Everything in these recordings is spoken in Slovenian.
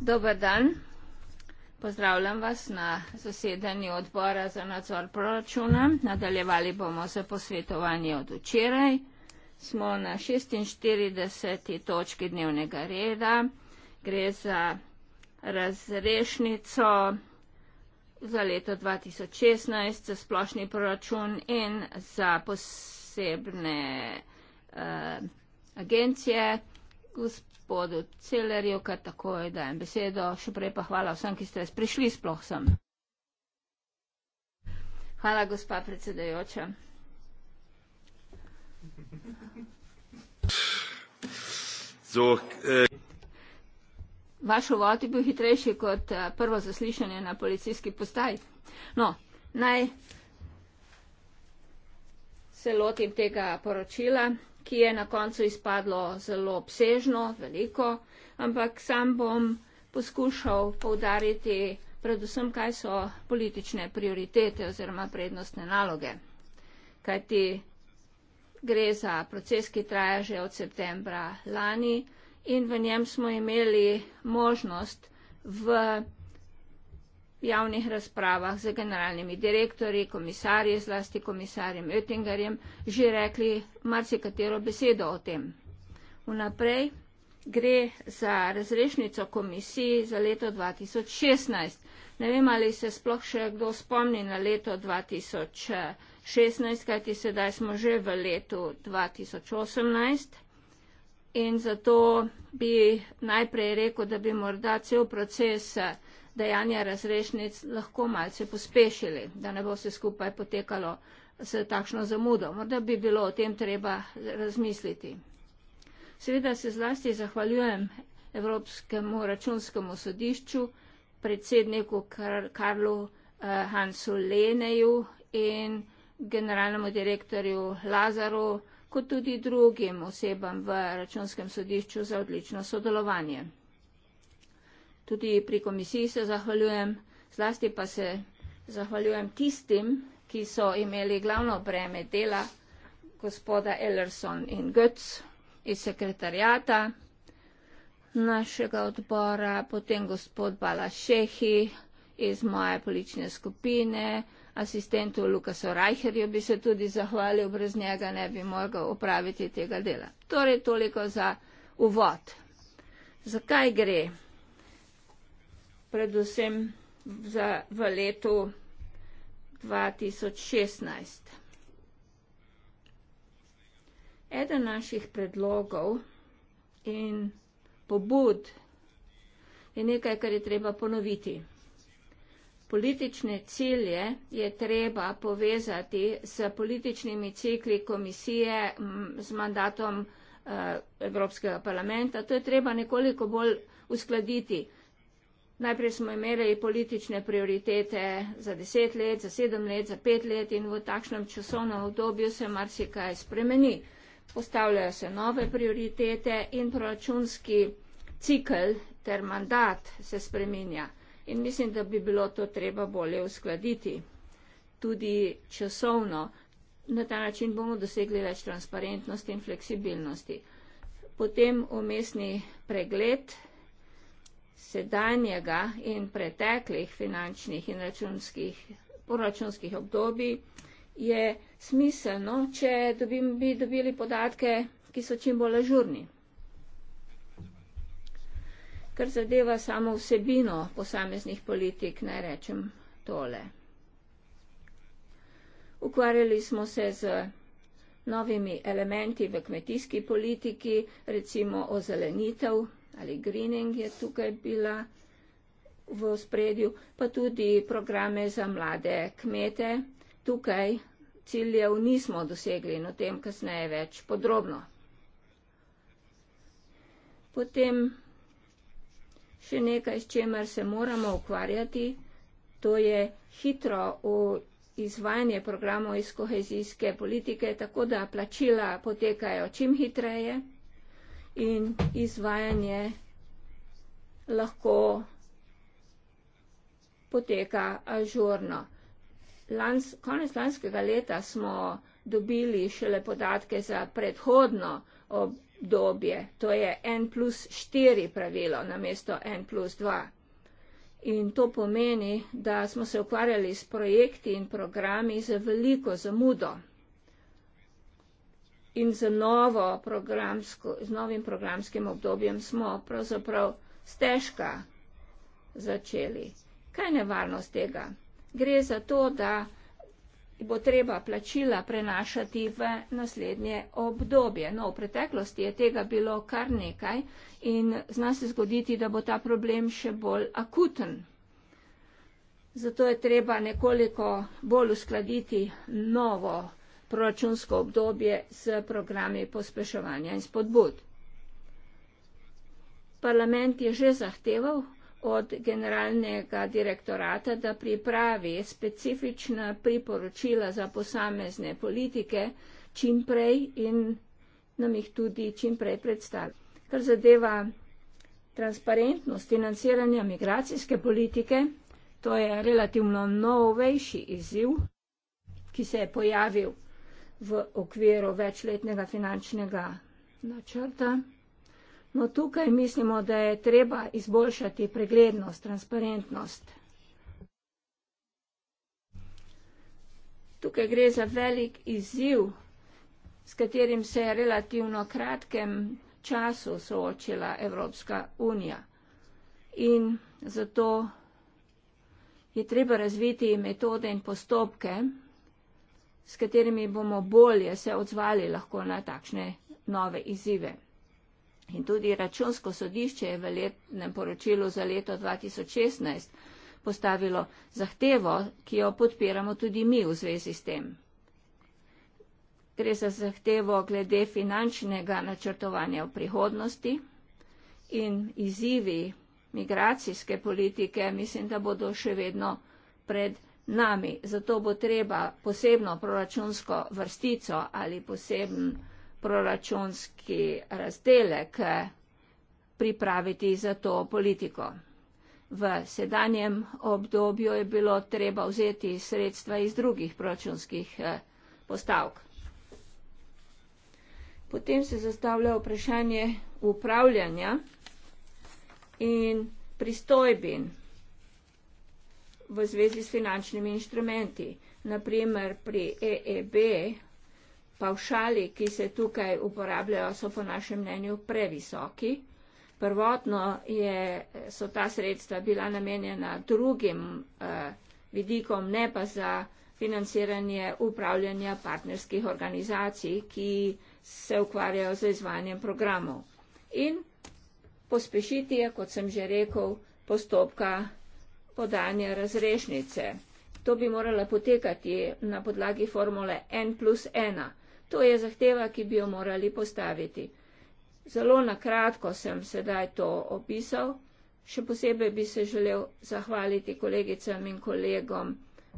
Dober dan. Pozdravljam vas na zasedanju odbora za nadzor proračuna. Nadaljevali bomo z posvetovanjem od včeraj. Smo na 46. točki dnevnega reda. Gre za razrešnico za leto 2016, za splošni proračun in za posebne uh, agencije gospodu Celerju, kar takoj dajem besedo, še prej pa hvala vsem, ki ste prišli sploh sem. Hvala, gospa predsedajoča. So, eh. Vaš uvod je bil hitrejši kot eh, prvo zaslišanje na policijski postaji. No, naj se lotim tega poročila ki je na koncu izpadlo zelo obsežno, veliko, ampak sam bom poskušal povdariti predvsem, kaj so politične prioritete oziroma prednostne naloge. Kajti gre za proces, ki traja že od septembra lani in v njem smo imeli možnost v javnih razpravah z generalnimi direktori, komisarji, zlasti komisarjem Oettingerjem, že rekli marsikatero besedo o tem. Vnaprej gre za razrešnico komisiji za leto 2016. Ne vem, ali se sploh še kdo spomni na leto 2016, kajti sedaj smo že v letu 2018. In zato bi najprej rekel, da bi morda cel proces dejanja razrešnic lahko malce pospešili, da ne bo vse skupaj potekalo s takšno zamudo. Morda bi bilo o tem treba razmisliti. Seveda se zlasti zahvaljujem Evropskemu računskemu sodišču, predsedniku Karlu eh, Hansu Leneju in generalnemu direktorju Lazaru, kot tudi drugim osebam v računskem sodišču za odlično sodelovanje tudi pri komisiji se zahvaljujem, zlasti pa se zahvaljujem tistim, ki so imeli glavno breme dela, gospoda Ellerson in Götz iz sekretarijata našega odbora, potem gospod Balašehi iz moje politične skupine, asistentu Lukasu Reicherju bi se tudi zahvalil, brez njega ne bi mogel upraviti tega dela. Torej toliko za uvod. Zakaj gre? predvsem za, v letu 2016. Eden naših predlogov in pobud je nekaj, kar je treba ponoviti. Politične cilje je treba povezati s političnimi cikli komisije z mandatom eh, Evropskega parlamenta. To je treba nekoliko bolj uskladiti. Najprej smo imeli politične prioritete za deset let, za sedem let, za pet let in v takšnem časovnem obdobju se marsikaj spremeni. Postavljajo se nove prioritete in proračunski cikl ter mandat se spreminja. In mislim, da bi bilo to treba bolje uskladiti tudi časovno. Na ta način bomo dosegli več transparentnosti in fleksibilnosti. Potem umestni pregled sedanjega in preteklih finančnih in računskih, poračunskih obdobij, je smiselno, če dobim, bi dobili podatke, ki so čim bolj ažurni. Kar zadeva samo vsebino posameznih politik, naj rečem tole. Ukvarjali smo se z novimi elementi v kmetijski politiki, recimo ozelenitev ali Greening je tukaj bila v spredju, pa tudi programe za mlade kmete. Tukaj ciljev nismo dosegli, no tem kasneje več podrobno. Potem še nekaj, s čemer se moramo ukvarjati, to je hitro izvajanje programov iz kohezijske politike, tako da plačila potekajo čim hitreje in izvajanje lahko poteka ažurno. Lans, konec lanskega leta smo dobili šele podatke za predhodno obdobje, to je en plus štiri pravilo namesto en plus dva. In to pomeni, da smo se ukvarjali s projekti in programi z veliko zamudo in z novo programsko, z novim programskim obdobjem smo pravzaprav stežka začeli. Kaj je nevarnost tega? Gre za to, da bo treba plačila prenašati v naslednje obdobje. No, v preteklosti je tega bilo kar nekaj in zna se zgoditi, da bo ta problem še bolj akuten. Zato je treba nekoliko bolj uskladiti novo proračunsko obdobje s programi pospeševanja in spodbud. Parlament je že zahteval od generalnega direktorata, da pripravi specifična priporočila za posamezne politike čim prej in nam jih tudi čim prej predstavi. Kar zadeva transparentnost financiranja migracijske politike, to je relativno novejši izziv, ki se je pojavil v okviru večletnega finančnega načrta. No, tukaj mislimo, da je treba izboljšati preglednost, transparentnost. Tukaj gre za velik izziv, s katerim se je relativno kratkem času soočila Evropska unija. In zato je treba razviti metode in postopke, s katerimi bomo bolje se odzvali lahko na takšne nove izzive. In tudi računsko sodišče je v letnem poročilu za leto 2016 postavilo zahtevo, ki jo podpiramo tudi mi v zvezi s tem. Gre za zahtevo glede finančnega načrtovanja v prihodnosti in izzivi migracijske politike, mislim, da bodo še vedno pred nami. Zato bo treba posebno proračunsko vrstico ali poseben proračunski razdelek eh, pripraviti za to politiko. V sedanjem obdobju je bilo treba vzeti sredstva iz drugih proračunskih eh, postavk. Potem se zastavlja vprašanje upravljanja in pristojbin v zvezi s finančnimi inštrumenti. Naprimer pri EEB pavšali, ki se tukaj uporabljajo, so po našem mnenju previsoki. Prvotno je, so ta sredstva bila namenjena drugim eh, vidikom, ne pa za financiranje upravljanja partnerskih organizacij, ki se ukvarjajo z izvanjem programov. In pospešiti je, kot sem že rekel, postopka podanja razrešnice. To bi morala potekati na podlagi formule N plus 1. To je zahteva, ki bi jo morali postaviti. Zelo nakratko sem sedaj to opisal. Še posebej bi se želel zahvaliti kolegicam in kolegom,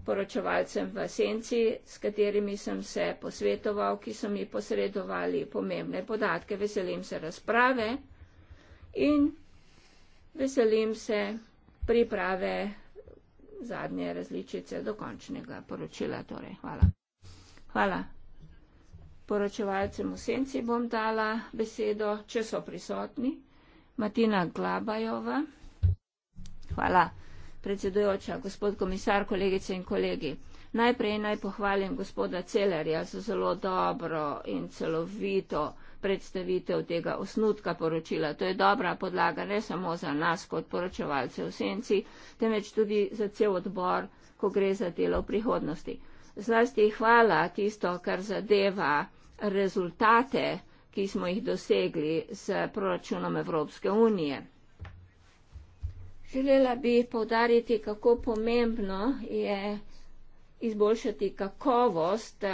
poročevalcem v Senci, s katerimi sem se posvetoval, ki so mi posredovali pomembne podatke. Veselim se razprave in veselim se priprave zadnje različice do končnega poročila. Torej, hvala. Hvala. Poročevalcem v senci bom dala besedo, če so prisotni. Matina Glabajova. Hvala, predsedujoča, gospod komisar, kolegice in kolegi. Najprej naj pohvalim gospoda Celerja za zelo dobro in celovito predstavitev tega osnutka poročila. To je dobra podlaga ne samo za nas kot poročevalce v senci, temveč tudi za cel odbor, ko gre za delo v prihodnosti. Zlasti hvala tisto, kar zadeva rezultate, ki smo jih dosegli s proračunom Evropske unije. Želela bi povdariti, kako pomembno je izboljšati kakovost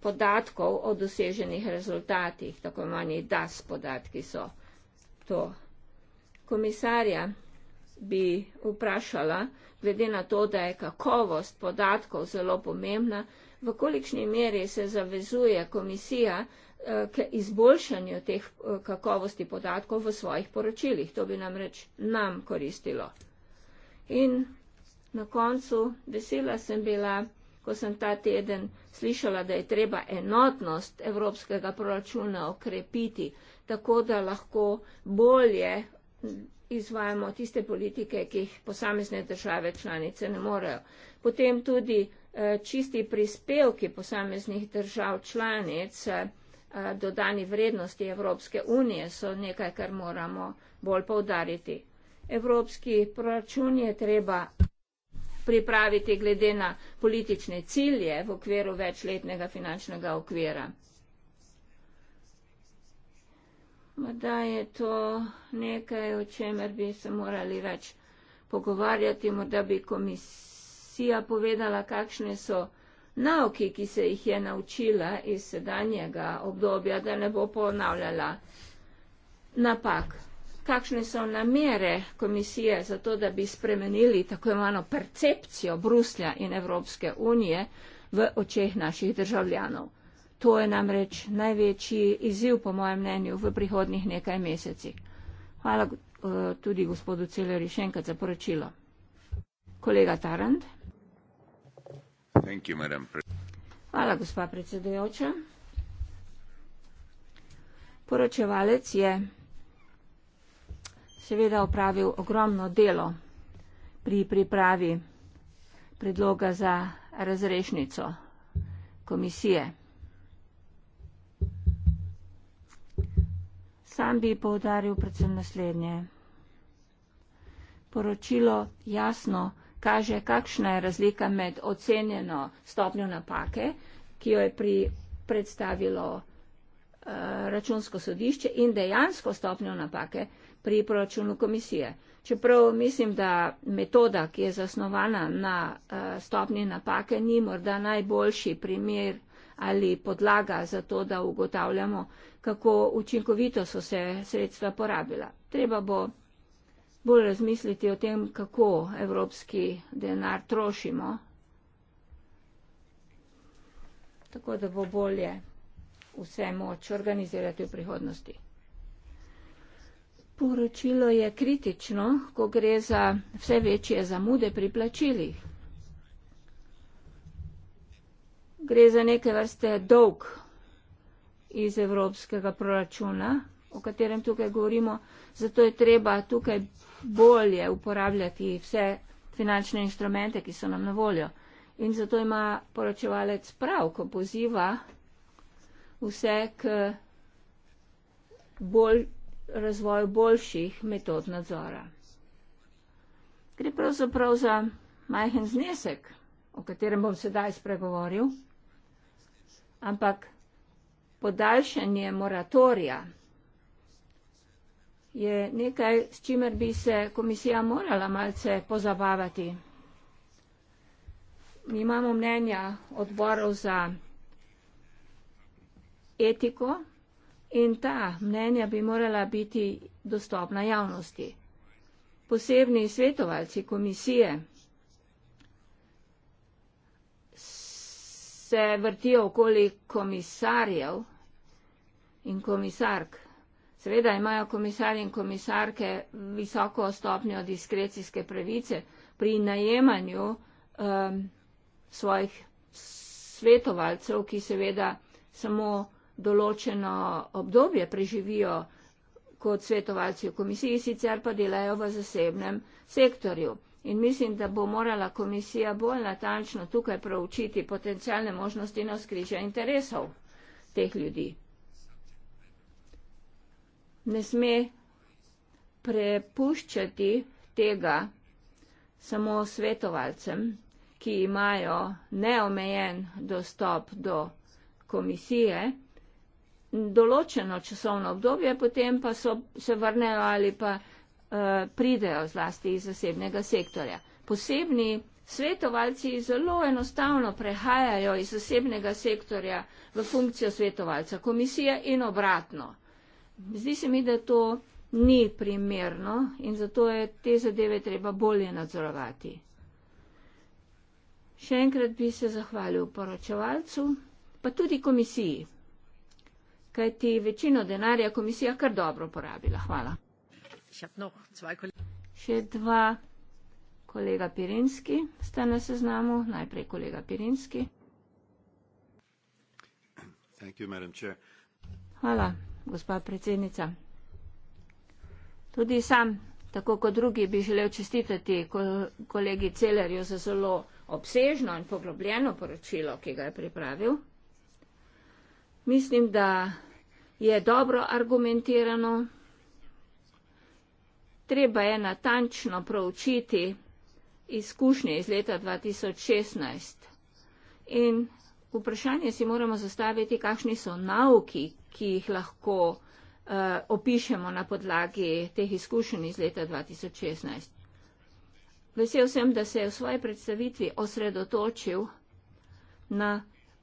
podatkov o doseženih rezultatih, tako manji DAS podatki so to. Komisarja bi vprašala, glede na to, da je kakovost podatkov zelo pomembna, v kolikšni meri se zavezuje komisija eh, k izboljšanju teh eh, kakovosti podatkov v svojih poročilih. To bi namreč nam koristilo. In na koncu vesela sem bila, ko sem ta teden slišala, da je treba enotnost evropskega proračuna okrepiti, tako da lahko bolje izvajamo tiste politike, ki jih posamezne države članice ne morejo. Potem tudi eh, čisti prispevki posameznih držav članic, eh, dodani vrednosti Evropske unije so nekaj, kar moramo bolj povdariti. Evropski proračun je treba pripraviti glede na politične cilje v okviru večletnega finančnega okvira. Morda je to nekaj, o čemer bi se morali več pogovarjati, morda bi komisija povedala, kakšne so nauki, ki se jih je naučila iz sedanjega obdobja, da ne bo ponavljala napak kakšne so namere komisije za to, da bi spremenili tako imano percepcijo Bruslja in Evropske unije v očeh naših državljanov. To je namreč največji izziv, po mojem mnenju, v prihodnih nekaj mesecih. Hvala eh, tudi gospodu Celeri še enkrat za poročilo. Kolega Tarand. Hvala, gospa predsedujoča. Poročevalec je seveda opravil ogromno delo pri pripravi predloga za razrešnico komisije. Sam bi povdaril predvsem naslednje. Poročilo jasno kaže, kakšna je razlika med ocenjeno stopnjo napake, ki jo je pri predstavilo uh, računsko sodišče in dejansko stopnjo napake, pri proračunu komisije. Čeprav mislim, da metoda, ki je zasnovana na eh, stopni napake, ni morda najboljši primer ali podlaga za to, da ugotavljamo, kako učinkovito so se sredstva porabila. Treba bo bolj razmisliti o tem, kako evropski denar trošimo, tako da bo bolje vse moč organizirati v prihodnosti. Poročilo je kritično, ko gre za vse večje zamude pri plačilih. Gre za neke vrste dolg iz evropskega proračuna, o katerem tukaj govorimo, zato je treba tukaj bolje uporabljati vse finančne inštrumente, ki so nam na voljo. In zato ima poročevalec prav, ko poziva vse k bolj razvoju boljših metod nadzora. Gre pravzaprav za majhen znesek, o katerem bom sedaj spregovoril, ampak podaljšanje moratorija je nekaj, s čimer bi se komisija morala malce pozabavati. Mi imamo mnenja odborov za etiko, in ta mnenja bi morala biti dostopna javnosti. Posebni svetovalci komisije se vrtijo okoli komisarjev in komisark. Seveda imajo komisarji in komisarke visoko stopnjo diskrecijske pravice pri najemanju um, svojih svetovalcev, ki seveda samo določeno obdobje preživijo kot svetovalci v komisiji, sicer pa delajo v zasebnem sektorju. In mislim, da bo morala komisija bolj natančno tukaj proučiti potencijalne možnosti na skrižja interesov teh ljudi. Ne sme prepuščati tega samo svetovalcem, ki imajo neomejen dostop do komisije, določeno časovno obdobje, potem pa so, se vrnejo ali pa uh, pridejo zlasti iz zasebnega sektorja. Posebni svetovalci zelo enostavno prehajajo iz zasebnega sektorja v funkcijo svetovalca komisije in obratno. Zdi se mi, da to ni primerno in zato je te zadeve treba bolje nadzorovati. Še enkrat bi se zahvalil poročevalcu, pa tudi komisiji kajti večino denarja komisija kar dobro porabila. Hvala. Še dva kolega Pirinski sta na seznamu. Najprej kolega Pirinski. Hvala, gospa predsednica. Tudi sam, tako kot drugi, bi želel čestitati kolegi Celerju za zelo obsežno in poglobljeno poročilo, ki ga je pripravil. Mislim, da je dobro argumentirano. Treba je natančno proučiti izkušnje iz leta 2016 in vprašanje si moramo zastaviti, kakšni so nauki, ki jih lahko uh, opišemo na podlagi teh izkušenj iz leta 2016. Vesel sem, da se je v svoji predstavitvi osredotočil na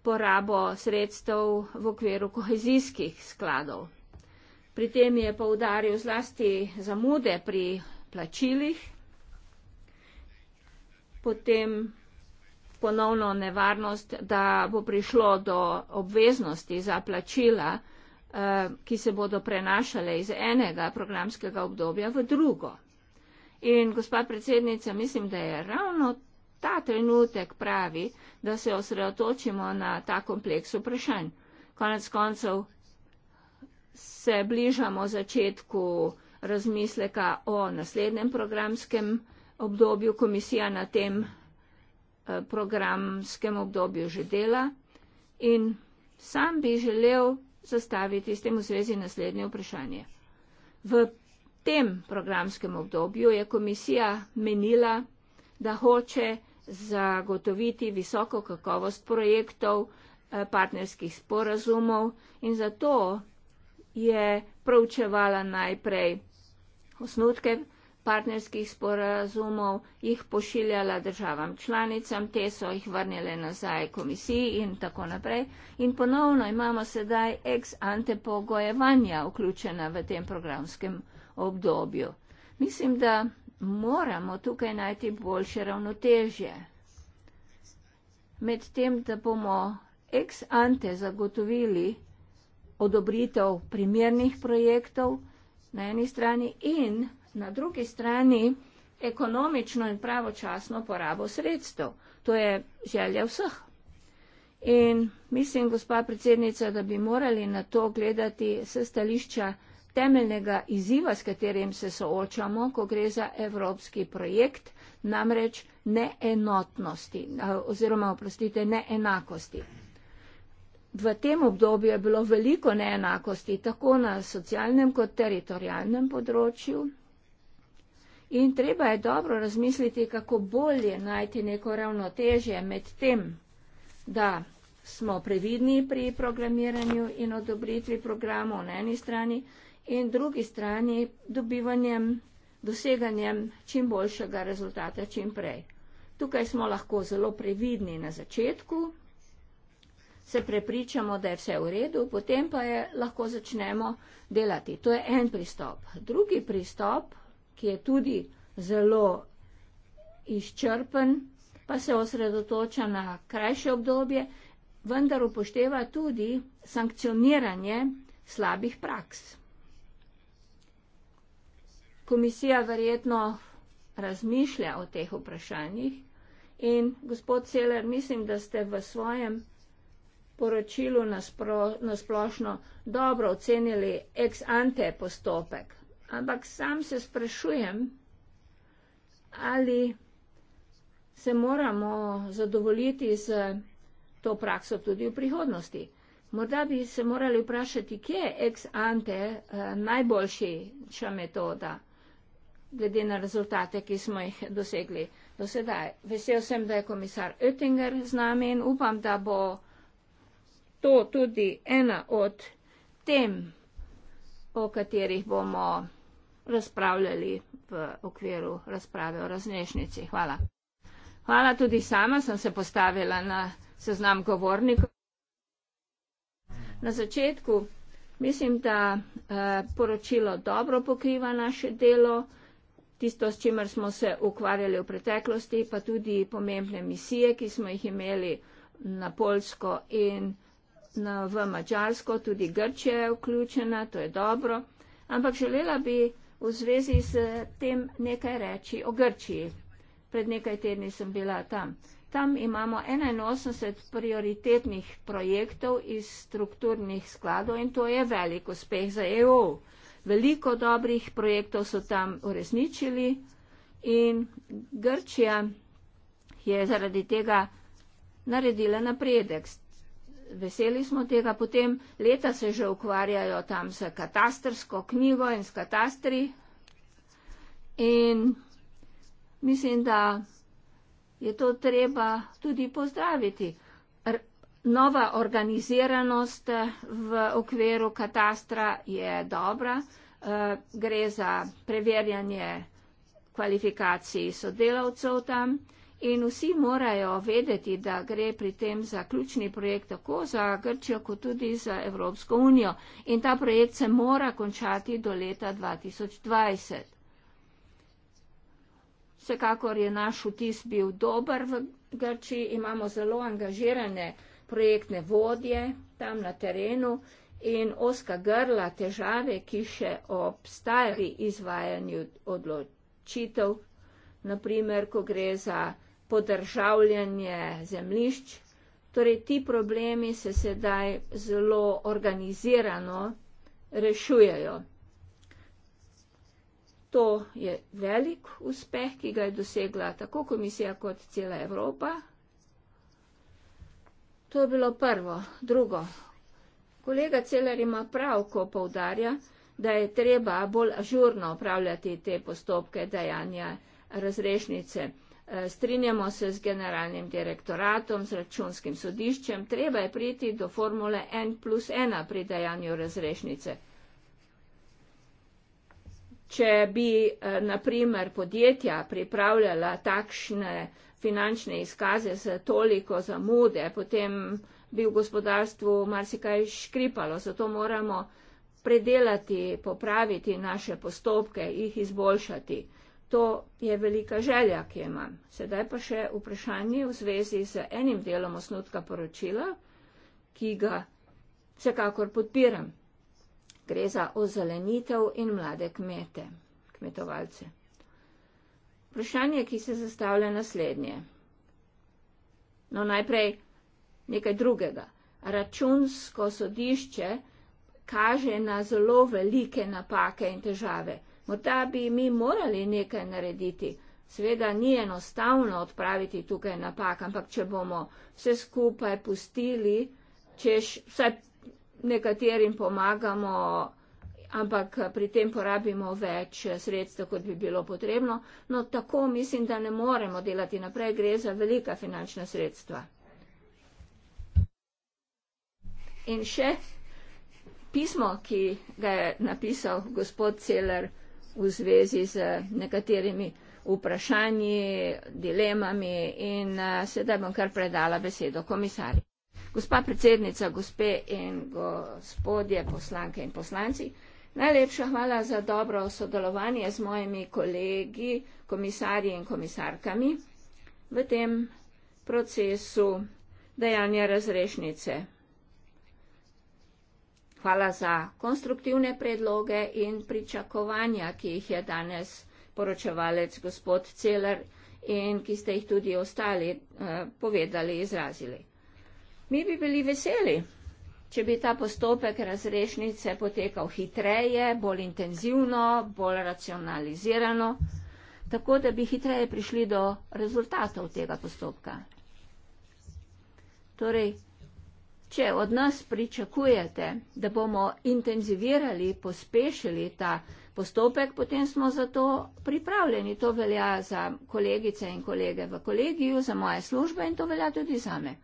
porabo sredstev v okviru kohezijskih skladov. Pri tem je poudaril zlasti zamude pri plačilih, potem ponovno nevarnost, da bo prišlo do obveznosti za plačila, eh, ki se bodo prenašale iz enega programskega obdobja v drugo. In gospa predsednica, mislim, da je ravno ta trenutek pravi, da se osredotočimo na ta kompleks vprašanj. Konec koncev se bližamo začetku razmisleka o naslednjem programskem obdobju. Komisija na tem eh, programskem obdobju že dela in sam bi želel zastaviti s tem v zvezi naslednje vprašanje. V tem programskem obdobju je komisija menila, da hoče zagotoviti visoko kakovost projektov, eh, partnerskih sporazumov in zato je proučevala najprej osnutke partnerskih sporazumov, jih pošiljala državam članicam, te so jih vrnile nazaj komisiji in tako naprej. In ponovno imamo sedaj ex ante pogojevanja vključena v tem programskem obdobju. Mislim, da moramo tukaj najti boljše ravnotežje. Med tem, da bomo ex ante zagotovili odobritev primernih projektov na eni strani in na drugi strani ekonomično in pravočasno porabo sredstev. To je želja vseh. In mislim, gospa predsednica, da bi morali na to gledati s stališča temeljnega izziva, s katerim se soočamo, ko gre za evropski projekt, namreč neenotnosti eh, oziroma, oprostite, neenakosti. V tem obdobju je bilo veliko neenakosti, tako na socialnem kot teritorijalnem področju. In treba je dobro razmisliti, kako bolje najti neko ravnotežje med tem, da smo previdni pri programiranju in odobritvi programov na eni strani, in drugi strani dobivanjem, doseganjem čim boljšega rezultata čim prej. Tukaj smo lahko zelo previdni na začetku, se prepričamo, da je vse v redu, potem pa je lahko začnemo delati. To je en pristop. Drugi pristop, ki je tudi zelo izčrpen, pa se osredotoča na krajše obdobje, vendar upošteva tudi sankcioniranje slabih praks komisija verjetno razmišlja o teh vprašanjih. In gospod Celer, mislim, da ste v svojem poročilu nasplošno dobro ocenili ex ante postopek. Ampak sam se sprašujem, ali se moramo zadovoljiti z to prakso tudi v prihodnosti. Morda bi se morali vprašati, kje je ex ante eh, najboljša metoda glede na rezultate, ki smo jih dosegli do sedaj. Vesel sem, da je komisar Oettinger z nami in upam, da bo to tudi ena od tem, o katerih bomo razpravljali v okviru razprave o raznešnici. Hvala. Hvala tudi sama, sem se postavila na seznam govornikov. Na začetku mislim, da eh, poročilo dobro pokriva naše delo tisto, s čimer smo se ukvarjali v preteklosti, pa tudi pomembne misije, ki smo jih imeli na Polsko in na, v Mačarsko, tudi Grčija je vključena, to je dobro. Ampak želela bi v zvezi s tem nekaj reči o Grčiji. Pred nekaj tedni sem bila tam. Tam imamo 81 prioritetnih projektov iz strukturnih skladov in to je velik uspeh za EU veliko dobrih projektov so tam uresničili in Grčija je zaradi tega naredila napredek. Veseli smo tega, potem leta se že ukvarjajo tam s katastrsko knjigo in s katastri. In mislim, da je to treba tudi pozdraviti nova organiziranost eh, v okviru katastra je dobra. Eh, gre za preverjanje kvalifikacij sodelavcev tam in vsi morajo vedeti, da gre pri tem za ključni projekt tako za Grčijo, kot tudi za Evropsko unijo. In ta projekt se mora končati do leta 2020. Vsekakor je naš vtis bil dober v Grčiji, imamo zelo angažirane uh, projektne vodje tam na terenu in oska grla težave, ki še obstaja pri izvajanju odločitev, naprimer, ko gre za podržavljanje zemlišč. Torej, ti problemi se sedaj zelo organizirano rešujejo. To je velik uspeh, ki ga je dosegla tako komisija kot cela Evropa, To je bilo prvo. Drugo. Kolega Celer ima prav, ko povdarja, da je treba bolj ažurno upravljati te postopke dajanja razrešnice. E, strinjamo se z generalnim direktoratom, z računskim sodiščem, treba je priti do formule N plus 1 pri dajanju razrešnice. Če bi, e, na primer, podjetja pripravljala takšne uh, finančne izkaze z toliko zamude, potem bi v gospodarstvu marsikaj škripalo, zato moramo predelati, popraviti naše postopke, jih izboljšati. To je velika želja, ki je imam. Sedaj pa še vprašanje v zvezi z enim delom osnutka poročila, ki ga vsekakor podpiram. Gre za ozelenitev in mlade kmete, kmetovalce. Vprašanje, ki se zastavlja naslednje. No, najprej nekaj drugega. Računsko sodišče kaže na zelo velike napake in težave. Morda bi mi morali nekaj narediti. Sveda ni enostavno odpraviti tukaj napak, ampak če bomo vse skupaj pustili, češ vsaj nekaterim pomagamo ampak pri tem porabimo več sredstev, kot bi bilo potrebno. No, tako mislim, da ne moremo delati naprej, gre za velika finančna sredstva. In še pismo, ki ga je napisal gospod Celer v zvezi z nekaterimi vprašanji, dilemami in eh, sedaj bom kar predala besedo komisarju. Gospa predsednica, gospe in gospodje poslanke in poslanci, Najlepša hvala za dobro sodelovanje z mojimi kolegi, komisarji in komisarkami v tem procesu dejanja razrešnice. Hvala za konstruktivne predloge in pričakovanja, ki jih je danes poročevalec gospod Celer in ki ste jih tudi ostali eh, povedali, izrazili. Mi bi bili veseli če bi ta postopek razrešnice potekal hitreje, bolj intenzivno, bolj racionalizirano, tako da bi hitreje prišli do rezultatov tega postopka. Torej, če od nas pričakujete, da bomo intenzivirali, pospešili ta postopek, potem smo za to pripravljeni. To velja za kolegice in kolege v kolegiju, za moje službe in to velja tudi za me.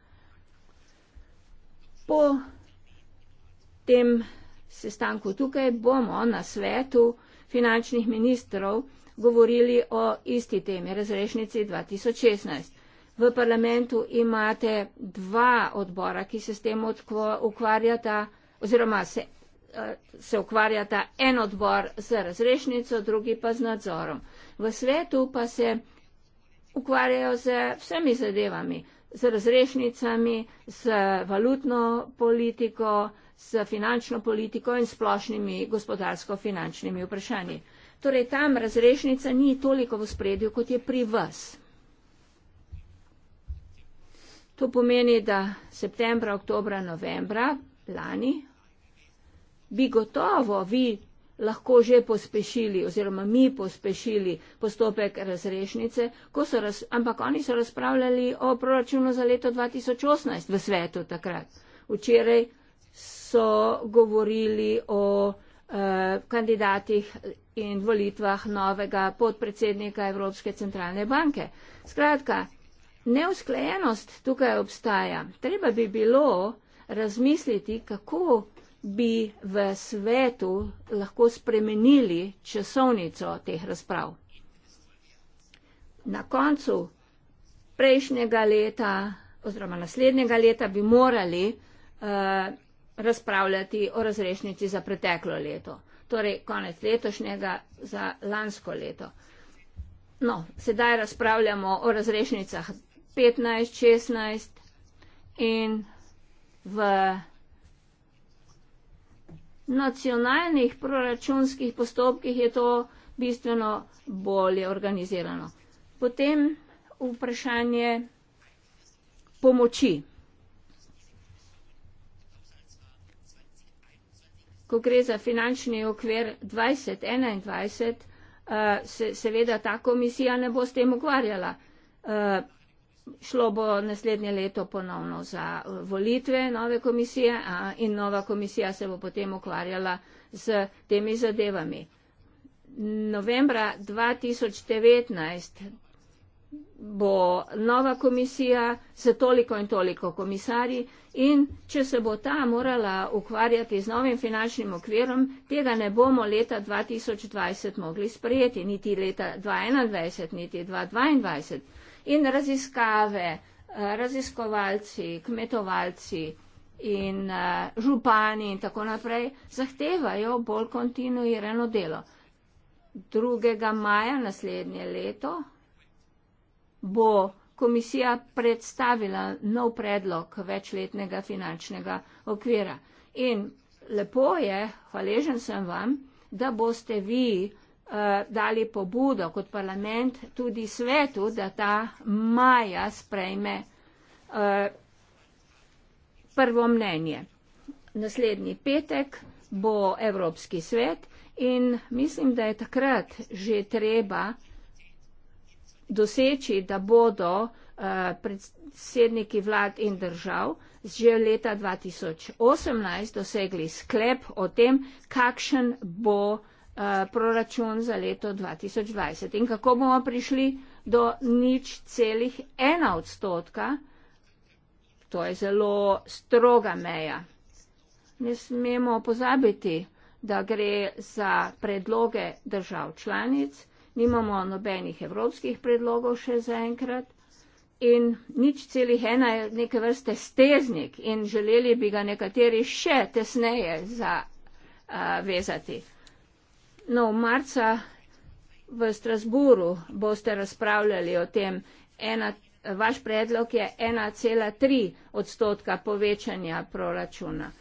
Po tem sestanku tukaj bomo na svetu finančnih ministrov govorili o isti temi, razrešnici 2016. V parlamentu imate dva odbora, ki se s tem ukvarjata, oziroma se, eh, se ukvarjata en odbor z razrešnico, drugi pa z nadzorom. V svetu pa se ukvarjajo z vsemi zadevami, z razrešnicami, z valutno politiko, s finančno politiko in splošnimi gospodarsko-finančnimi vprašanji. Torej, tam razrešnica ni toliko v spredju, kot je pri vas. To pomeni, da septembra, oktobra, novembra lani bi gotovo vi lahko že pospešili oziroma mi pospešili postopek razrešnice, so raz, ampak oni so razpravljali o proračunu za leto 2018 v svetu takrat. Včeraj so govorili o eh, kandidatih in volitvah novega podpredsednika Evropske centralne banke. Skratka, neusklejenost tukaj obstaja. Treba bi bilo razmisliti, kako bi v svetu lahko spremenili časovnico teh razprav. Na koncu prejšnjega leta oziroma naslednjega leta bi morali uh, razpravljati o razrešnici za preteklo leto, torej konec letošnjega za lansko leto. No, sedaj razpravljamo o razrešnicah 15, 16 in v nacionalnih proračunskih postopkih je to bistveno bolje organizirano. Potem vprašanje pomoči. ko gre za finančni okvir 2021, eh, se seveda ta komisija ne bo s tem ukvarjala. Eh, šlo bo naslednje leto ponovno za eh, volitve nove komisije in nova komisija se bo potem ukvarjala z temi zadevami. Novembra 2019, bo nova komisija z toliko in toliko komisarji in če se bo ta morala ukvarjati z novim finančnim okvirom, tega ne bomo leta 2020 mogli sprejeti, niti leta 2021, niti 2022. In raziskave, eh, raziskovalci, kmetovalci in eh, župani in tako naprej zahtevajo bolj kontinuirano delo. 2. maja naslednje leto bo komisija predstavila nov predlog večletnega finančnega okvira. In lepo je, hvaležen sem vam, da boste vi eh, dali pobudo kot parlament tudi svetu, da ta maja sprejme eh, prvo mnenje. Naslednji petek bo Evropski svet in mislim, da je takrat že treba doseči, da bodo eh, predsedniki vlad in držav že leta 2018 dosegli sklep o tem, kakšen bo eh, proračun za leto 2020 in kako bomo prišli do nič celih ena odstotka. To je zelo stroga meja. Ne smemo pozabiti, da gre za predloge držav članic nimamo nobenih evropskih predlogov še zaenkrat in nič celih ena je neke vrste steznik in želeli bi ga nekateri še tesneje zavezati. No, v marca v Strasburu boste razpravljali o tem. Ena, vaš predlog je 1,3 odstotka povečanja proračuna.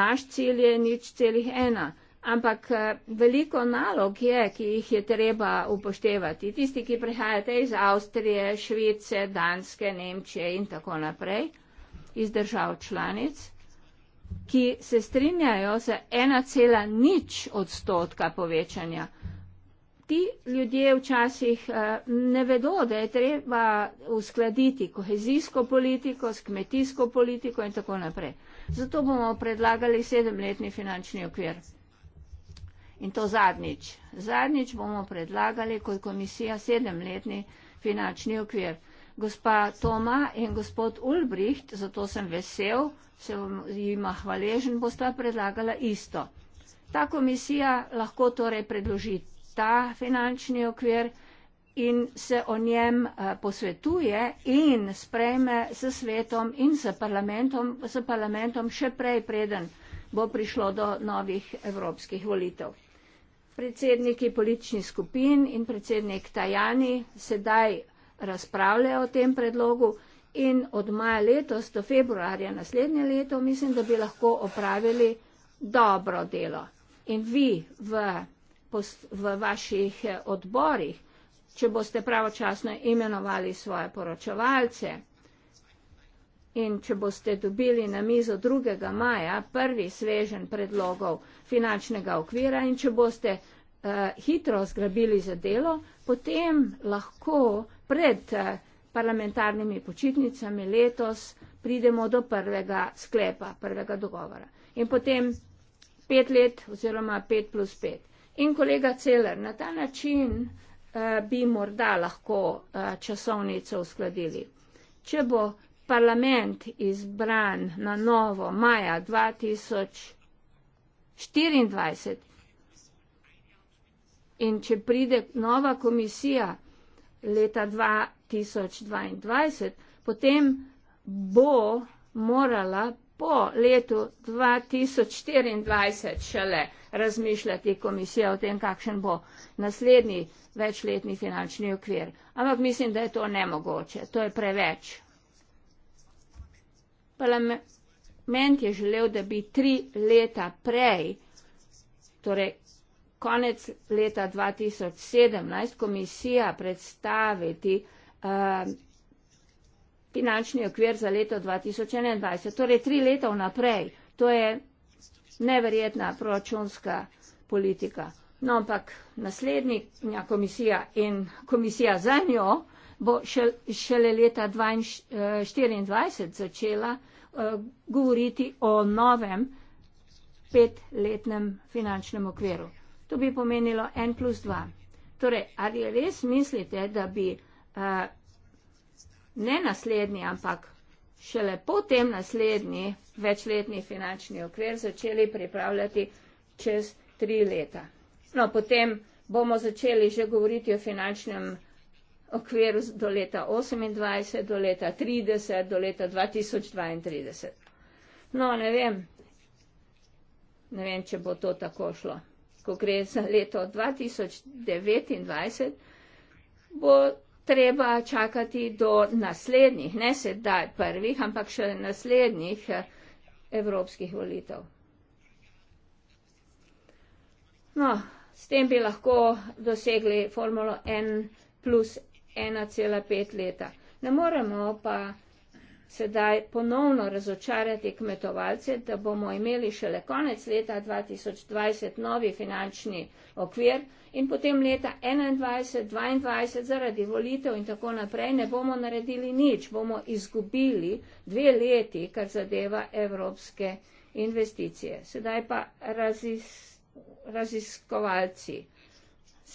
Naš cilj je nič celih ena. Ampak eh, veliko nalog je, ki jih je treba upoštevati. Tisti, ki prihajate iz Avstrije, Švice, Danske, Nemčije in tako naprej, iz držav članic, ki se strinjajo za 1,0 odstotka povečanja. Ti ljudje včasih eh, ne vedo, da je treba uskladiti kohezijsko politiko s kmetijsko politiko in tako naprej. Zato bomo predlagali sedemletni finančni okvir. In to zadnjič. Zadnjič bomo predlagali, ko je komisija sedemletni finančni okvir. Gospa Toma in gospod Ulbricht, zato sem vesel, se jima hvaležen, bosta predlagala isto. Ta komisija lahko torej predloži ta finančni okvir in se o njem eh, posvetuje in sprejme s svetom in s parlamentom, s parlamentom še prej preden bo prišlo do novih evropskih volitev predsedniki političnih skupin in predsednik Tajani sedaj razpravljajo o tem predlogu in od maja letos do februarja naslednje leto mislim, da bi lahko opravili dobro delo. In vi v, v vaših odborih, če boste pravočasno imenovali svoje poročevalce, In če boste dobili na mizo 2. maja prvi svežen predlogov finančnega okvira in če boste uh, hitro zgrabili za delo, potem lahko pred uh, parlamentarnimi počitnicami letos pridemo do prvega sklepa, prvega dogovora. In potem pet let oziroma pet plus pet. In kolega Celer, na ta način uh, bi morda lahko uh, časovnico uskladili. Če bo parlament izbran na novo maja 2024 in če pride nova komisija leta 2022, potem bo morala po letu 2024 šele razmišljati komisija o tem, kakšen bo naslednji večletni finančni okvir. Ampak mislim, da je to nemogoče. To je preveč Parlament je želel, da bi tri leta prej, torej konec leta 2017, komisija predstaviti uh, finančni okvir za leto 2021, torej tri leta vnaprej. To je neverjetna proračunska politika. No, ampak naslednja komisija in komisija za njo bo šele leta 2024 eh, začela Eh, govoriti o novem petletnem finančnem okviru. To bi pomenilo en plus dva. Torej, ali res mislite, da bi eh, ne naslednji, ampak šele potem naslednji večletni finančni okvir začeli pripravljati čez tri leta? No, potem bomo začeli že govoriti o finančnem okviru okvir do leta 28, do leta 30, do leta 2032. No, ne vem, ne vem, če bo to tako šlo. Ko gre za leto 2029, bo treba čakati do naslednjih, ne sedaj prvih, ampak še naslednjih eh, evropskih volitev. No, s tem bi lahko dosegli formulo 1 plus 1,5 leta. Ne moremo pa sedaj ponovno razočarati kmetovalce, da bomo imeli šele konec leta 2020 novi finančni okvir in potem leta 2021, 2022 zaradi volitev in tako naprej ne bomo naredili nič, bomo izgubili dve leti, kar zadeva evropske investicije. Sedaj pa razis, raziskovalci.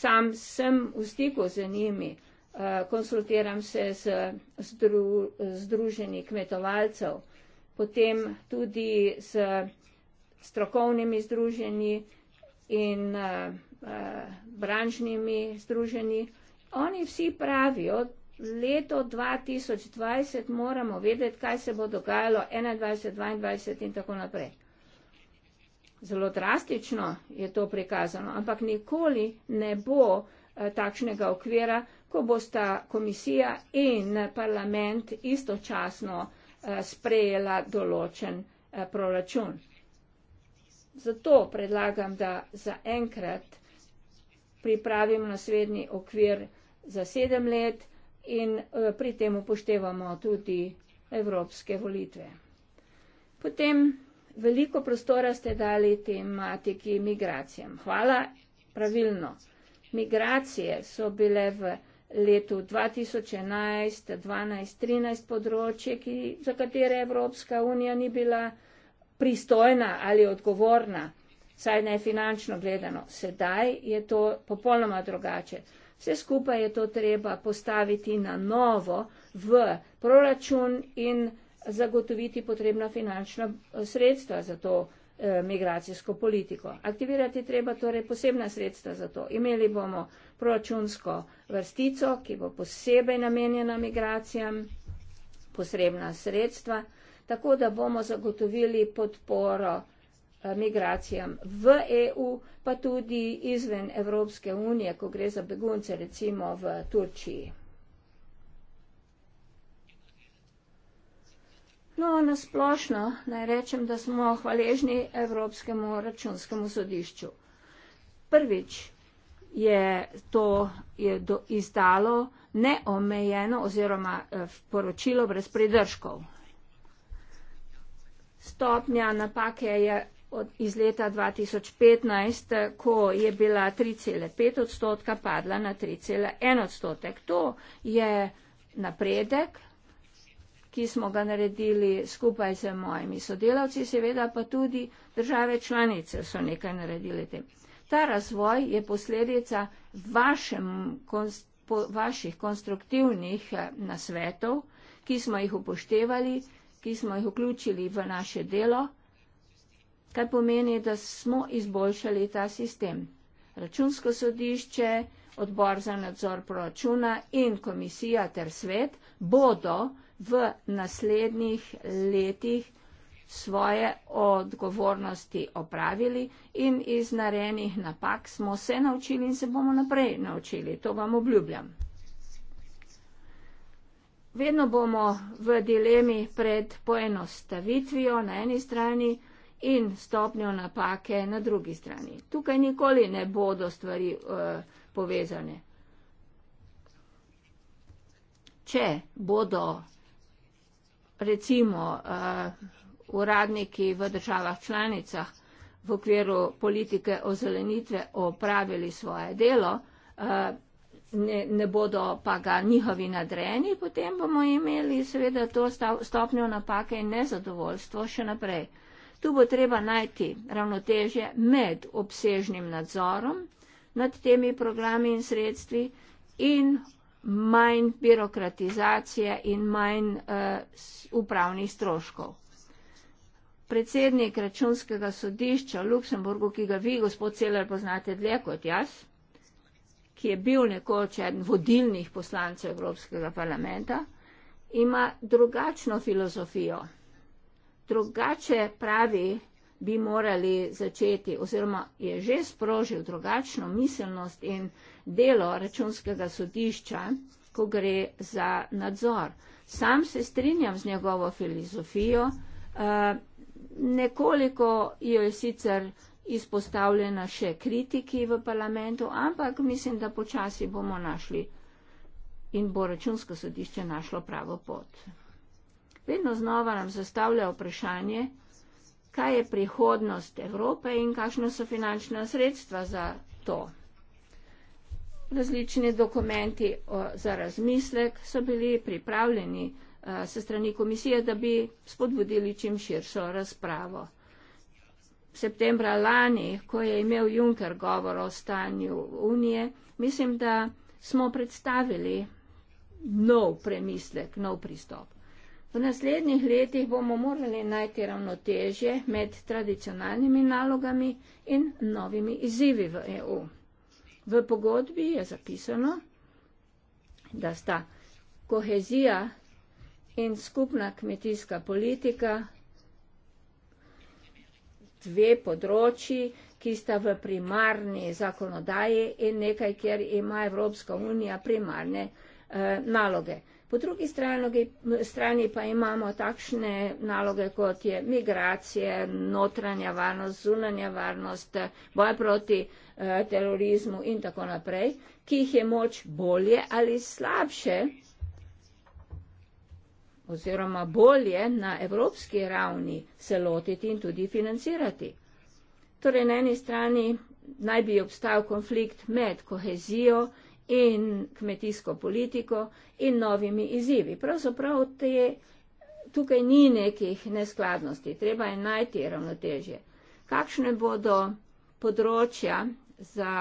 Sam sem v stiku z njimi konsultiram se z zdru, združenji kmetovalcev, potem tudi s strokovnimi združenji in branžnimi združenji. Oni vsi pravijo, leto 2020 moramo vedeti, kaj se bo dogajalo 21, 22 in tako naprej. Zelo drastično je to prikazano, ampak nikoli ne bo eh, takšnega okvira, ko bosta komisija in parlament istočasno eh, sprejela določen eh, proračun. Zato predlagam, da zaenkrat pripravim naslednji okvir za sedem let in eh, pri tem upoštevamo tudi evropske volitve. Potem veliko prostora ste dali tematiki migracijam. Hvala, pravilno. Migracije so bile v letu 2011, 12, 13 področje, ki, za katere Evropska unija ni bila pristojna ali odgovorna, saj ne finančno gledano. Sedaj je to popolnoma drugače. Vse skupaj je to treba postaviti na novo v proračun in zagotoviti potrebna finančna eh, sredstva za to Eh, migracijsko politiko. Aktivirati treba torej posebna sredstva za to. Imeli bomo proračunsko vrstico, ki bo posebej namenjena migracijam, posebna sredstva, tako da bomo zagotovili podporo eh, migracijam v EU, pa tudi izven Evropske unije, ko gre za begunce recimo v Turčiji. No, nasplošno naj rečem, da smo hvaležni Evropskemu računskemu sodišču. Prvič je to je do, izdalo neomejeno oziroma eh, poročilo brez pridržkov. Stopnja napake je od, iz leta 2015, eh, ko je bila 3,5 odstotka, padla na 3,1 odstotek. To je napredek, ki smo ga naredili skupaj z mojimi sodelavci, seveda pa tudi države članice so nekaj naredili tem. Ta razvoj je posledica vašem, po, vaših konstruktivnih eh, nasvetov, ki smo jih upoštevali, ki smo jih vključili v naše delo, kar pomeni, da smo izboljšali ta sistem. Računsko sodišče, odbor za nadzor proračuna in komisija ter svet bodo v naslednjih letih svoje odgovornosti opravili in iz narejenih napak smo se naučili in se bomo naprej naučili. To vam obljubljam. Vedno bomo v dilemi pred poenostavitvijo na eni strani in stopnjo napake na drugi strani. Tukaj nikoli ne bodo stvari uh, povezane. Če bodo recimo uh, uradniki v državah članicah v okviru politike ozelenitve opravili svoje delo, uh, ne, ne bodo pa ga njihovi nadrejeni, potem bomo imeli seveda to stopnjo napake in nezadovoljstvo še naprej. Tu bo treba najti ravnotežje med obsežnim nadzorom nad temi programi in sredstvi in manj birokratizacije in manj uh, upravnih stroškov. Predsednik računskega sodišča v Luksemburgu, ki ga vi, gospod Celer, poznate dlje kot jaz, ki je bil nekoč eden vodilnih poslancev Evropskega parlamenta, ima drugačno filozofijo. Drugače pravi, bi morali začeti oziroma je že sprožil drugačno miselnost in delo računskega sodišča, ko gre za nadzor. Sam se strinjam z njegovo filozofijo, eh, nekoliko jo je sicer izpostavljena še kritiki v parlamentu, ampak mislim, da počasi bomo našli in bo računsko sodišče našlo pravo pot. Vedno znova nam zastavlja vprašanje, kaj je prihodnost Evrope in kakšna so finančna sredstva za to. Različni dokumenti za razmislek so bili pripravljeni eh, se strani komisije, da bi spodbudili čim širšo razpravo. Septembra lani, ko je imel Juncker govor o stanju Unije, mislim, da smo predstavili nov premislek, nov pristop. V naslednjih letih bomo morali najti ravnotežje med tradicionalnimi nalogami in novimi izzivi v EU. V pogodbi je zapisano, da sta kohezija in skupna kmetijska politika dve področji, ki sta v primarni zakonodaji in nekaj, kjer ima Evropska unija primarne eh, naloge. Po drugi strani, strani pa imamo takšne naloge, kot je migracije, notranja varnost, zunanja varnost, boj proti eh, terorizmu in tako naprej, ki jih je moč bolje ali slabše oziroma bolje na evropski ravni se lotiti in tudi financirati. Torej, na eni strani naj bi obstajal konflikt med kohezijo, in kmetijsko politiko in novimi izzivi. Pravzaprav te, tukaj ni nekih neskladnosti, treba je najti ravnotežje. Kakšne bodo področja za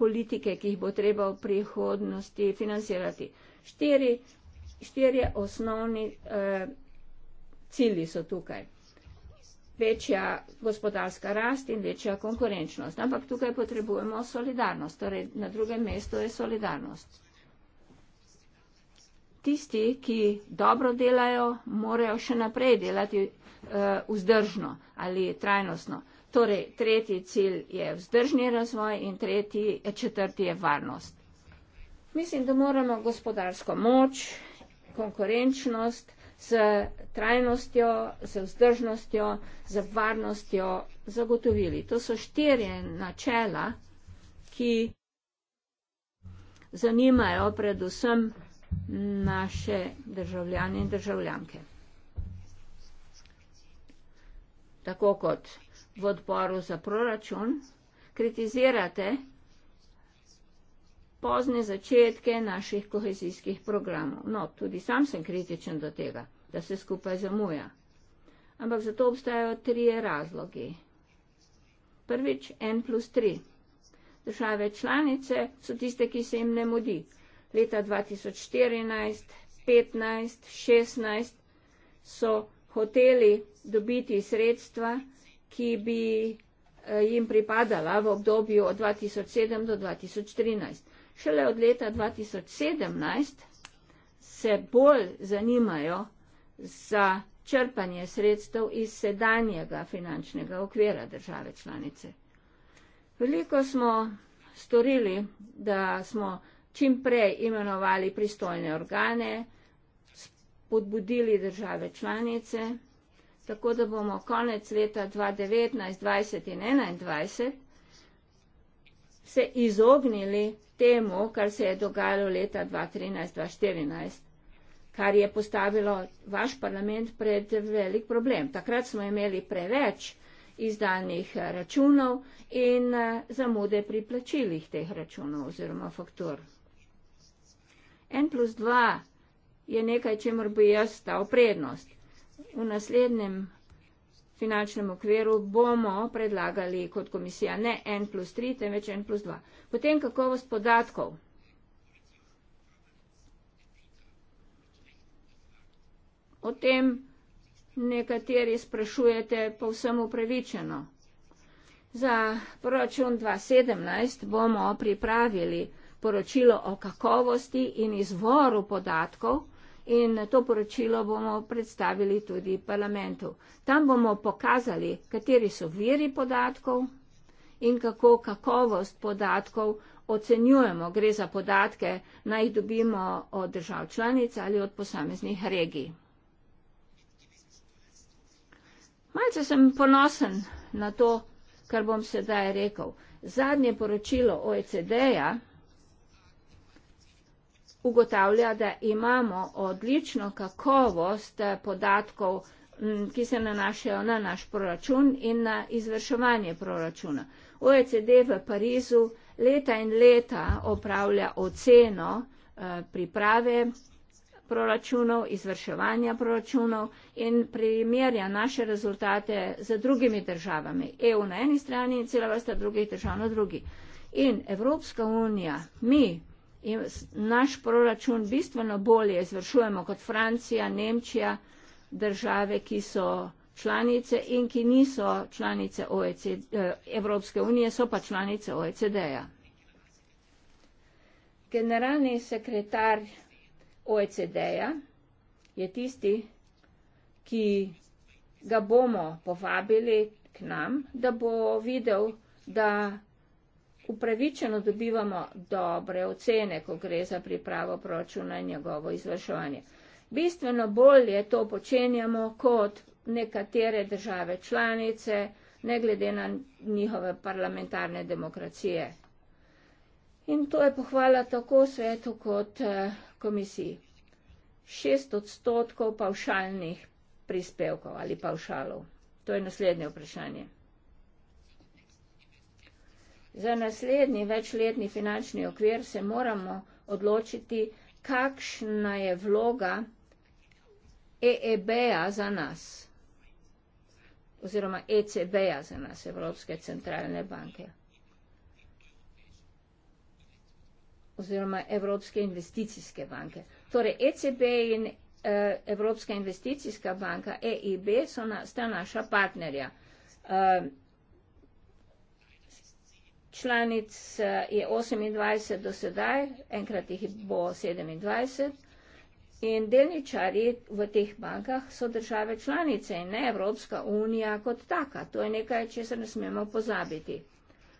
politike, ki jih bo treba v prihodnosti financirati? Štiri, štirje osnovni eh, cilji so tukaj večja gospodarska rast in večja konkurenčnost. Ampak tukaj potrebujemo solidarnost. Torej, na drugem mestu je solidarnost. Tisti, ki dobro delajo, morajo še naprej delati uh, vzdržno ali trajnostno. Torej, tretji cilj je vzdržni razvoj in tretji, eh, četrti je varnost. Mislim, da moramo gospodarsko moč, konkurenčnost, s trajnostjo, z vzdržnostjo, z varnostjo zagotovili. To so štirje načela, ki zanimajo predvsem naše državljane in državljanke. Tako kot v odboru za proračun kritizirate, pozne začetke naših kohezijskih programov. No, tudi sam sem kritičen do tega, da se skupaj zamuja. Ampak za to obstajajo trije razlogi. Prvič, en plus tri. Države članice so tiste, ki se jim ne mudi. Leta 2014, 15, 16 so hoteli dobiti sredstva, ki bi eh, jim pripadala v obdobju od 2007 do 2013. Šele od leta 2017 se bolj zanimajo za črpanje sredstev iz sedanjega finančnega okvira države članice. Veliko smo storili, da smo čim prej imenovali pristojne organe, spodbudili države članice, tako da bomo konec leta 2019, 2020 in 2021 se izognili temu, kar se je dogajalo leta 2013-2014, kar je postavilo vaš parlament pred velik problem. Takrat smo imeli preveč izdanih računov in eh, zamude pri plačilih teh računov oziroma faktur. N plus 2 je nekaj, čemor bi jaz dal prednost. V naslednjem finančnem okviru, bomo predlagali kot komisija ne en plus tri, temveč en plus dva. Potem kakovost podatkov. O tem nekateri sprašujete povsem upravičeno. Za proračun 2017 bomo pripravili poročilo o kakovosti in izvoru podatkov, in to poročilo bomo predstavili tudi parlamentu. Tam bomo pokazali, kateri so viri podatkov in kako kakovost podatkov ocenjujemo. Gre za podatke, naj jih dobimo od držav članic ali od posameznih regij. Malce sem ponosen na to, kar bom sedaj rekel. Zadnje poročilo OECD-ja ugotavlja, da imamo odlično kakovost eh, podatkov, mm, ki se nanašajo na naš proračun in na izvrševanje proračuna. OECD v Parizu leta in leta opravlja oceno eh, priprave proračunov, izvrševanja proračunov in primerja naše rezultate z drugimi državami. EU na eni strani in cela vrsta drugih držav na drugi. In Evropska unija, mi, in naš proračun bistveno bolje izvršujemo kot Francija, Nemčija, države, ki so članice in ki niso članice OECD, eh, Evropske unije, so pa članice OECD-ja. Generalni sekretar OECD-ja je tisti, ki ga bomo povabili k nam, da bo videl, da upravičeno dobivamo dobre ocene, ko gre za pripravo proračuna in njegovo izvrševanje. Bistveno bolje to počenjamo kot nekatere države članice, ne glede na njihove parlamentarne demokracije. In to je pohvala tako svetu kot eh, komisiji. Šest odstotkov pavšalnih prispevkov ali pavšalov. To je naslednje vprašanje. Za naslednji večletni finančni okvir se moramo odločiti, kakšna je vloga EEB-a za nas oziroma ECB-a za nas, Evropske centralne banke oziroma Evropske investicijske banke. Torej ECB in eh, Evropska investicijska banka EIB so na, sta naša partnerja. Eh, članic eh, je 28 do sedaj, enkrat jih bo 27. In delničarji v teh bankah so države članice in ne Evropska unija kot taka. To je nekaj, če se ne smemo pozabiti.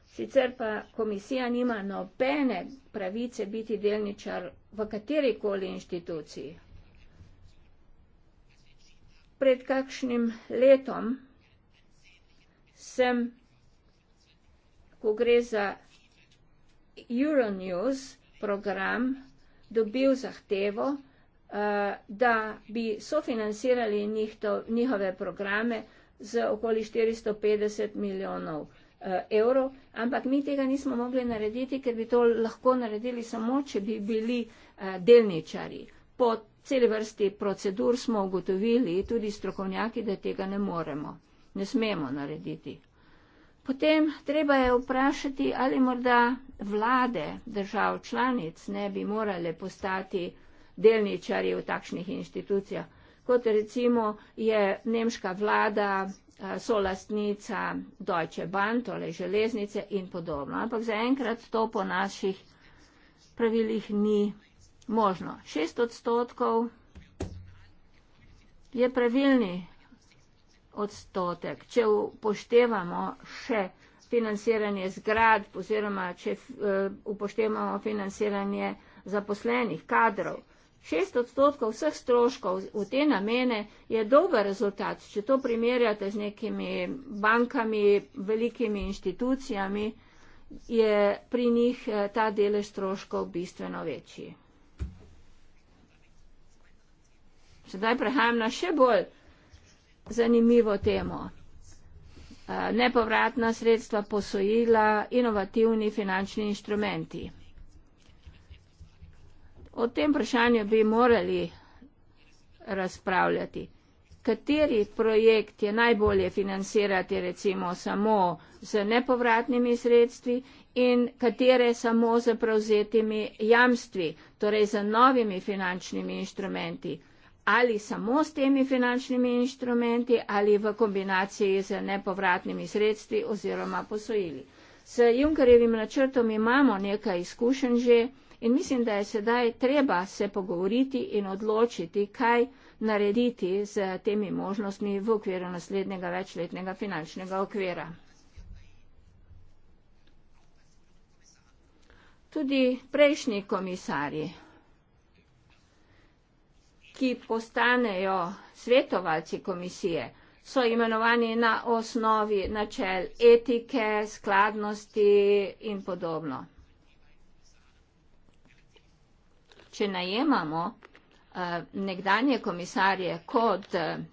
Sicer pa komisija nima nobene pravice biti delničar v katerikoli inštituciji. Pred kakšnim letom sem ko gre za Euronews program, dobil zahtevo, eh, da bi sofinancirali njihove programe z okoli 450 milijonov eh, evrov, ampak mi tega nismo mogli narediti, ker bi to lahko naredili samo, če bi bili eh, delničari. Po celi vrsti procedur smo ugotovili tudi strokovnjaki, da tega ne moremo, ne smemo narediti. Potem treba je vprašati, ali morda vlade držav članic ne bi morale postati delničarji v takšnih inštitucijah, kot recimo je nemška vlada, eh, solastnica Deutsche Bahn, torej železnice in podobno. Ampak zaenkrat to po naših pravilih ni možno. Šest odstotkov je pravilni odstotek. Če upoštevamo še financiranje zgrad oziroma če eh, upoštevamo financiranje zaposlenih kadrov, šest odstotkov vseh stroškov v te namene je dober rezultat, če to primerjate z nekimi bankami, velikimi inštitucijami je pri njih eh, ta delež stroškov bistveno večji. Sedaj prehajam na še bolj zanimivo temo. Eh, nepovratna sredstva, posojila, inovativni finančni inštrumenti. O tem vprašanju bi morali razpravljati. Kateri projekt je najbolje financirati recimo samo z nepovratnimi sredstvi in katere samo z prevzetimi jamstvi, torej z novimi finančnimi inštrumenti ali samo s temi finančnimi inštrumenti ali v kombinaciji z nepovratnimi sredstvi oziroma posojili. S Junkerjevim načrtom imamo nekaj izkušenj že in mislim, da je sedaj treba se pogovoriti in odločiti, kaj narediti z temi možnostmi v okviru naslednjega večletnega finančnega okvira. Tudi prejšnji komisarji ki postanejo svetovalci komisije, so imenovani na osnovi načel etike, skladnosti in podobno. Če najemamo uh, nekdanje komisarje kot uh,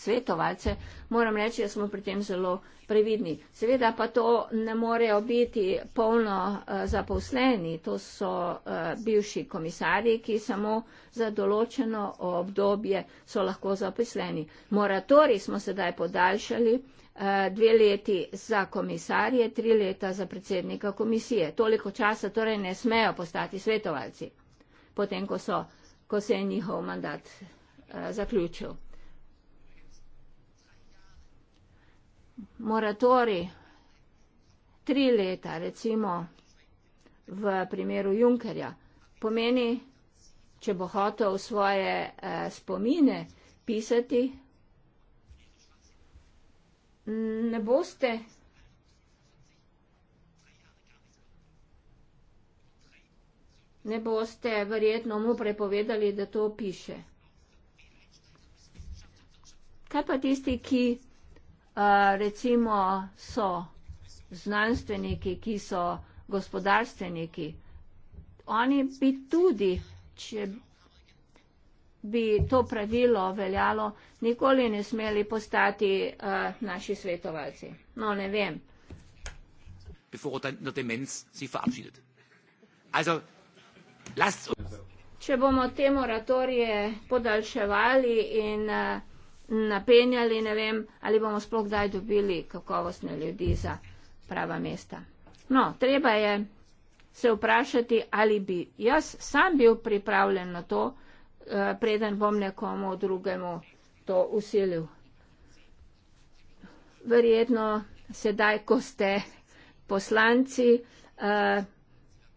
svetovalce, moram reči, da smo pri tem zelo previdni. Seveda pa to ne morejo biti polno eh, zaposleni, to so eh, bivši komisarji, ki samo za določeno obdobje so lahko zaposleni. Moratori smo sedaj podaljšali eh, dve leti za komisarje, tri leta za predsednika komisije. Toliko časa torej ne smejo postati svetovalci, potem ko, so, ko se je njihov mandat zaključil. moratori tri leta, recimo v primeru Junkerja, pomeni, če bo hotel svoje eh, spomine pisati, ne boste ne boste verjetno mu prepovedali, da to piše. Kaj pa tisti, ki Eh, recimo so znanstveniki, ki so gospodarstveniki, oni bi tudi, če bi to pravilo veljalo, nikoli ne smeli postati uh, naši svetovalci. No, ne vem. Bevor odajna demenz si verabschiedet. Also, lasst... Če bomo te moratorije podaljševali in uh, napenjali, ne vem, ali bomo sploh kdaj dobili kakovostne ljudi za prava mesta. No, treba je se vprašati, ali bi jaz sam bil pripravljen na to, eh, preden bom nekomu drugemu to usilil. Verjetno sedaj, ko ste poslanci, eh,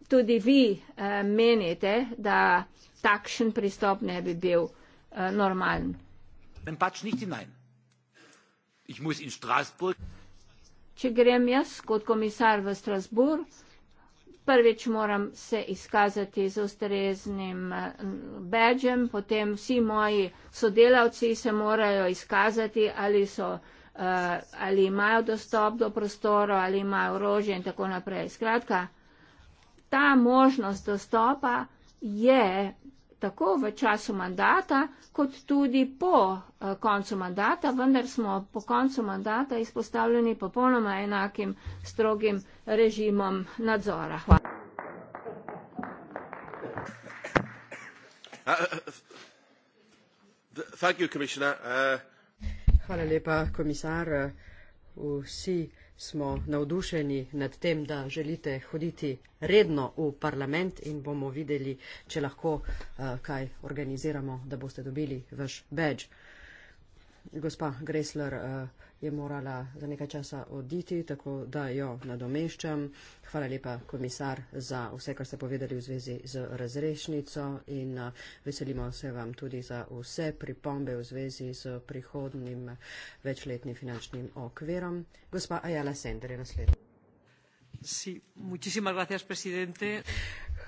tudi vi eh, menite, da takšen pristop ne bi bil normalen. Če grem jaz kot komisar v Strasbourg, prvič moram se izkazati z ustreznim eh, badgem, potem vsi moji sodelavci se morajo izkazati, ali, so, eh, ali imajo dostop do prostora, ali imajo orožje in tako naprej. Skratka, ta možnost dostopa je tako v času mandata, kot tudi po eh, koncu mandata, vendar smo po koncu mandata izpostavljeni popolnoma enakim strogim režimom nadzora. Hvala. Uh, uh, Hvala lepa, komisar. Uh, vsi smo navdušeni nad tem, da želite hoditi redno v parlament in bomo videli, če lahko uh, kaj organiziramo, da boste dobili vaš badge. Gospa Gresler, uh, eh, je morala za nekaj časa oditi, tako da jo nadomeščam. Hvala lepa, komisar, za vse, kar ste povedali v zvezi z razrešnico in veselimo se vam tudi za vse pripombe v zvezi z prihodnim večletnim finančnim okvirom. Gospa Ajala Sender je naslednja. Sí, muchísimas gracias, presidente.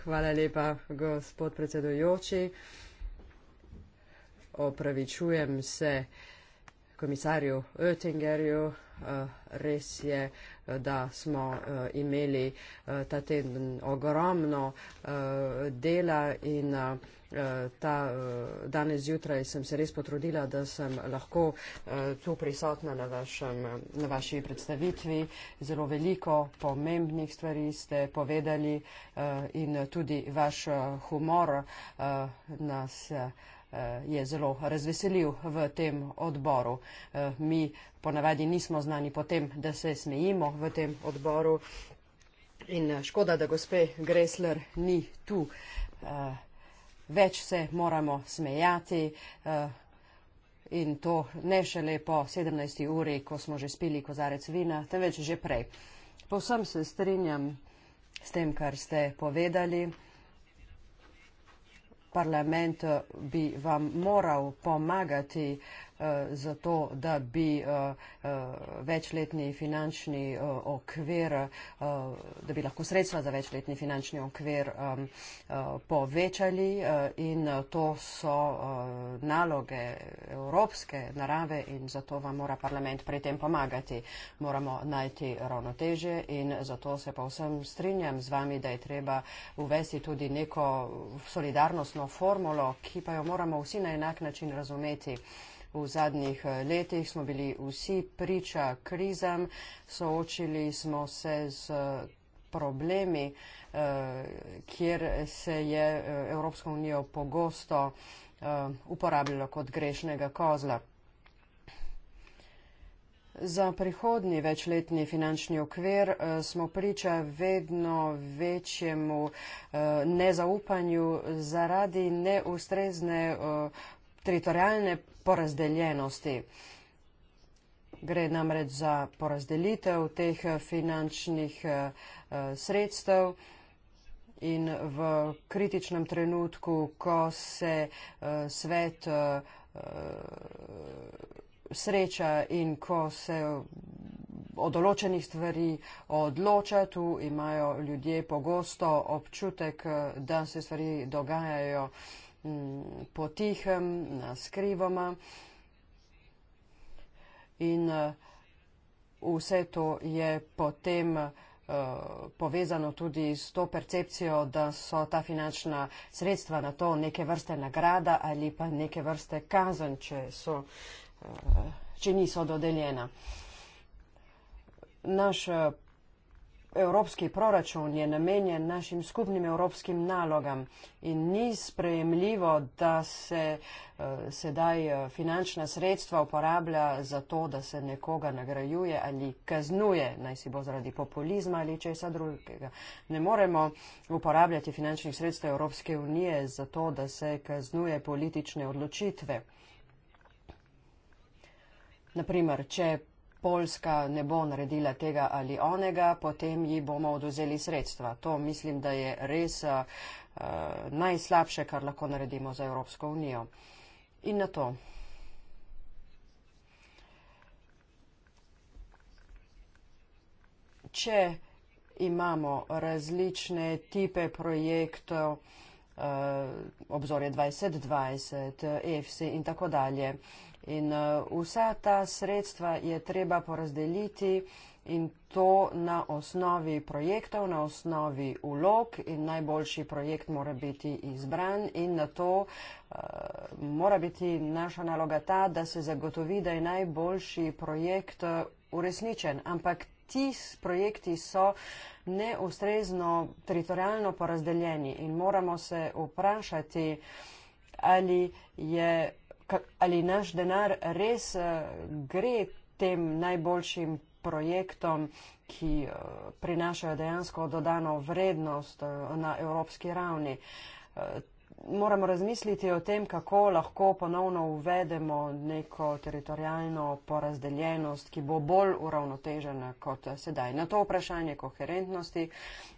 Hvala lepa, gospod predsedujoči. Opravičujem se komisarju Oettingerju. Eh, res je, eh, da smo eh, imeli ta teden ogromno dela in ta, danes zjutraj sem se res potrudila, da sem lahko tu prisotna na, vašem, na vaši predstavitvi. Zelo veliko pomembnih stvari ste povedali in tudi vaš humor nas. Eh, je zelo razveselil v tem odboru. Eh, mi ponavadi nismo znani potem, da se smejimo v tem odboru in eh, škoda, da gospe Gresler ni tu. Več se moramo smejati in to ne šele po 17. uri, ko smo že spili kozarec vina, temveč že prej. Povsem se strinjam s tem, kar ste povedali parlament bi vam moral pomagati, Eh, za to, da bi eh, eh, večletni finančni okvir, da bi lahko sredstva za večletni finančni okvir povečali in to so naloge evropske narave in zato vam mora parlament pri tem pomagati. Moramo najti ravnotežje in zato se pa vsem strinjam z vami, da je treba uvesti tudi neko solidarnostno formulo, ki pa jo moramo vsi na enak način razumeti. V zadnjih eh, letih smo bili vsi priča krizam, soočili smo se z eh, problemi, eh, kjer se je Evropsko unijo pogosto uporabljalo kot grešnega kozla. Za prihodni večletni finančni okvir smo priča vedno večjemu nezaupanju zaradi neustrezne teritorijalne porazdeljenosti. Gre namreč za porazdelitev teh eh, finančnih eh, eh, sredstev in v kritičnem trenutku, ko se svet sreča in ko se o določenih stvari odloča, tu imajo ljudje pogosto občutek, da se stvari dogajajo. Mm, potihem, na skrivoma. In eh, vse to je potem eh, povezano tudi s to percepcijo, da so ta finančna sredstva na to neke vrste nagrada ali pa neke vrste kazen, če, so, eh, če niso dodeljena. Naš Evropski proračun je namenjen našim skupnim evropskim nalogam in ni sprejemljivo, da se eh, sedaj eh, finančna sredstva uporablja za to, da se nekoga nagrajuje ali kaznuje, naj si bo zaradi populizma ali česa drugega. Ne moremo uporabljati finančnih sredstev Evropske unije za to, da se kaznuje politične odločitve. Naprimer, če Poljska ne bo naredila tega ali onega, potem ji bomo oduzeli sredstva. To mislim, da je res uh, najslabše, kar lahko naredimo za Evropsko unijo. In na to. Če imamo različne tipe projektov, eh, obzorje 2020, EFSI in tako dalje, In uh, vsa ta sredstva je treba porazdeliti in to na osnovi projektov, na osnovi ulog in najboljši projekt mora biti izbran in na to uh, mora biti naša naloga ta, da se zagotovi, da je najboljši projekt eh, uresničen. Ampak ti projekti so neustrezno teritorijalno porazdeljeni in moramo se vprašati, ali je ali naš denar res eh, gre tem najboljšim projektom, ki eh, prinašajo dejansko dodano vrednost eh, na evropski ravni. Moramo razmisliti o tem, kako lahko ponovno uvedemo neko teritorijalno porazdeljenost, ki bo bolj uravnotežena kot sedaj. Na to vprašanje koherentnosti,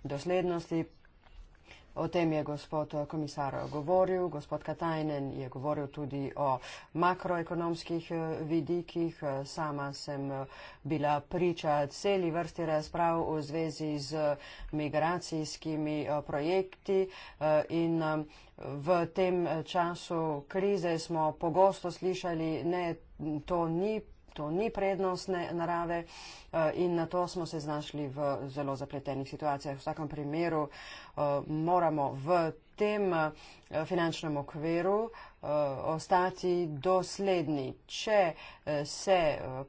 doslednosti O tem je gospod eh, komisar eh, govoril, gospod Katajnen je govoril tudi o makroekonomskih eh, vidikih. Sama sem bila priča celi vrsti razprav v zvezi z migracijskimi projekti in v tem času krize smo pogosto slišali, ne, to ni to ni prednostne narave eh, in na to smo se znašli v zelo zapletenih situacijah. V vsakem primeru eh, moramo v tem eh, finančnem okviru ostati dosledni. Če se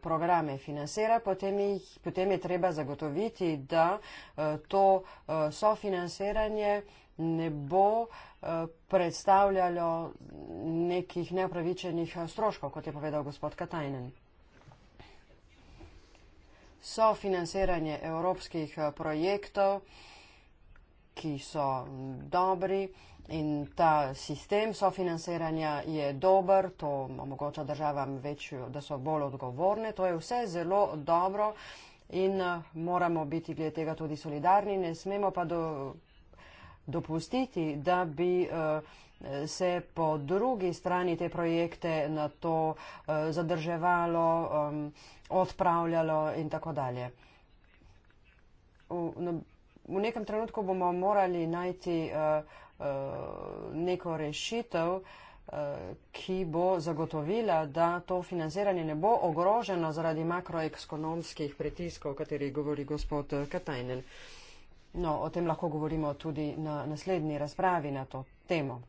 programe financira, potem, jih, potem je treba zagotoviti, da to sofinanciranje ne bo predstavljalo nekih neopravičenih stroškov, kot je povedal gospod Katajnen sofinansiranje evropskih eh, projektov, ki so mm, dobri in ta sistem sofinansiranja je dober, to omogoča državam več, eh, da so bolj odgovorne, to je vse zelo dobro in eh, moramo biti glede tega tudi solidarni, ne smemo pa do, dopustiti, da bi. Uh, se po drugi strani te projekte na to eh, zadrževalo, odpravljalo in tako dalje. No, v nekem trenutku bomo morali najti eh, eh, neko rešitev, ki bo zagotovila, da to financiranje ne bo ogroženo zaradi makroekonomskih pritiskov, o katerih govori gospod Katajnen. No, o tem lahko govorimo tudi na naslednji razpravi na to temo.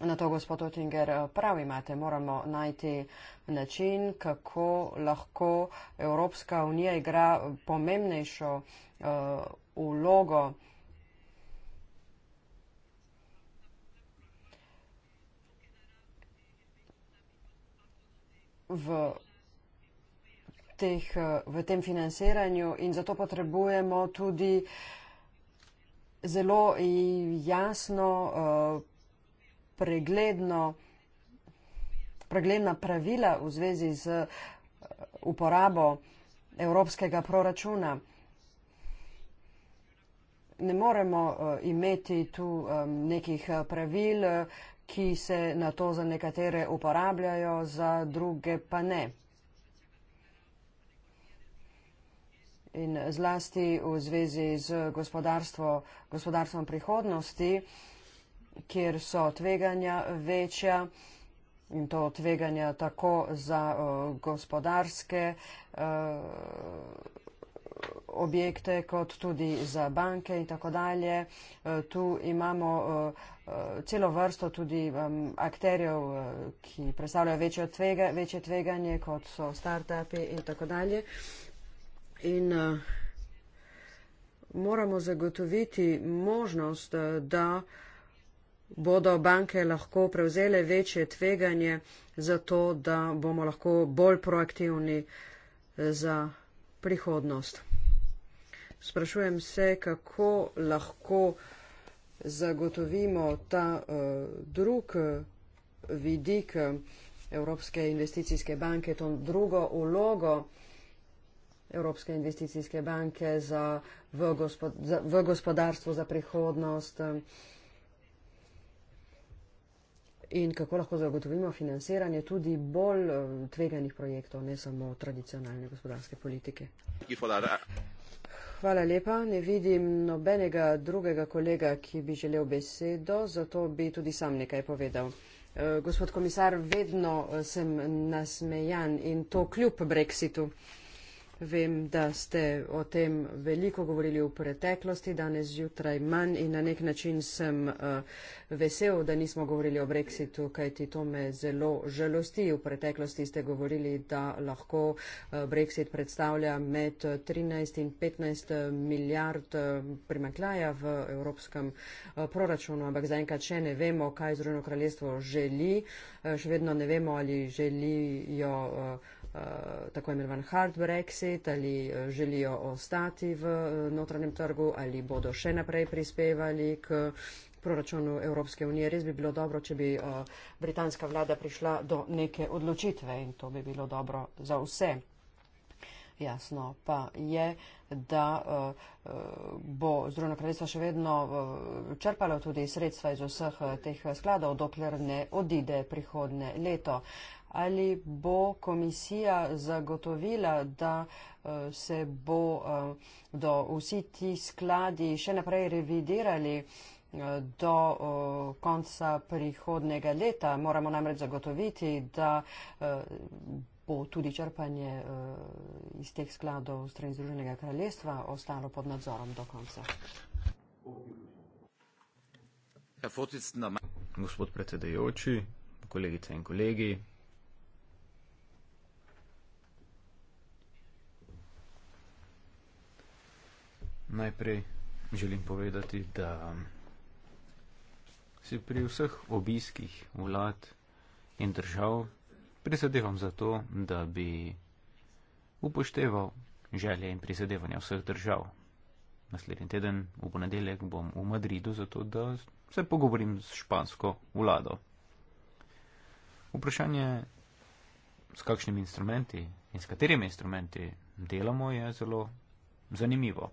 Na to, gospod Otinger, eh, prav imate, moramo najti način, kako lahko Evropska unija igra pomembnejšo uh, eh, ulogo. V, teh, eh, v tem financiranju in zato potrebujemo tudi zelo jasno uh, pregledno, pregledna pravila v zvezi z eh, uporabo evropskega proračuna. Ne moremo uh, imeti tu um, nekih pravil, ki se na to za nekatere uporabljajo, za druge pa ne. In zlasti v zvezi z gospodarstvom prihodnosti. Uh, kjer so tveganja večja in to tveganja tako za uh, gospodarske uh, objekte, kot tudi za banke in tako dalje. Uh, tu imamo uh, uh, celo vrsto tudi um, akterjev, uh, ki predstavljajo večje, tvega, večje tveganje, kot so start-upi in tako dalje. In uh, moramo zagotoviti možnost, uh, da bodo banke lahko prevzele večje tveganje za to, da bomo lahko bolj proaktivni eh, za prihodnost. Sprašujem se, kako lahko zagotovimo ta uh, drug eh, vidik Evropske investicijske banke, to drugo ulogo Evropske investicijske banke za, v, gospod, za, v gospodarstvo za prihodnost. Uh, in kako lahko zagotovimo financiranje tudi bolj eh, tveganih projektov, ne samo tradicionalne gospodarske politike. Hvala lepa. Ne vidim nobenega drugega kolega, ki bi želel besedo, zato bi tudi sam nekaj povedal. Eh, gospod komisar, vedno eh, sem nasmejan in to kljub brexitu. Vem, da ste o tem veliko govorili v preteklosti, danes zjutraj manj in na nek način sem uh, vesel, da nismo govorili o Brexitu, kajti to me zelo žalosti. V preteklosti ste govorili, da lahko eh, Brexit predstavlja med 13 eh, in 15 milijard primaklaja v evropskem proračunu, ampak zaenkrat še ne vemo, kaj Združeno kraljestvo želi. Uh, še vedno ne vemo, ali želijo. Uh, Eh, tako imenovan hard brexit, ali eh, želijo ostati v eh, notranjem trgu, ali bodo še naprej prispevali k proračunu Evropske unije. Res bi bilo dobro, če bi britanska vlada prišla do neke odločitve in to bi bilo dobro za vse. Jasno pa je, da bo Združeno kraljestvo še vedno črpalo tudi sredstva iz vseh teh skladov, dokler ne odide prihodne leto ali bo komisija zagotovila, da eh, se bo eh, do vsi ti skladi še naprej revidirali eh, do konca prihodnega leta. Moramo namreč zagotoviti, da bo tudi črpanje iz teh skladov strani Združenega kraljestva ostalo pod nadzorom do konca. Gospod predsedajoči, kolegice in kolegi, najprej želim povedati, da si pri vseh obiskih vlad in držav prizadevam za to, da bi upošteval želje in prizadevanja vseh držav. Naslednji teden, v ponedeljek, bom v Madridu, zato da se pogovorim s špansko vlado. Vprašanje, s kakšnimi instrumenti in s katerimi instrumenti delamo, je zelo zanimivo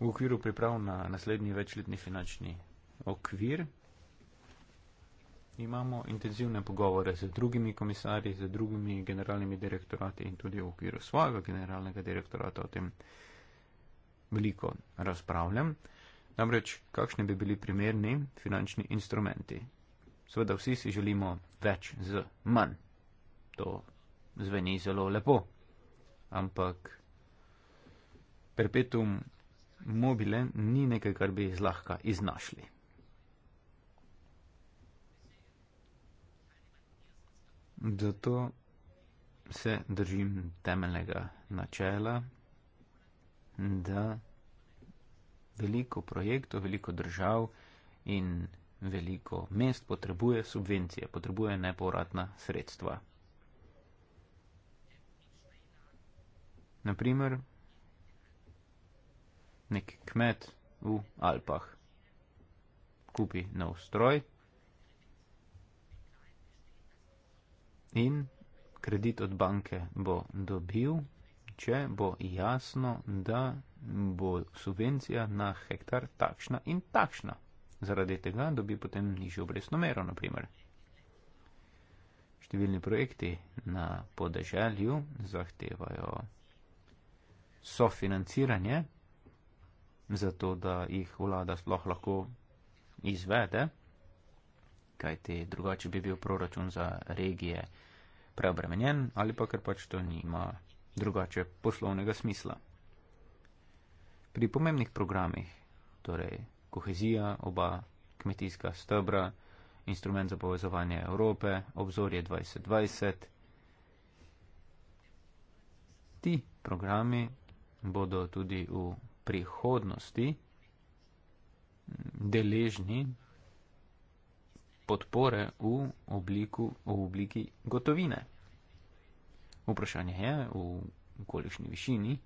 v okviru priprav na naslednji večletni finančni okvir. Imamo intenzivne pogovore z drugimi komisarji, z drugimi generalnimi direktorati in tudi v okviru svojega generalnega direktorata o tem veliko razpravljam. Namreč, kakšni bi bili primerni finančni instrumenti? Sveda vsi si želimo več z manj. To zveni zelo lepo, ampak perpetum mobile ni nekaj, kar bi zlahka iznašli. Zato se držim temeljnega načela, da veliko projektov, veliko držav in veliko mest potrebuje subvencije, potrebuje nepovratna sredstva. Naprimer, nek kmet v Alpah. Kupi nov stroj in kredit od banke bo dobil, če bo jasno, da bo subvencija na hektar takšna in takšna. Zaradi tega dobi potem nižjo obresno mero, naprimer. Številni projekti na podeželju zahtevajo sofinanciranje zato da jih vlada sploh lahko izvede, kajti drugače bi bil proračun za regije preobremenjen ali pa ker pač to nima drugače poslovnega smisla. Pri pomembnih programih, torej kohezija, oba kmetijska stebra, instrument za povezovanje Evrope, obzorje 2020, ti programi bodo tudi v prihodnosti deležni podpore v, obliku, v obliki gotovine. Vprašanje je, v kolikšni višini,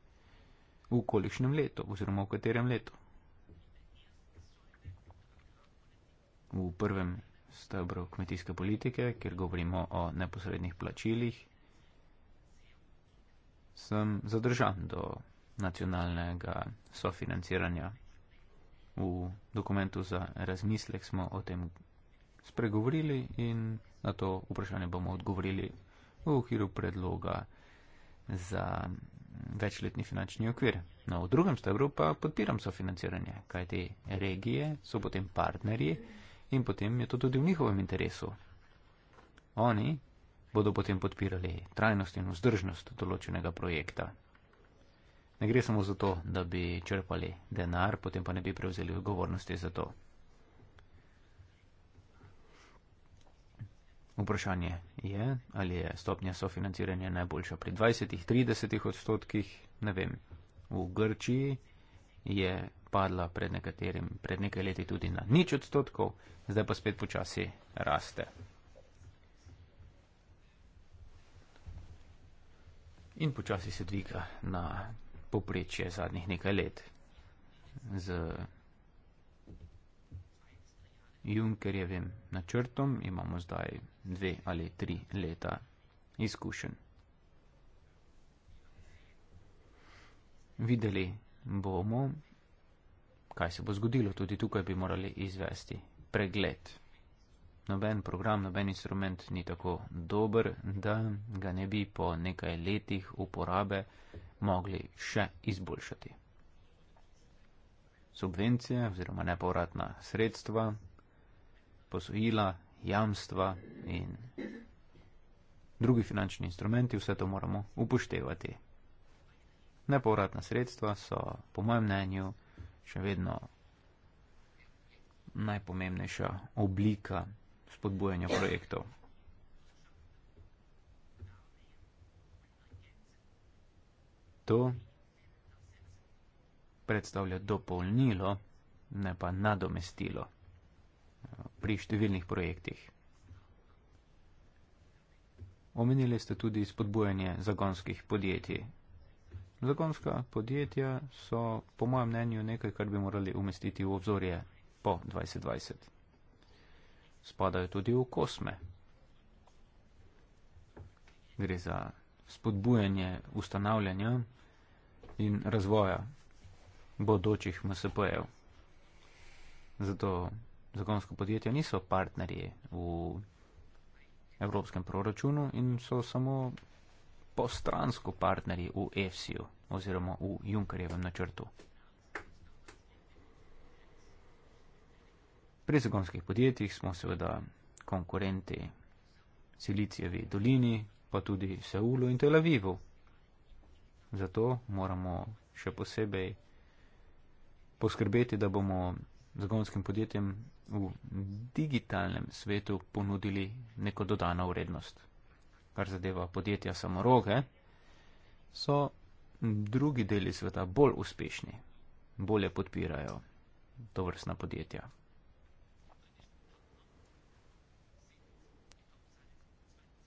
v kolikšnem letu oziroma v katerem letu. V prvem stebru kmetijske politike, kjer govorimo o neposrednih plačilih, sem zadržan do nacionalnega sofinanciranja. V dokumentu za razmislek smo o tem spregovorili in na to vprašanje bomo odgovorili v okviru predloga za večletni finančni okvir. No, v drugem stebru pa podpiram sofinanciranje, kaj te regije so potem partnerji in potem je to tudi v njihovem interesu. Oni bodo potem podpirali trajnost in vzdržnost določenega projekta. Ne gre samo za to, da bi črpali denar, potem pa ne bi prevzeli odgovornosti za to. Vprašanje je, ali je stopnja sofinanciranja najboljša pri 20-30 odstotkih, ne vem. V Grčiji je padla pred, nekaterim, pred nekaj leti tudi na nič odstotkov, zdaj pa spet počasi raste. In počasi se dviga na poprečje zadnjih nekaj let. Z Junkerjevim načrtom imamo zdaj dve ali tri leta izkušenj. Videli bomo, kaj se bo zgodilo. Tudi tukaj bi morali izvesti pregled. Noben program, noben instrument ni tako dober, da ga ne bi po nekaj letih uporabe mogli še izboljšati. Subvencije oziroma nepovratna sredstva, posojila, jamstva in drugi finančni instrumenti, vse to moramo upoštevati. Nepovratna sredstva so, po mojem mnenju, še vedno najpomembnejša oblika spodbujanja projektov. to predstavlja dopolnilo, ne pa nadomestilo eh, pri številnih projektih. Omenili ste tudi spodbujanje zagonskih podjetij. Zagonska podjetja so, po mojem mnenju, nekaj, kar bi morali umestiti v obzorje po 2020. Spadajo tudi v kosme. Gre za spodbujanje ustanavljanja in razvoja bodočih MSP-jev. Zato zakonsko podjetje niso partnerji v evropskem proračunu in so samo postransko partnerji v EFSI-ju oziroma v Junkerjevem načrtu. Pri zagonskih podjetjih smo seveda konkurenti Silicijevi dolini, pa tudi Seulu in Tel Avivu. Zato moramo še posebej poskrbeti, da bomo zagonskim podjetjem v digitalnem svetu ponudili neko dodano vrednost. Kar zadeva podjetja samoroge, so drugi deli sveta bolj uspešni, bolje podpirajo to vrstna podjetja.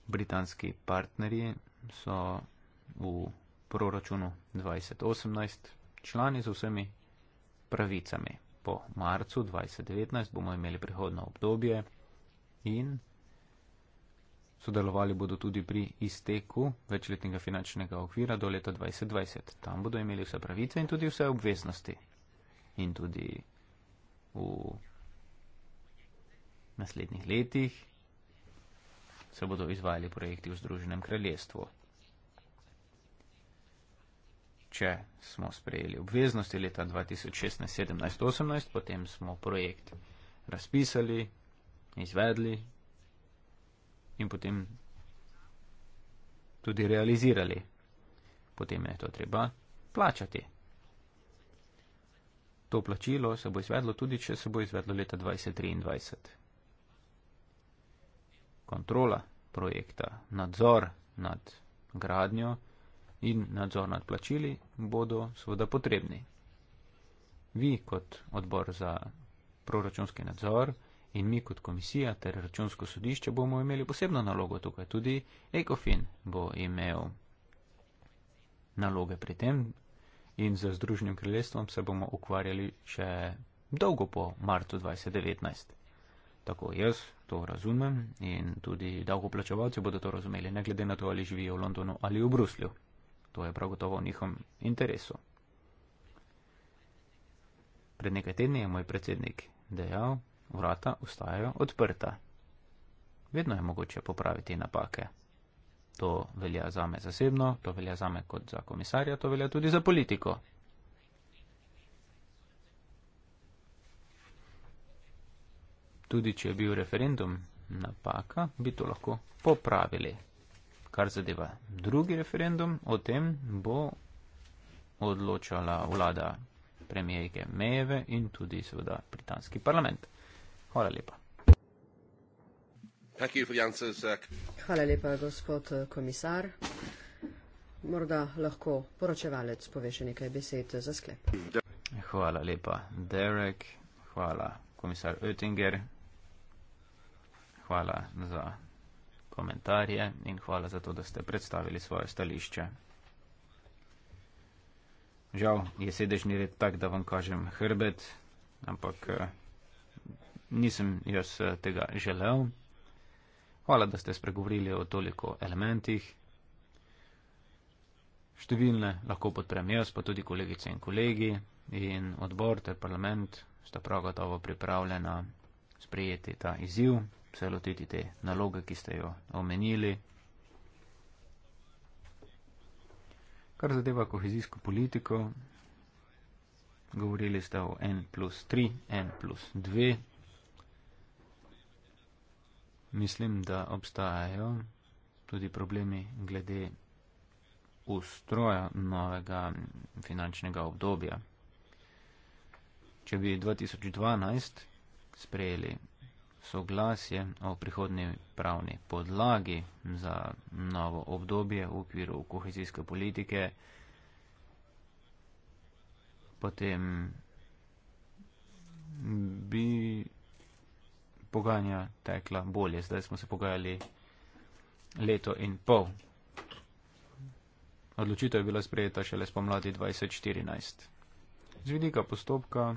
britanski partnerji so v proračunu 2018 člani z vsemi pravicami. Po marcu 2019 bomo imeli prihodno obdobje in sodelovali bodo tudi pri izteku večletnega finančnega okvira do leta 2020. Tam bodo imeli vse pravice in tudi vse obveznosti. In tudi v naslednjih letih se bodo izvajali projekti v Združenem kraljestvu. Če smo sprejeli obveznosti leta 2016-17-18, potem smo projekt razpisali, izvedli in potem tudi realizirali. Potem je to treba plačati. To plačilo se bo izvedlo tudi, če se bo izvedlo leta 2023. 20 kontrola projekta, nadzor nad gradnjo in nadzor nad plačili bodo seveda potrebni. Vi kot odbor za proračunski nadzor in mi kot komisija ter računsko sodišče bomo imeli posebno nalogo tukaj. Tudi ECOFIN bo imel naloge pri tem in za Združenim kraljestvom se bomo ukvarjali še dolgo po martu 2019 tako jaz to razumem in tudi davkoplačevalci bodo to razumeli, ne glede na to, ali živijo v Londonu ali v Bruslju. To je prav gotovo v njihovem interesu. Pred nekaj tedni je moj predsednik dejal, vrata ostajajo odprta. Vedno je mogoče popraviti napake. To velja za me zasebno, to velja za me kot za komisarja, to velja tudi za politiko. tudi če je bil referendum napaka, bi to lahko popravili. Kar zadeva drugi referendum, o tem bo odločala vlada premijejke Mejeve in tudi seveda britanski parlament. Hvala lepa. Uh, Hvala lepa, gospod uh, komisar. Morda lahko poročevalec pove še nekaj besed za sklep. Hvala lepa, Derek. Hvala, komisar Oettinger hvala za komentarje in hvala za to, da ste predstavili svoje stališče. Žal je sedežni red tak, da vam kažem hrbet, ampak eh, nisem jaz eh, tega želel. Hvala, da ste spregovorili o toliko elementih. Številne lahko podprem jaz, pa tudi kolegice in kolegi in odbor ter parlament sta prav gotovo pripravljena sprejeti ta izziv, se lotiti te naloge, ki ste jo omenili. Kar zadeva kohezijsko politiko, govorili ste o N plus 3, N plus 2. Mislim, da obstajajo tudi problemi glede ustroja novega finančnega obdobja. Če bi 2012 sprejeli soglasje o prihodnji pravni podlagi za novo obdobje v okviru kohezijske politike. Potem bi pogajanja tekla bolje. Zdaj smo se pogajali leto in pol. Odločitev je bila sprejeta šele spomladi 2014. Z vidika postopka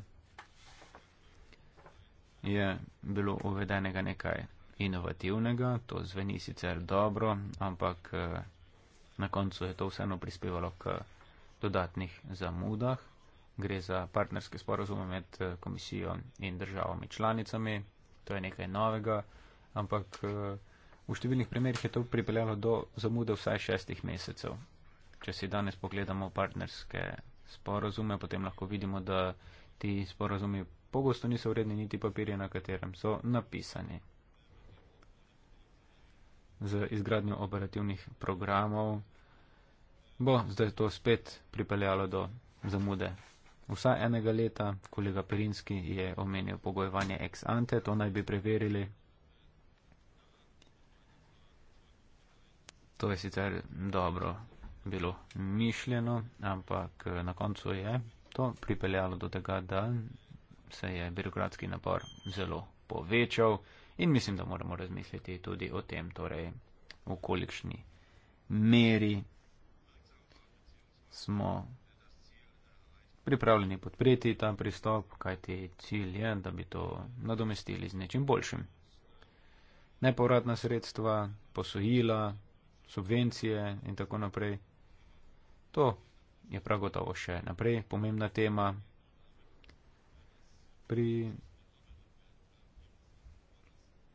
je bilo uvedenega nekaj inovativnega, to zveni sicer dobro, ampak eh, na koncu je to vseeno prispevalo k dodatnih zamudah. Gre za partnerske sporozume med eh, komisijo in državami članicami, to je nekaj novega, ampak eh, v številnih primerjih je to pripeljalo do zamude vsaj šestih mesecev. Če si danes pogledamo partnerske sporozume, potem lahko vidimo, da ti sporozumi pogosto niso vredni niti papirja, na katerem so napisani. Z izgradnjo operativnih programov bo zdaj to spet pripeljalo do zamude. Vsa enega leta, kolega Perinski je omenil pogojevanje ex ante, to naj bi preverili. To je sicer dobro bilo mišljeno, ampak eh, na koncu je to pripeljalo do tega, da se je birokratski napor zelo povečal in mislim, da moramo razmisliti tudi o tem, torej v kolikšni meri smo pripravljeni podpreti ta pristop, kajti cilj je, da bi to nadomestili z nečim boljšim. Nepovratna sredstva, posojila, subvencije in tako naprej. To je prav gotovo še naprej pomembna tema, pri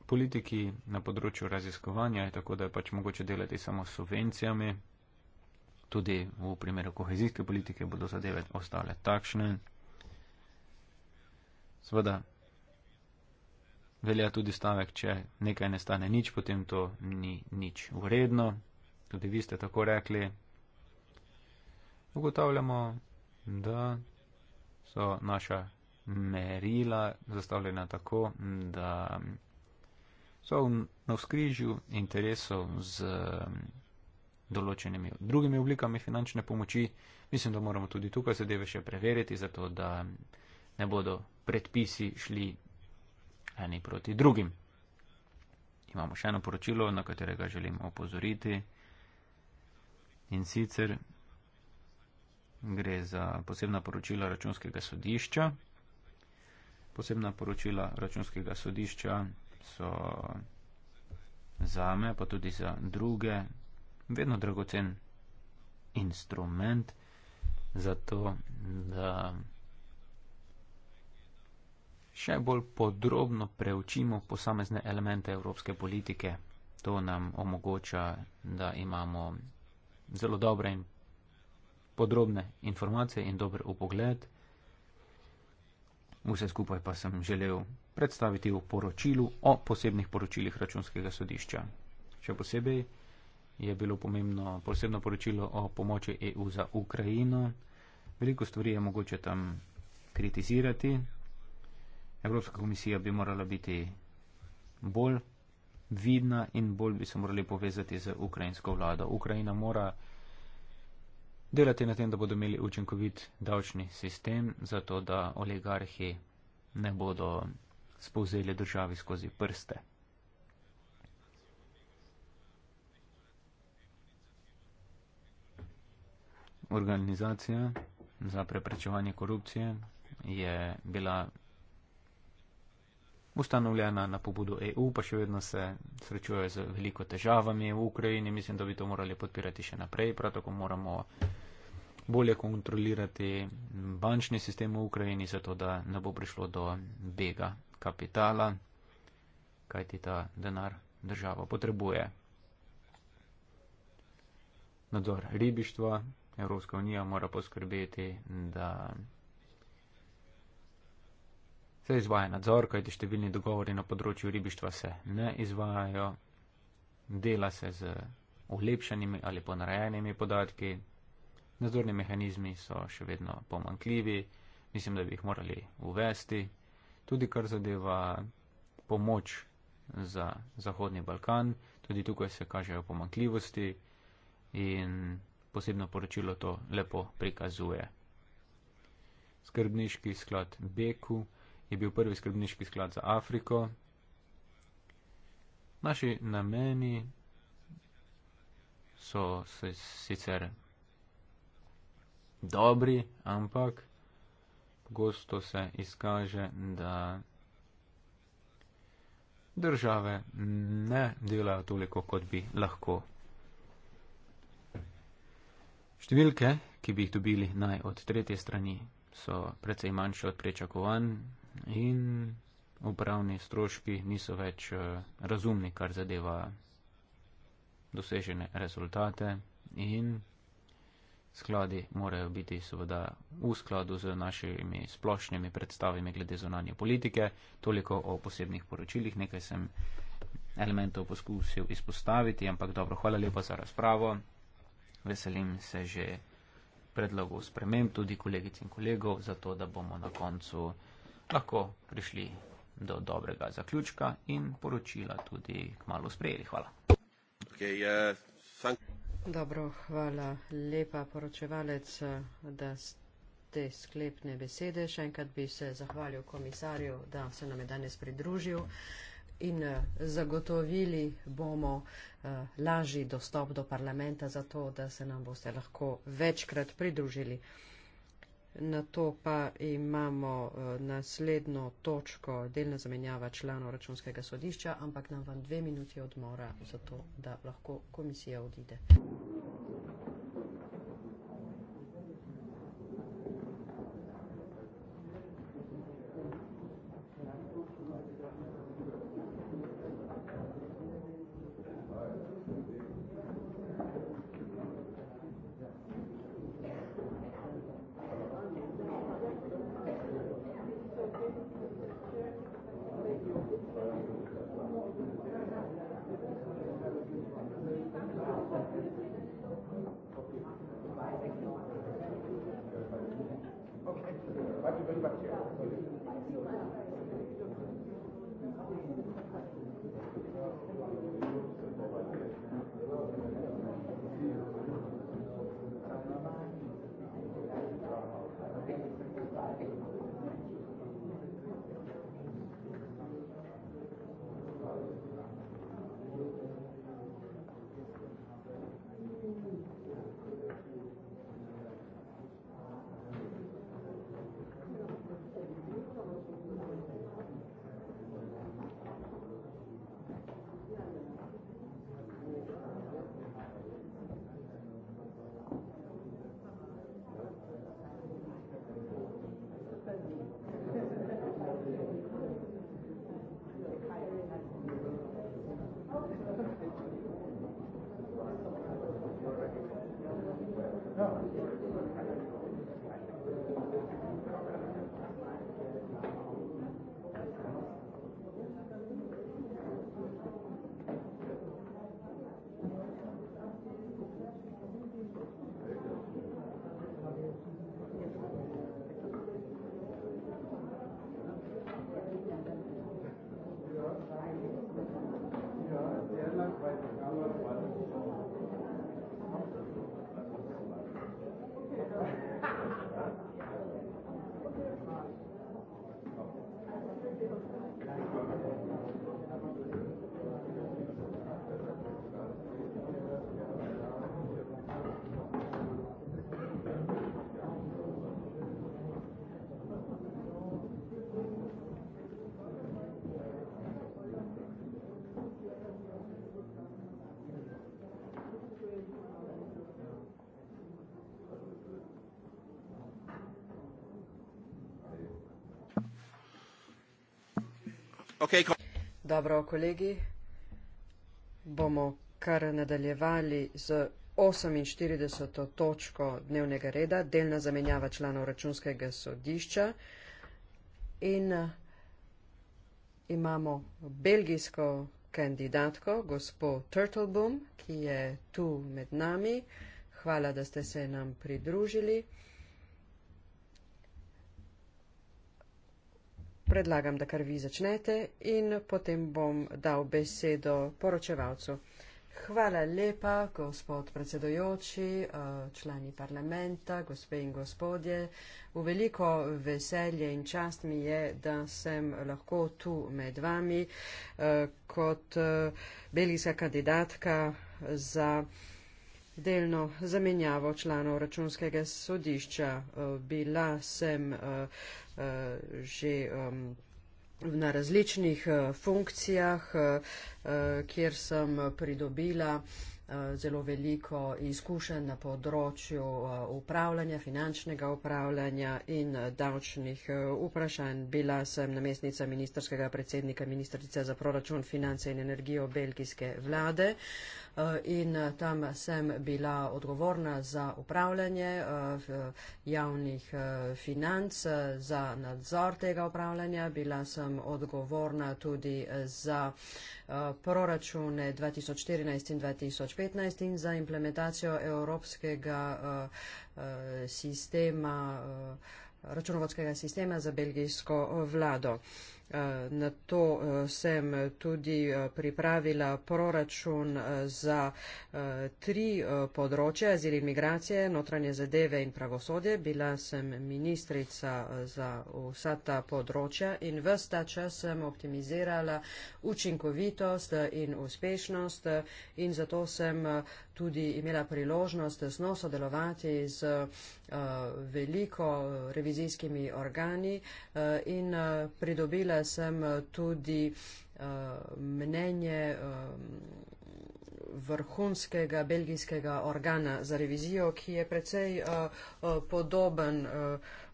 politiki na področju raziskovanja je tako, da je pač mogoče delati samo s subvencijami. Tudi v primeru kohezijske politike bodo zadeve ostale takšne. Sveda velja tudi stavek, če nekaj ne stane nič, potem to ni nič vredno. Tudi vi ste tako rekli. Ugotavljamo, da so naša merila zastavljena tako, da so na vzkrižju interesov z um, določenimi drugimi oblikami finančne pomoči. Mislim, da moramo tudi tukaj zadeve še preveriti, zato da ne bodo predpisi šli eni proti drugim. Imamo še eno poročilo, na katerega želim opozoriti. In sicer gre za posebna poročila računskega sodišča, Posebna poročila računskega sodišča so zame, pa tudi za druge, vedno dragocen instrument za to, da še bolj podrobno preučimo posamezne elemente evropske politike. To nam omogoča, da imamo zelo dobre in podrobne informacije in dober upogled. Vse skupaj pa sem želel predstaviti v poročilu o posebnih poročilih računskega sodišča. Še posebej je bilo pomembno posebno poročilo o pomoči EU za Ukrajino. Veliko stvari je mogoče tam kritizirati. Evropska komisija bi morala biti bolj vidna in bolj bi se morali povezati z ukrajinsko vlado. Ukrajina mora delati na tem, da bodo imeli učinkovit davčni sistem, zato da oligarhi ne bodo spouzeli državi skozi prste. Organizacija za preprečevanje korupcije je bila ustanovljena na pobudo EU, pa še vedno se srečuje z veliko težavami e v Ukrajini. Mislim, da bi to morali podpirati še naprej. Prav tako moramo bolje kontrolirati bančni sistem v Ukrajini, zato da ne bo prišlo do bega kapitala, kaj ti ta denar država potrebuje. Nadzor ribištva. Evropska unija mora poskrbeti, da se izvaja nadzor, kajti številni dogovori na področju ribištva se ne izvajajo. Dela se z olepšanimi ali ponarejenimi podatki, nadzorni mehanizmi so še vedno pomankljivi, mislim, da bi jih morali uvesti, tudi kar zadeva pomoč za Zahodni Balkan, tudi tukaj se kažejo pomankljivosti in posebno poročilo to lepo prikazuje. Skrbniški sklad Beku je bil prvi skrbniški sklad za Afriko. Naši nameni so sicer dobri, ampak pogosto se izkaže, da države ne delajo toliko, kot bi lahko. Številke, ki bi jih dobili naj od tretje strani, so precej manjše od prečakovanj in upravni stroški niso več eh, razumni, kar zadeva dosežene rezultate in skladi morajo biti seveda v skladu z našimi splošnimi predstavami glede zonanje politike. Toliko o posebnih poročilih, nekaj sem elementov poskusil izpostaviti, ampak dobro, hvala lepa za razpravo. Veselim se že predlogov sprememb tudi kolegic in kolegov, zato da bomo na koncu lahko prišli do dobrega zaključka in poročila tudi k malu sprejeli. Hvala. Okay, uh, Dobro, hvala lepa poročevalec, da ste sklepne besede. Še enkrat bi se zahvalil komisarju, da se nam je danes pridružil in eh, zagotovili bomo eh, lažji dostop do parlamenta zato, da se nam boste lahko večkrat pridružili. Na to pa imamo eh, naslednjo točko delna zamenjava članov računskega sodišča, ampak nam vam dve minuti odmora za to, da lahko komisija odide. Dobro, kolegi, bomo kar nadaljevali z 48. točko dnevnega reda, delna zamenjava članov računskega sodišča. In eh, imamo belgijsko kandidatko, gospo Turtleboom, ki je tu med nami. Hvala, da ste se nam pridružili. predlagam, da kar vi začnete in potem bom dal besedo poročevalcu. Hvala lepa, gospod predsedojoči, eh, člani parlamenta, gospe in gospodje. V veliko veselje in čast mi je, da sem lahko tu med vami eh, kot eh, belgijska kandidatka za delno zamenjavo članov računskega sodišča. Eh, bila sem eh, eh, že na različnih funkcijah, kjer sem pridobila zelo veliko izkušenj na področju upravljanja, finančnega upravljanja in davčnih vprašanj. Bila sem namestnica ministerskega predsednika, ministrica za proračun, finance in energijo belgijske vlade. Uh, Eh, in eh, tam sem bila odgovorna za upravljanje eh, javnih financ, za nadzor tega upravljanja. Bila sem odgovorna tudi za proračune 2014 in 2015 in za implementacijo evropskega sistema računovodskega sistema za belgijsko vlado. Eh, na to eh, sem tudi eh, pripravila proračun za tri področja, azil in migracije, notranje zadeve in pravosodje. Bila sem ministrica za vsa ta področja in v sta čas sem optimizirala učinkovitost in uspešnost in zato sem tudi imela priložnost tesno sodelovati z eh, veliko revizijskimi organi eh, in eh, pridobila sem tudi mnenje vrhunskega belgijskega organa za revizijo, ki je precej podoben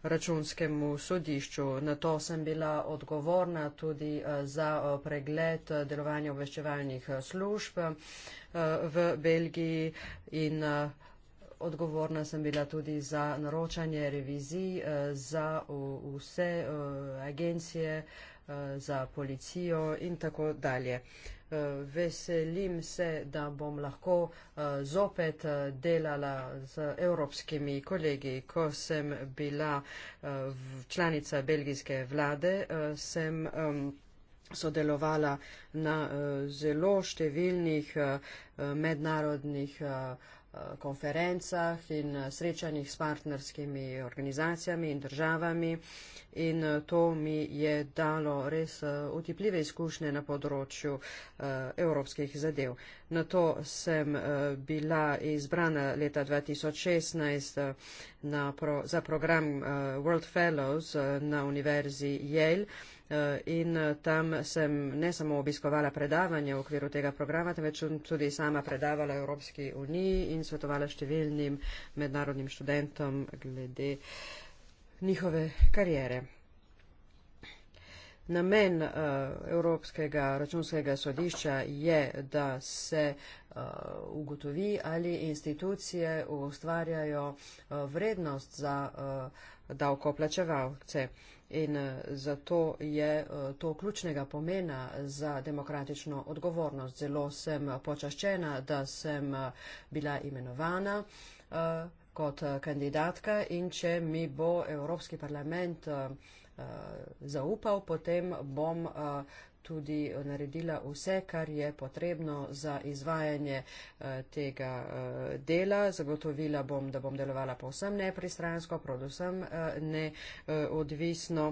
računskemu sodišču. Na to sem bila odgovorna tudi eh, za eh, pregled eh, delovanja obveščevalnih služb v Belgiji in odgovorna sem bila tudi za naročanje revizij za vse agencije, za policijo in tako dalje. Eh, veselim se, da bom lahko eh, zopet eh, delala z evropskimi kolegi. Ko sem bila članica belgijske vlade, sem sodelovala na zelo številnih mednarodnih Eh, konferencah in eh, srečanjih s partnerskimi organizacijami in državami in eh, to mi je dalo res utipljive izkušnje na področju evropskih zadev. Na to sem bila izbrana leta 2016 na pro, za program World Fellows na univerzi Yale Eh, in eh, tam sem ne samo obiskovala predavanje v okviru tega programa, temveč tudi sama predavala Evropski uniji in svetovala številnim mednarodnim študentom glede njihove karijere. Namen uh, Evropskega računskega sodišča je, da se uh, ugotovi, ali institucije ustvarjajo uh, vrednost za uh, davkoplačevalce. Uh, in eh, zato je eh, to ključnega pomena za demokratično odgovornost. Zelo sem počaščena, da sem eh, bila imenovana kot kandidatka in če mi bo Evropski parlament uh, zaupal, potem bom uh, tudi naredila vse, kar je potrebno za izvajanje eh, tega eh, dela. Zagotovila bom, da bom delovala povsem nepristransko, predvsem eh, neodvisno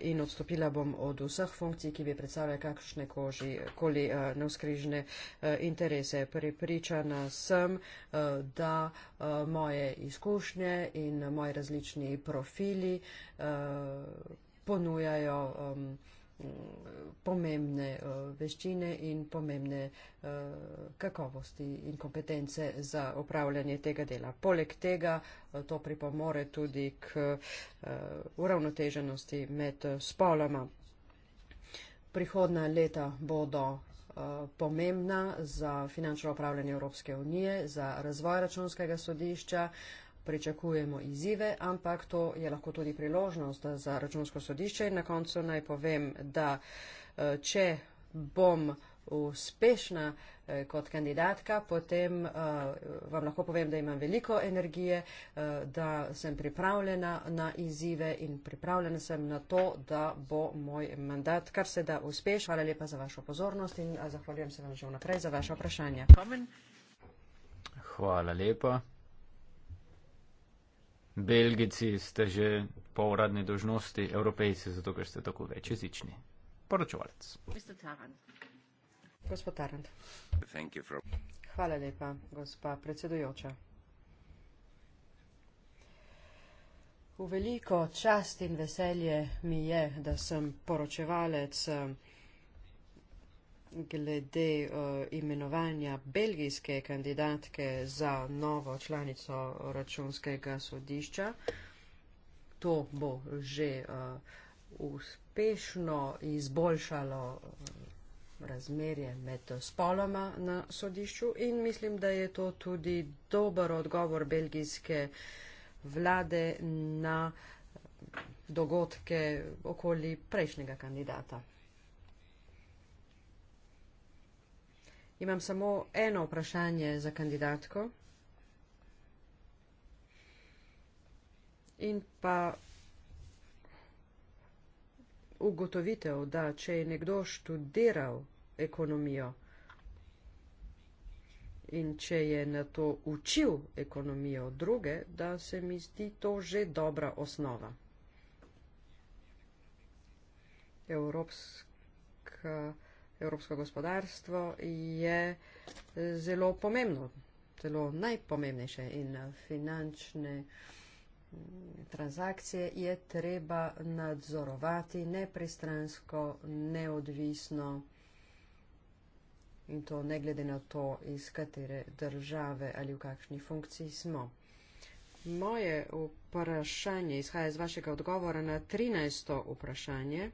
in odstopila bom od vseh funkcij, ki bi predstavljali kakšne koži, koli navskrižne interese. Pripričana sem, da moje izkušnje in moji različni profili ponujajo um, pomembne eh, veščine in pomembne eh, kakovosti in kompetence za upravljanje tega dela. Poleg tega eh, to pripomore tudi k uravnoteženosti med spoloma. Prihodna leta bodo pomembna za finančno upravljanje Evropske unije, za razvoj računskega sodišča, pričakujemo izzive, ampak to je lahko tudi priložnost za računsko sodišče. In na koncu naj povem, da eh, če bom uspešna eh, kot kandidatka, potem eh, vam lahko povem, da imam veliko energije, da sem pripravljena na izzive in pripravljena sem na to, da bo moj mandat kar se da uspeš. Hvala lepa za vašo pozornost in zahvaljujem se vam že vnaprej za vaše vprašanje. Hvala lepa. Belgici ste že po uradni dožnosti evropejci, zato ker ste tako več jezični. Poročevalec. Gospod Tarant. Hvala lepa, gospa predsedujoča. V veliko čast in veselje mi je, da sem poročevalec glede uh, imenovanja belgijske kandidatke za novo članico računskega sodišča. To bo že uh, uspešno izboljšalo eh, razmerje med spoloma na sodišču in mislim, da je to tudi dober odgovor belgijske vlade na dogodke okoli prejšnjega kandidata. Imam samo eno vprašanje za kandidatko. In pa ugotovitev, da če je nekdo študiral ekonomijo in če je na to učil ekonomijo druge, da se mi zdi to že dobra osnova. Evropska evropsko gospodarstvo je zelo pomembno, zelo najpomembnejše in finančne transakcije je treba nadzorovati nepristransko, neodvisno in to ne glede na to, iz katere države ali v kakšni funkciji smo. Moje vprašanje izhaja iz vašega odgovora na 13. vprašanje.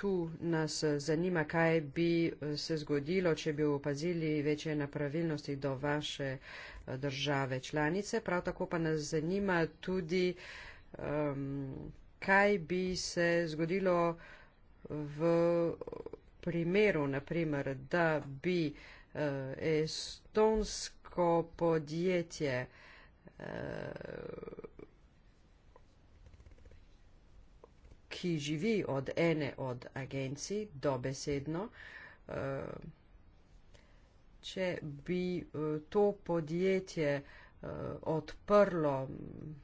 tu nas zanima, kaj bi eh, se zgodilo, če bi opazili večje napravilnosti do vaše eh, države članice. Prav tako pa nas zanima tudi, um, kaj bi se zgodilo v primeru, naprimer, da bi uh, estonsko podjetje uh, ki živi od ene od agencij, dobesedno, eh, če bi eh, to podjetje eh, odprlo mm,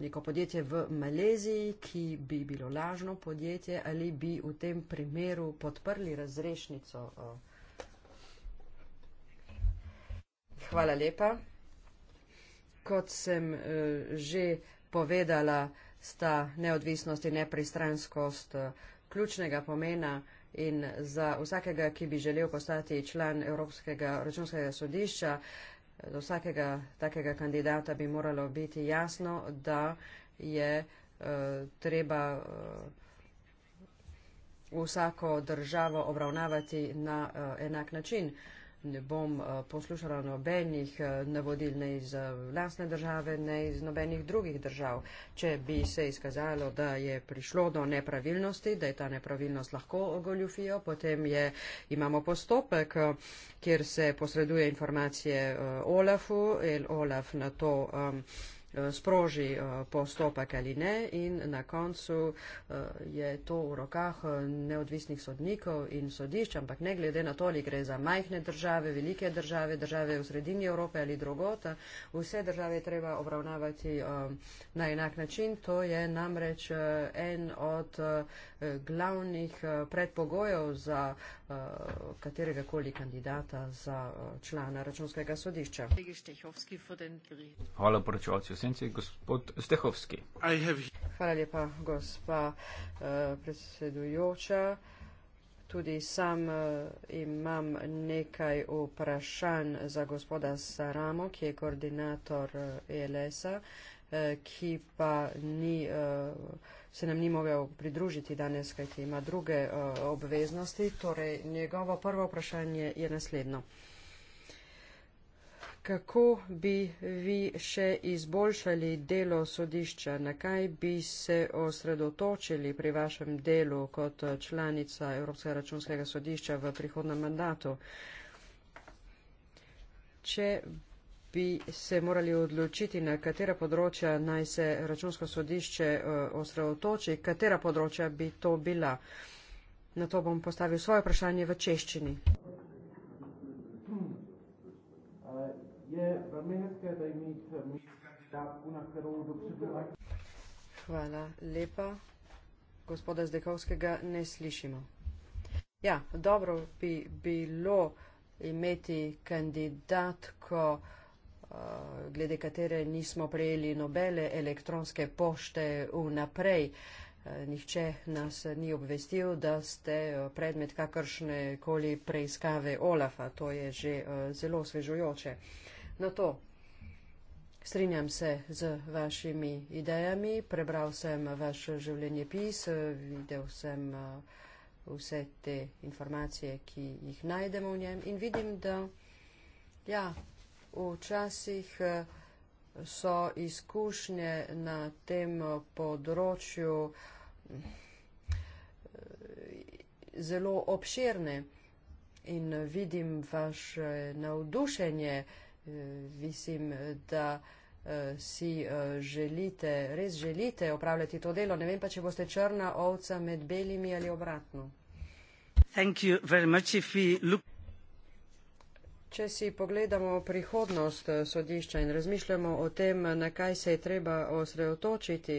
neko podjetje v Maleziji, ki bi bilo lažno podjetje, ali bi v tem primeru podprli razrešnico? Hvala lepa. Kot sem že povedala, sta neodvisnost in nepristranskost eh, ključnega pomena in za vsakega, ki bi želel postati član Evropskega računskega sodišča, eh, za vsakega takega kandidata bi moralo biti jasno, da je eh, treba eh, vsako državo obravnavati na eh, enak način. Eh, ne bom eh, poslušala nobenih eh, navodil ne iz vlastne eh, države, ne iz nobenih drugih držav. Če bi se izkazalo, da je prišlo do nepravilnosti, da je ta nepravilnost lahko ogoljufijo, potem je, imamo postopek, kjer se posreduje informacije Olafu in Olaf na to. Um, Eh, sproži eh, postopek ali ne in na koncu eh, je to v rokah neodvisnih sodnikov in sodišč, ampak ne glede na to, ali gre za majhne države, velike države, države v sredini Evrope ali drugota, vse države treba obravnavati na enak način. To je namreč en od glavnih eh, predpogojev za eh, katerega koli kandidata za eh, člana računskega sodišča. Hvala, poročevalci v senci, gospod Stehovski. Hvala lepa, gospa predsedujoča. Tudi sam imam nekaj vprašanj za gospoda Saramo, ki je koordinator ELS-a. Eh, ki pa ni, eh, se nam ni mogel pridružiti danes, kajti ima druge eh, obveznosti. Torej, njegovo prvo vprašanje je naslednjo. Kako bi vi še izboljšali delo sodišča, na kaj bi se osredotočili pri vašem delu kot članica Evropskega računskega sodišča v prihodnem mandatu? Če bi se morali odločiti, na katera področja naj se računsko sodišče eh, osredotoči, katera področja bi to bila. Na to bom postavil svoje vprašanje v češčini. Hvala lepa. Gospoda Zdekovskega ne slišimo. Ja, dobro bi bilo imeti kandidatko uh, Eh, glede katere nismo prejeli nobele elektronske pošte vnaprej. Eh, nihče nas ni obvestil, da ste eh, predmet kakršne koli preiskave Olafa. To je že zelo svežujoče. Na to strinjam se z vašimi idejami. Prebral sem vaš življenjepis, videl sem vse te informacije, ki jih najdemo v njem in vidim, da. Ja, včasih eh, so izkušnje na tem področju eh, zelo obširne in vidim vaše navdušenje, eh, mislim, da si želite, res želite opravljati to delo. Ne vem pa, če boste črna ovca med belimi ali obratno. Thank you very much. If we look Če si pogledamo prihodnost eh, sodišča in razmišljamo o tem, na kaj se je treba osredotočiti,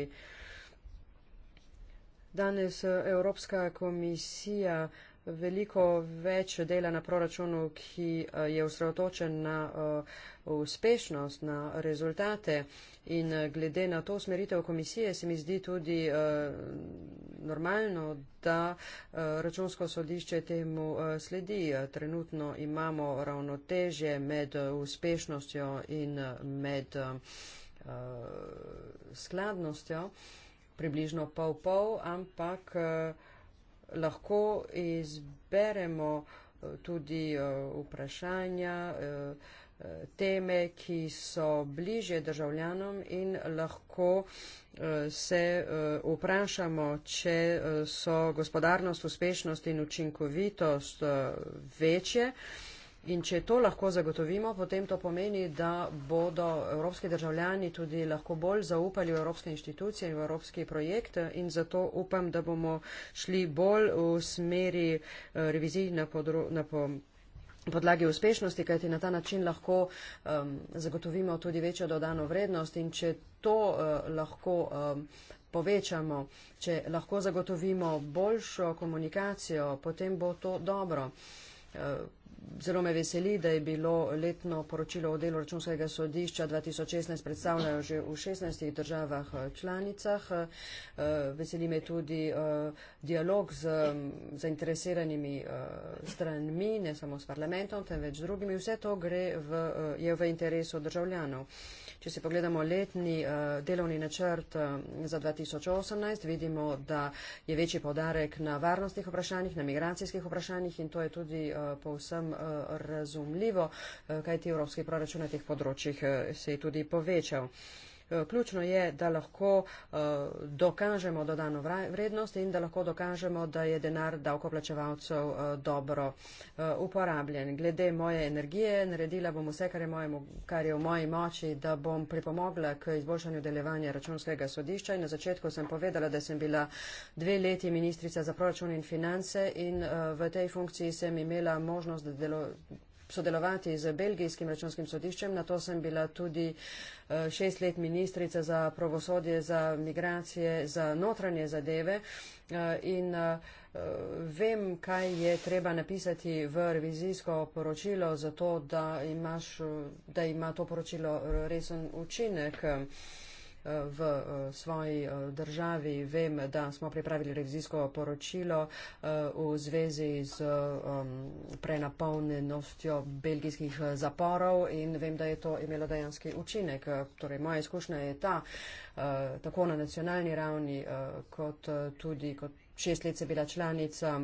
danes eh, Evropska komisija veliko več dela na proračunu, ki eh, je usredotočen na eh, uspešnost, na rezultate in eh, glede na to smeritev komisije se mi zdi tudi normalno, da računsko sodišče temu sledi. Trenutno imamo ravnotežje med uspešnostjo in med skladnostjo, približno pol pol, ampak lahko izberemo eh, tudi eh, vprašanja, eh, teme, ki so bliže državljanom in lahko se vprašamo, če so gospodarnost, uspešnost in učinkovitost večje. In če to lahko zagotovimo, potem to pomeni, da bodo evropski državljani tudi lahko bolj zaupali v evropske inštitucije in v evropski projekt in zato upam, da bomo šli bolj v smeri eh, revizij na, podro, na po, podlagi uspešnosti, kajti na ta način lahko um, zagotovimo tudi večjo dodano vrednost in če to uh, lahko. Um, povečamo, če lahko zagotovimo boljšo komunikacijo, potem bo to dobro. Uh, Zelo me veseli, da je bilo letno poročilo o delu računskega sodišča 2016 predstavljeno že v 16 državah eh, članicah. Eh, veseli me tudi eh, dialog z zainteresiranimi stranmi, ne samo s parlamentom, temveč z drugimi. Vse to gre v, je v interesu državljanov. Če si pogledamo letni eh, delovni načrt eh, za 2018, vidimo, da je večji podarek na varnostnih vprašanjih, na migracijskih vprašanjih in to je tudi eh, povsem razumljivo, kaj ti evropski proračun na teh področjih se je tudi povečal. Eh, ključno je, da lahko eh, dokažemo dodano vrednost in da lahko dokažemo, da je denar davkoplačevalcev eh, dobro uporabljen. Glede moje energije, naredila bom vse, kar je, moje, kar je v moji moči, da bom pripomogla k izboljšanju delovanja računskega sodišča. In na začetku sem povedala, da sem bila dve leti ministrica za proračun in finance in v tej funkciji sem imela možnost, da delo, sodelovati z belgijskim računskim sodiščem. Na to sem bila tudi eh, šest let ministrica za pravosodje, za migracije, za notranje zadeve eh, in eh, vem, kaj je treba napisati v revizijsko poročilo, zato da, imaš, da ima to poročilo resen učinek v eh, svoji eh, državi. Vem, da smo pripravili revizijsko poročilo eh, v zvezi z prenapolnenostjo belgijskih zaporov in vem, da je to imelo dejanski učinek. Torej, moja izkušnja je ta, tako na nacionalni ravni, kot tudi kot šest let se bila članica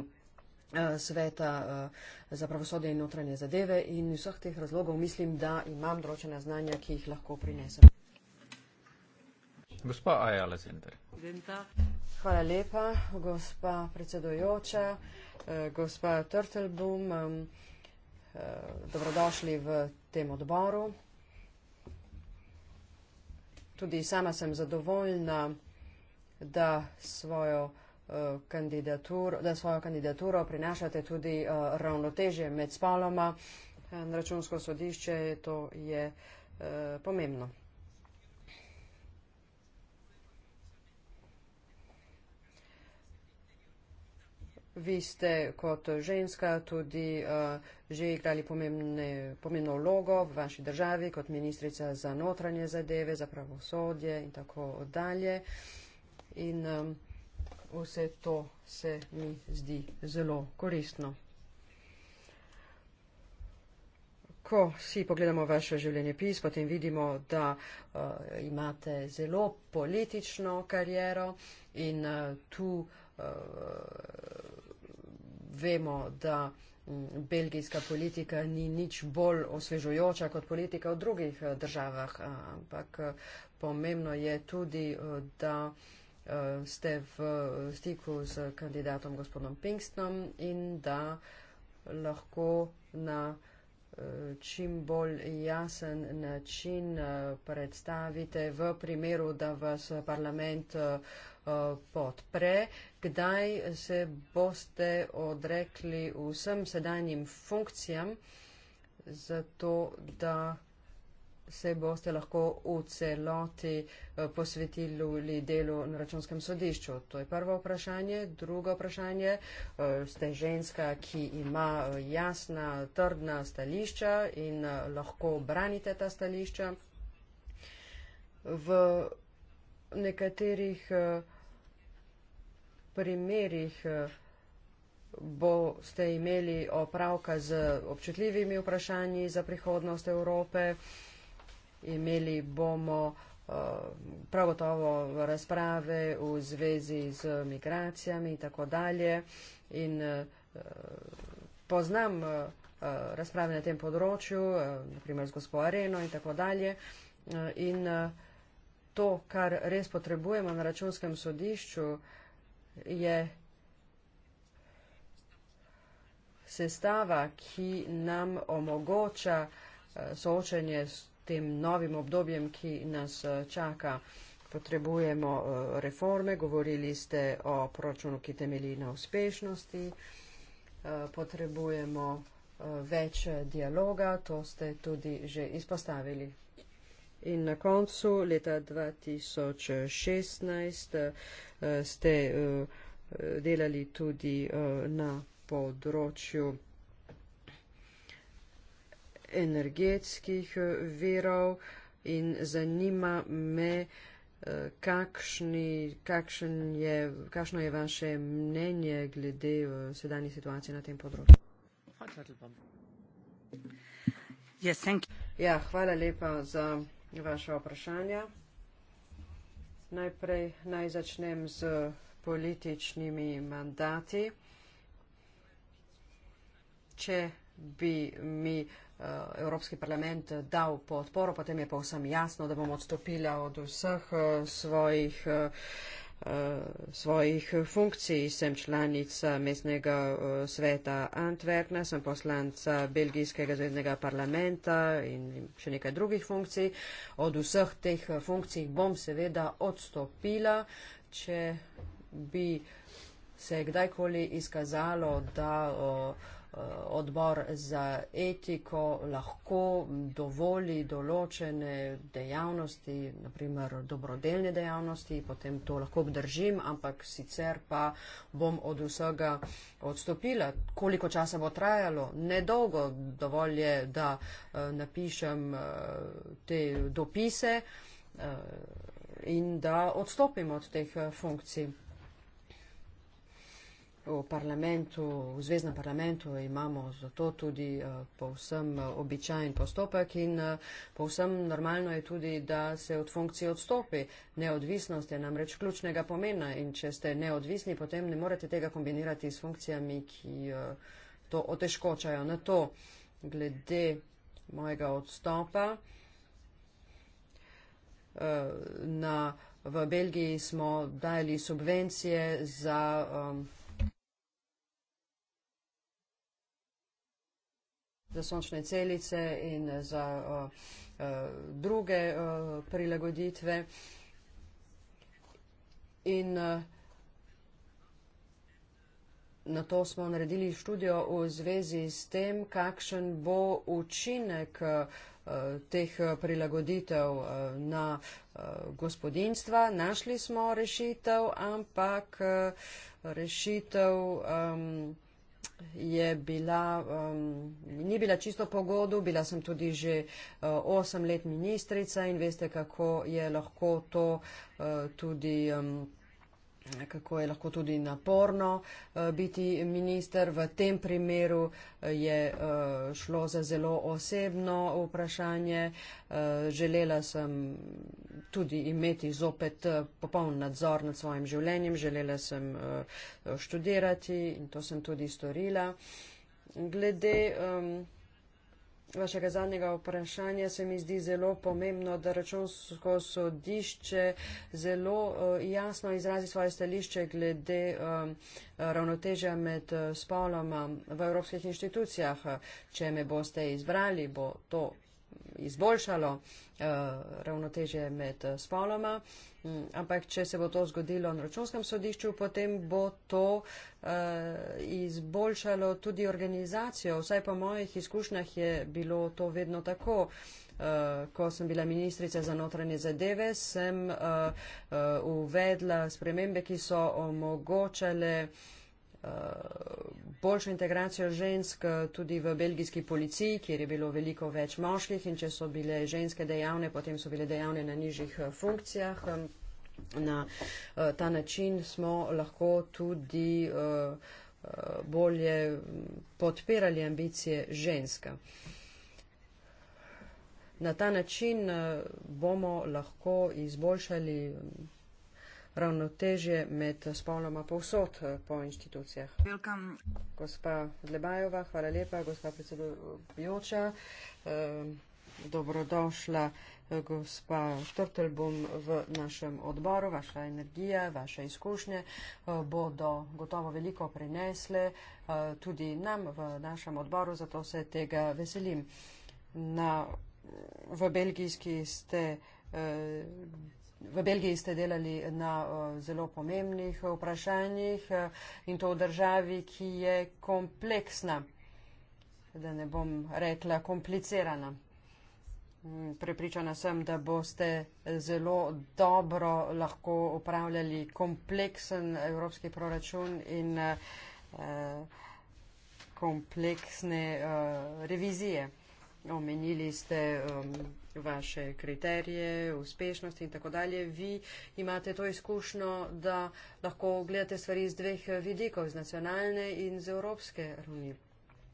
sveta za pravosodje in notranje zadeve in vseh teh razlogov mislim, da imam določena znanja, ki jih lahko prinesem. Gospa Aja Lezender. Hvala lepa, gospa predsedojoča, eh, gospa Turtelboom. Ehm, eh, dobrodošli v tem odboru. Tudi sama sem zadovoljna, da svojo, eh, kandidatur, da svojo kandidaturo prinašate tudi ravnotežje med spoloma. Računsko sodišče to je pomembno. Vi ste kot ženska tudi uh, že igrali pomembne, pomembno vlogo v vaši državi kot ministrica za notranje zadeve, za pravosodje in tako dalje. In um, vse to se mi zdi zelo koristno. Ko si pogledamo vaše življenje pis, potem vidimo, da uh, imate zelo politično kariero in uh, tu. Uh, vemo, da mm, belgijska politika ni nič bolj osvežujoča kot politika v drugih eh, državah, eh, ampak eh, pomembno je tudi, da ste v stiku z kandidatom gospodom Pinkstnom in da lahko na čim bolj jasen način predstavite v primeru, da vas parlament podpre kdaj se boste odrekli vsem sedanjim funkcijam, zato da se boste lahko v celoti eh, posvetili delu na računskem sodišču. To je prvo vprašanje. Drugo vprašanje, eh, ste ženska, ki ima eh, jasna, trdna stališča in lahko branite ta stališča. V nekaterih uh, primerih eh, boste imeli opravka z občutljivimi vprašanji za prihodnost Evrope. Imeli bomo eh, prav gotovo razprave v zvezi z migracijami in tako dalje. In eh, poznam razprave na tem področju, naprimer z gospo Areno in tako dalje. In to, kar res potrebujemo na računskem sodišču, je sestava, ki nam omogoča eh, soočenje s tem novim obdobjem, ki nas eh, čaka. Potrebujemo eh, reforme, govorili ste o proračunu, ki temelji na uspešnosti. Potrebujemo več dialoga, to ste tudi že izpostavili. In na koncu leta 2016 eh, ste eh, delali tudi eh, na področju energetskih verov in zanima me, kakšni, kakšen je, kakšno je vaše mnenje glede sedanje situacije na tem področju. Ja, hvala lepa za vaše vprašanja. Najprej naj začnem z političnimi mandati. Če bi mi eh, Evropski parlament dal podporo, potem je povsem jasno, da bom odstopila od vseh eh, svojih eh, Eh, svojih funkcij. Sem članica mestnega eh, sveta Antwerpna, sem poslanca Belgijskega zvezdnega parlamenta in še nekaj drugih funkcij. Od vseh teh eh, funkcij bom seveda odstopila, če bi se kdajkoli izkazalo, da uh, Eh, odbor za etiko lahko dovoli določene dejavnosti, naprimer dobrodelne dejavnosti, potem to lahko obdržim, ampak sicer pa bom od vsega odstopila. Koliko časa bo trajalo? Nedolgo dovolj je, da eh, napišem eh, te dopise in da odstopim od teh funkcij. V parlamentu, v zvezdnem parlamentu imamo zato tudi uh, povsem eh, običajen postopek in uh, povsem normalno je tudi, da se od funkcije odstopi. Neodvisnost je namreč ključnega pomena in če ste neodvisni, potem ne morete tega kombinirati s funkcijami, ki uh, to otežkočajo. Na to, glede mojega odstopa, uh, na, v Belgiji smo dali subvencije za. Um, za sončne celice in za uh, uh, druge uh, prilagoditve. In uh, na to smo naredili študijo v zvezi s tem, kakšen bo učinek uh, teh prilagoditev uh, na uh, gospodinstva. Našli smo rešitev, ampak uh, rešitev. Um, je bila, um, ni bila čisto pogodu, bila sem tudi že uh, 8 let ministrica in veste, kako je lahko to uh, tudi. Um, kako je lahko tudi naporno eh, biti minister. V tem primeru eh, je eh, šlo za zelo osebno vprašanje. Želela sem tudi imeti zopet popoln nadzor nad svojim življenjem, želela sem študirati in to sem tudi storila. Glede vašega zadnjega vprašanja se mi zdi zelo pomembno, da računsko sodišče zelo eh, jasno izrazi svoje stališče glede eh, ravnotežja med eh, spoloma v evropskih inštitucijah. Če me boste izbrali, bo to izboljšalo eh, ravnotežje med eh, spoloma. Mm, ampak, če se bo to zgodilo na računskem sodišču, potem bo to eh, izboljšalo tudi organizacijo. Vsaj po mojih izkušnjah je bilo to vedno tako. Ko sem bila ministrica za notranje zadeve, sem uvedla spremembe, ki so omogočale Eh, boljšo integracijo žensk eh, tudi v belgijski policiji, kjer je bilo veliko več moških in če so bile ženske dejavne, potem so bile dejavne na nižjih eh, funkcijah. Na ta način smo lahko tudi bolje podpirali ambicije ženska. Na ta način bomo lahko izboljšali ravnotežje med spoloma povsod eh, po inštitucijah. Welcome. Gospa Lebajova, hvala lepa, gospa predsedujoča. Eh, dobrodošla, eh, gospa Turtelbum, v našem odboru. Vaša energija, vaše izkušnje bodo gotovo veliko prinesle tudi nam v našem odboru, zato se tega veselim. Na, v belgijski ste V Belgiji ste delali na eh, zelo pomembnih eh, vprašanjih eh, in to v državi, ki je kompleksna, da ne bom rekla komplicirana. Mm, prepričana sem, da boste zelo dobro lahko upravljali kompleksen evropski proračun in kompleksne revizije. Omenili ste um, vaše kriterije, uspešnosti in tako dalje. Vi imate to izkušnjo, da lahko gledate stvari iz dveh vidikov, iz nacionalne in z evropske ravni.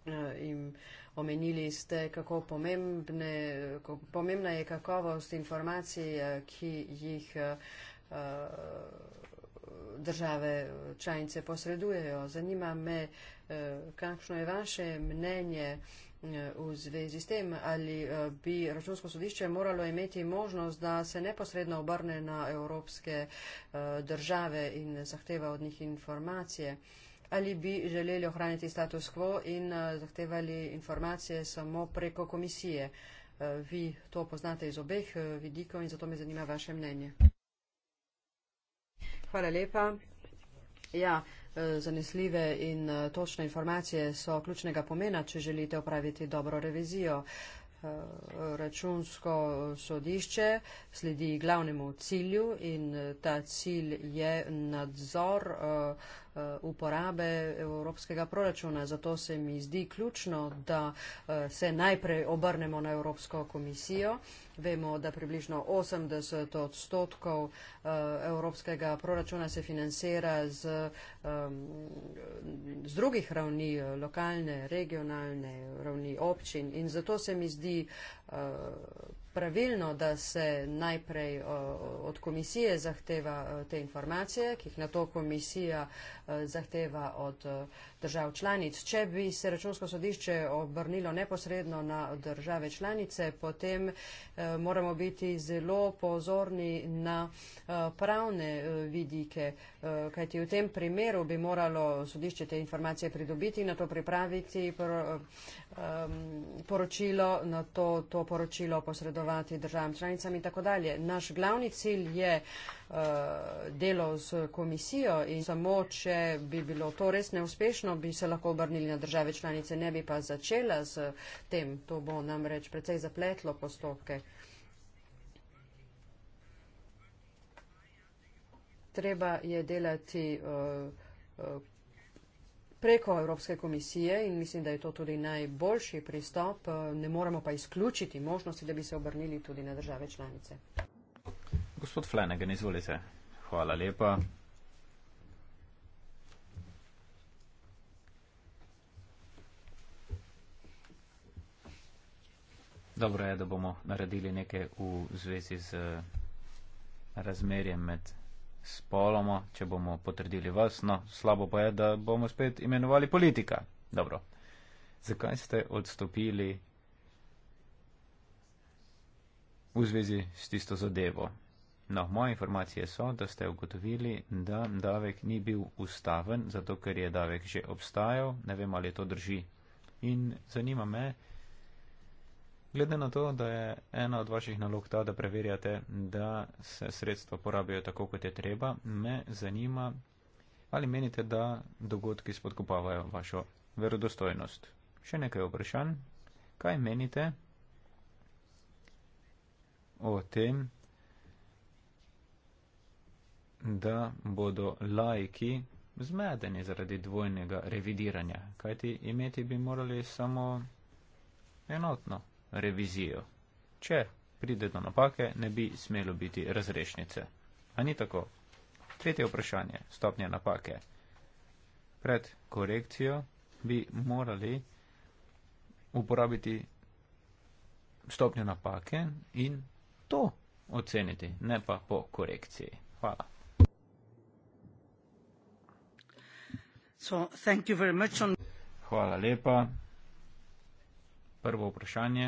Eh, in omenili ste, kako, pomembne, kako pomembna je kakovost informacij, eh, ki jih eh, države članice posredujejo. Zanima me, kakšno je vaše mnenje, v zvezi s tem, ali eh, bi računsko sodišče moralo imeti možnost, da se neposredno obrne na evropske eh, države in zahteva od njih informacije. Ali bi želeli ohraniti status quo in eh, zahtevali informacije samo preko komisije. Vi to poznate iz obeh vidikov in zato me zanima vaše mnenje. Hvala lepa. Ja, Eh, zanesljive in eh, točne informacije so ključnega pomena, če želite upraviti dobro revizijo. Eh, računsko sodišče sledi glavnemu cilju in ta cilj je nadzor uh, Eh, uporabe evropskega proračuna. Zato se mi zdi ključno, da eh, se najprej obrnemo na Evropsko komisijo. Vemo, da približno 80 odstotkov eh, evropskega proračuna se financira z, z drugih ravni, lokalne, regionalne, ravni občin. In zato se mi zdi pravilno, da se najprej uh, od komisije zahteva uh, te informacije, ki jih na to komisija uh, zahteva od uh, držav članic. Če bi se računsko sodišče obrnilo neposredno na države članice, potem uh, moramo biti zelo pozorni na uh, pravne uh, vidike, uh, kajti v tem primeru bi moralo sodišče te informacije pridobiti in na to pripraviti pr, uh, um, poročilo, na to, to poročilo posredovati sodelovati z državami članicami in tako dalje. Naš glavni cilj je uh, delo z komisijo in samo, če bi bilo to res neuspešno, bi se lahko obrnili na države članice, ne bi pa začela z tem. To bo namreč precej zapletlo postopke. Treba je delati uh, preko Evropske komisije in mislim, da je to tudi najboljši pristop. Eh, ne moremo pa izključiti možnosti, da bi se obrnili tudi na države članice. Gospod Flanagan, izvolite. Hvala lepa. Dobro je, da bomo naredili nekaj v zvezi z eh, razmerjem med spoloma, če bomo potrdili vas. No, slabo pa je, da bomo spet imenovali politika. Dobro. Zakaj ste odstopili v zvezi s tisto zadevo? No, moje informacije so, da ste ugotovili, da davek ni bil ustaven, zato ker je davek že obstajal. Ne vem, ali to drži. In zanima me, Glede na to, da je ena od vaših nalog ta, da preverjate, da se sredstva porabijo tako, kot je treba, me zanima, ali menite, da dogodki spodkopavajo vašo verodostojnost. Še nekaj vprašanj. Kaj menite o tem, da bodo lajki zmedeni zaradi dvojnega revidiranja? Kajti imeti bi morali samo enotno revizijo. Če pride do napake, ne bi smelo biti razrešnice. A ni tako? Tretje vprašanje, stopnja napake. Pred korekcijo bi morali uporabiti stopnjo napake in to oceniti, ne pa po korekciji. Hvala. So, Hvala lepa prvo vprašanje,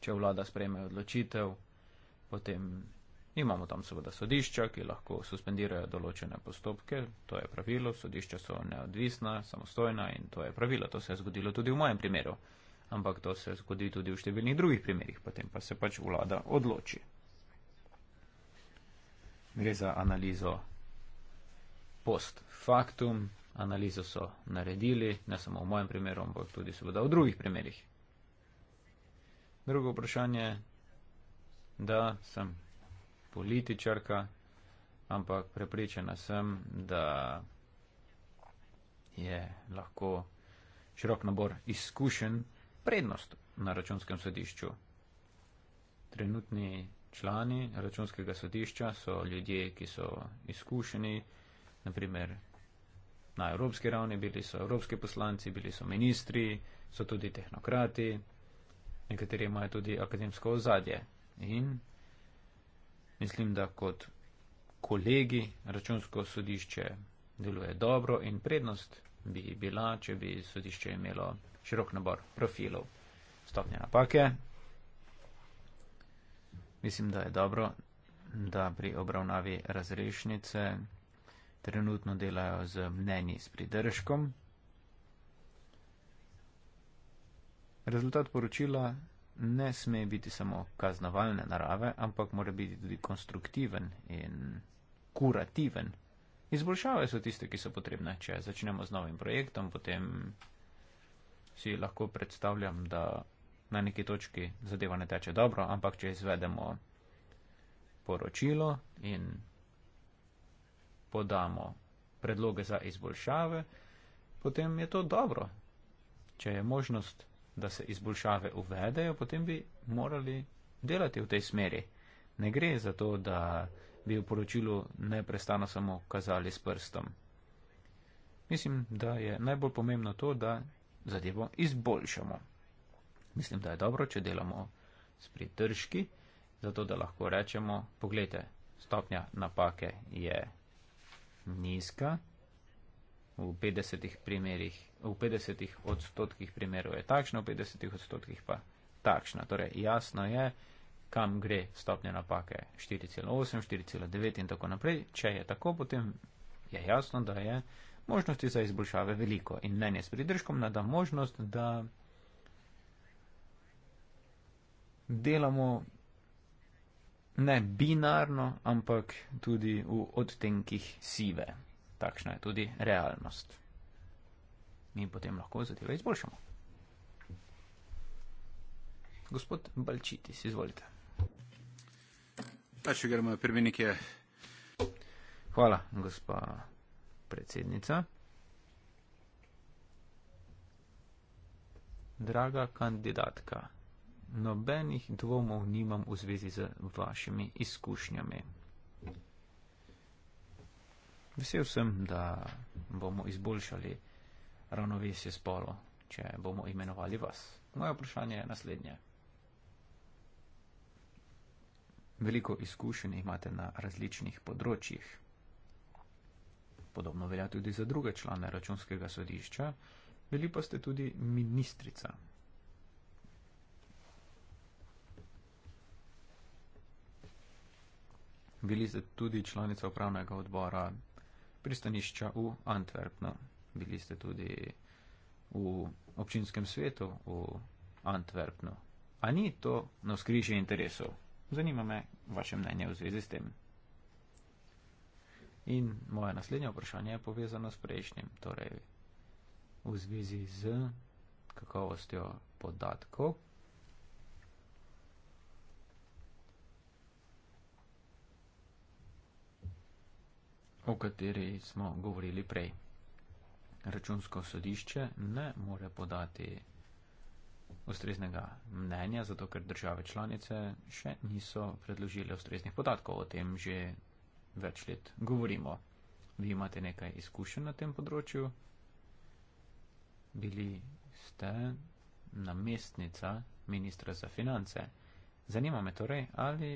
če vlada sprejme odločitev, potem imamo tam seveda sodišča, ki lahko suspendirajo določene postopke, to je pravilo, sodišča so neodvisna, samostojna in to je pravilo, to se je zgodilo tudi v mojem primeru, ampak to se zgodi tudi v številnih drugih primerjih, potem pa se pač vlada odloči. Gre za analizo post factum, analizo so naredili, ne samo v mojem primeru, ampak tudi seveda v drugih primerjih. Drugo vprašanje, da sem političarka, ampak prepričana sem, da je lahko širok nabor izkušenj prednost na računskem sodišču. Trenutni člani računskega sodišča so ljudje, ki so izkušeni, naprimer na evropski ravni, bili so evropski poslanci, bili so ministri, so tudi tehnokrati, nekateri imajo tudi akademsko ozadje. In mislim, da kot kolegi računsko sodišče deluje dobro in prednost bi bila, če bi sodišče imelo širok nabor profilov stopnje napake. Mislim, da je dobro, da pri obravnavi razrešnice trenutno delajo z mnenji s pridržkom. Rezultat poročila ne sme biti samo kaznovalne narave, ampak mora biti tudi konstruktiven in kurativen. Izboljšave so tiste, ki so potrebne. Če začnemo z novim projektom, potem si lahko predstavljam, da na neki točki zadeva ne teče dobro, ampak če izvedemo poročilo in podamo predloge za izboljšave, potem je to dobro. Če je možnost, da se izboljšave uvedejo, potem bi morali delati v tej smeri. Ne gre za to, da bi v poročilu neprestano samo kazali s prstom. Mislim, da je najbolj pomembno to, da zadevo izboljšamo. Mislim, da je dobro, če delamo s pridržki, zato da lahko rečemo, pogledajte, stopnja napake je nizka. V 50, primerih, v 50 odstotkih primerov je takšna, v 50 odstotkih pa takšna. Torej, jasno je, kam gre stopnja napake 4,8, 4,9 in tako naprej. Če je tako, potem je jasno, da je možnosti za izboljšave veliko. In mnenje s pridržkom nada možnost, da delamo ne binarno, ampak tudi v odtenkih sive. Takšna je tudi realnost. Mi potem lahko zadeve izboljšamo. Gospod Balčitis, izvolite. Pa še gremo pri meni, ki je. Hvala, gospa predsednica. Draga kandidatka nobenih dvomov nimam v zvezi z vašimi izkušnjami. Vesel sem, da bomo izboljšali ravnovesje spolo, če bomo imenovali vas. Moje vprašanje je naslednje. Veliko izkušenj imate na različnih področjih. Podobno velja tudi za druge člane računskega sodišča, bili pa ste tudi ministrica. Bili ste tudi članica upravnega odbora pristanišča v Antwerpnu. Bili ste tudi v občinskem svetu v Antwerpnu. A ni to na skrižje interesov? Zanima me vaše mnenje v zvezi s tem. In moje naslednje vprašanje je povezano s prejšnjim, torej v zvezi z kakovostjo podatkov. o kateri smo govorili prej. Računsko sodišče ne more podati ustreznega mnenja, zato ker države članice še niso predložile ustreznih podatkov. O tem že več let govorimo. Vi imate nekaj izkušenj na tem področju. Bili ste namestnica ministra za finance. Zanima me torej, ali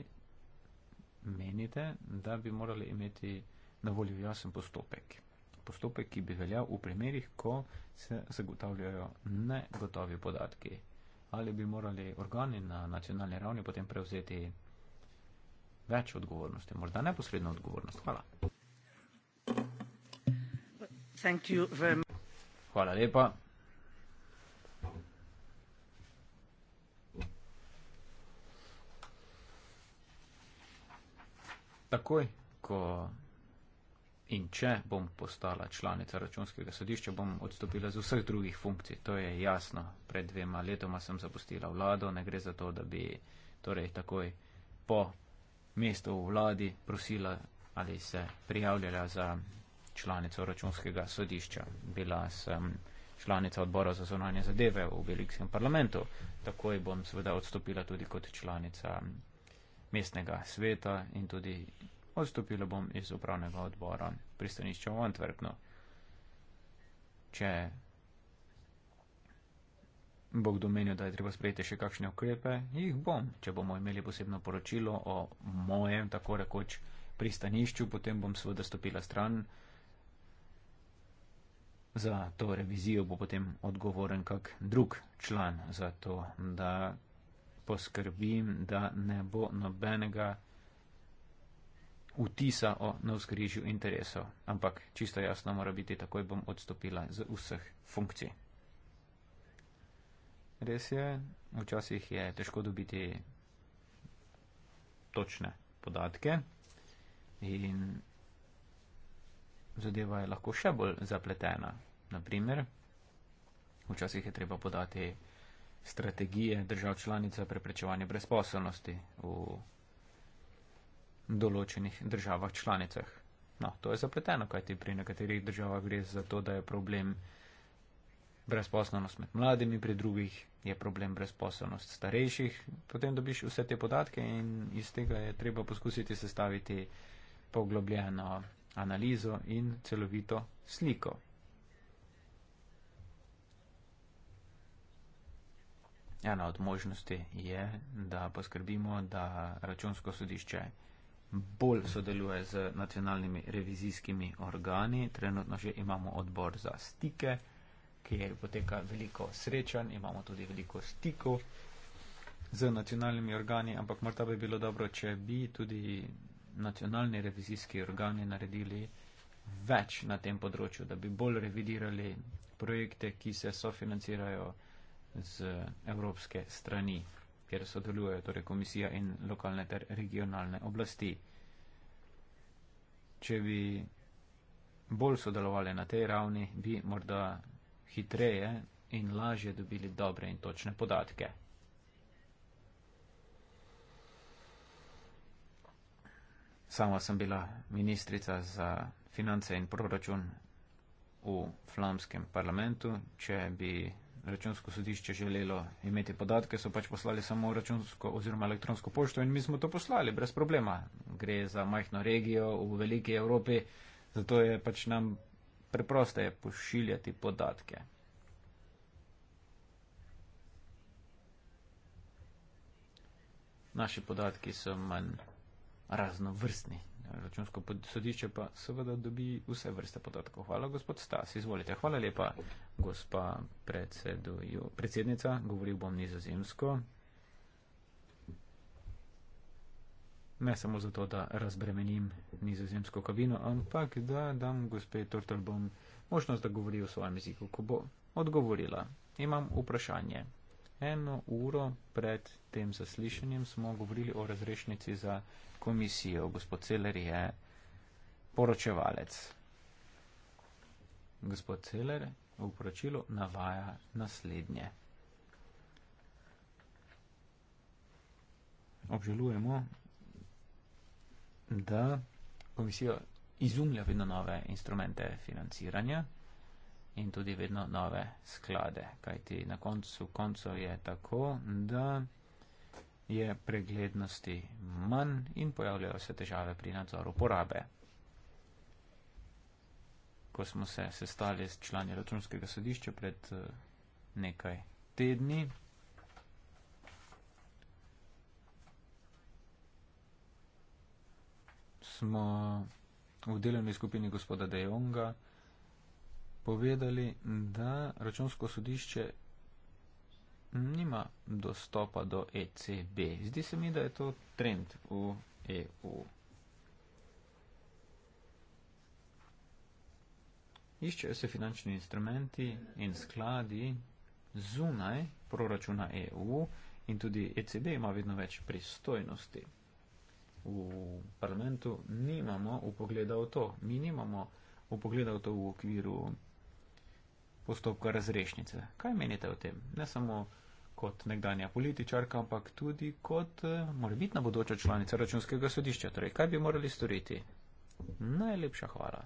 menite, da bi morali imeti na voljo jasen postopek. Postopek, ki bi veljal v primerih, ko se zagotavljajo negotovi podatki. Ali bi morali organi na nacionalni ravni potem prevzeti več odgovornosti, morda neposredno odgovornost. Hvala. Hvala lepa. Takoj, ko in če bom postala članica računskega sodišča, bom odstopila z vseh drugih funkcij. To je jasno. Pred dvema letoma sem zapustila vlado, ne gre za to, da bi torej takoj po mestu v vladi prosila ali se prijavljala za članico računskega sodišča. Bila sem članica odbora za zonanje zadeve v Velikem parlamentu, takoj bom seveda odstopila tudi kot članica mestnega sveta in tudi odstopila bom iz upravnega odbora pristanišča v Antwerpnu. Če bo kdo menil, da je treba sprejeti še kakšne ukrepe, jih bom. Če bomo imeli posebno poročilo o mojem, tako rekoč, pristanišču, potem bom seveda stopila stran. Za to revizijo bo potem odgovoren kak drug član, za to, da poskrbim, da ne bo nobenega vtisa o navzkrižju interesov. Ampak čisto jasno mora biti, takoj bom odstopila z vseh funkcij. Res je, včasih je težko dobiti točne podatke in zadeva je lahko še bolj zapletena. Naprimer, včasih je treba podati strategije držav članica preprečevanja brezposobnosti v določenih državah članicah. No, to je zapleteno, kajti pri nekaterih državah gre za to, da je problem brezposelnost med mladimi, pri drugih je problem brezposelnost starejših. Potem dobiš vse te podatke in iz tega je treba poskusiti sestaviti poglobljeno analizo in celovito sliko. Ena od možnosti je, da poskrbimo, da računsko sodišče bolj sodeluje z nacionalnimi revizijskimi organi. Trenutno že imamo odbor za stike, kjer poteka veliko srečanj, imamo tudi veliko stikov z nacionalnimi organi, ampak morda bi bilo dobro, če bi tudi nacionalni revizijski organi naredili več na tem področju, da bi bolj revidirali projekte, ki se sofinancirajo z evropske strani kjer sodelujejo torej komisija in lokalne ter regionalne oblasti. Če bi bolj sodelovali na tej ravni, bi morda hitreje in lažje dobili dobre in točne podatke. Sama sem bila ministrica za finance in proračun v flamskem parlamentu. Če bi računsko sodišče želelo imeti podatke, so pač poslali samo računsko oziroma elektronsko pošto in mi smo to poslali brez problema. Gre za majhno regijo v veliki Evropi, zato je pač nam preproste pošiljati podatke. Naši podatki so manj raznovrstni računsko sodišče pa seveda dobi vse vrste podatkov. Hvala, gospod Stas, izvolite. Hvala lepa, gospa predsednica, govoril bom nizozemsko. Ne samo zato, da razbremenim nizozemsko kabino, ampak da dam gospe Tortelbom možnost, da govori v svojem jeziku, ko bo odgovorila. Imam vprašanje. Eno uro pred tem zaslišanjem smo govorili o razrešnici za komisijo. Gospod Celer je poročevalec. Gospod Celer v poročilu navaja naslednje. Obžalujemo, da komisija izumlja vedno nove instrumente financiranja in tudi vedno nove sklade, kajti na koncu koncev je tako, da je preglednosti manj in pojavljajo se težave pri nadzoru porabe. Ko smo se sestali s člani računskega sodišča pred eh, nekaj tedni, smo v delovni skupini gospoda Dejonga povedali, da računsko sodišče nima dostopa do ECB. Zdi se mi, da je to trend v EU. Iščejo se finančni instrumenti in skladi zunaj proračuna EU in tudi ECB ima vedno več pristojnosti. V parlamentu nimamo upogleda v to. Mi nimamo upogleda v to v okviru postopka razrešnice. Kaj menite o tem? Ne samo kot nekdanja političarka, ampak tudi kot eh, morbitna bodoča članica računskega sodišča. Torej, kaj bi morali storiti? Najlepša hvala.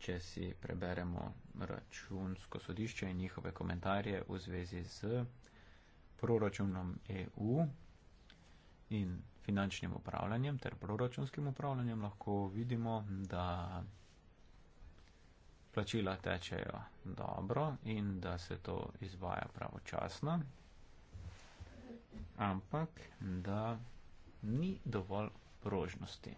Če si preberemo računsko sodišče in njihove komentarje v zvezi z proračunom EU in finančnim upravljanjem ter proračunskim upravljanjem lahko vidimo, da plačila tečejo dobro in da se to izvaja pravočasno, ampak da ni dovolj prožnosti.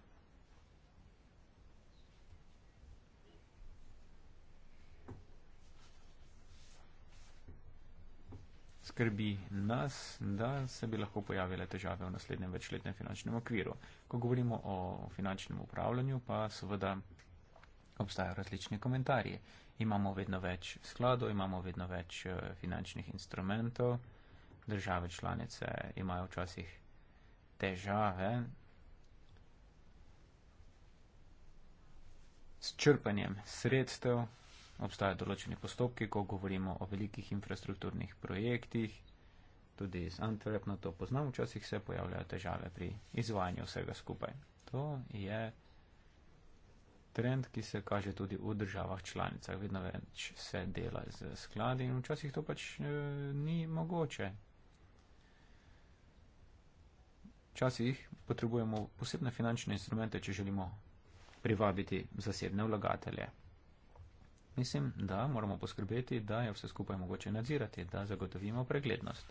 skrbi nas, da se bi lahko pojavile težave v naslednjem večletnem finančnem okviru. Ko govorimo o finančnem upravljanju, pa seveda obstajajo različni komentarji. Imamo vedno več skladov, imamo vedno več eh, finančnih instrumentov, države članice imajo včasih težave s črpanjem sredstev, obstajajo določeni postopki, ko govorimo o velikih infrastrukturnih projektih, tudi iz Antwerp na to poznam, včasih se pojavljajo težave pri izvajanju vsega skupaj. To je trend, ki se kaže tudi v državah članicah. Vedno več se dela z skladi in včasih to pač e, ni mogoče. Včasih potrebujemo posebne finančne instrumente, če želimo privabiti zasebne vlagatelje. Mislim, da moramo poskrbeti, da je vse skupaj mogoče nadzirati, da zagotovimo preglednost.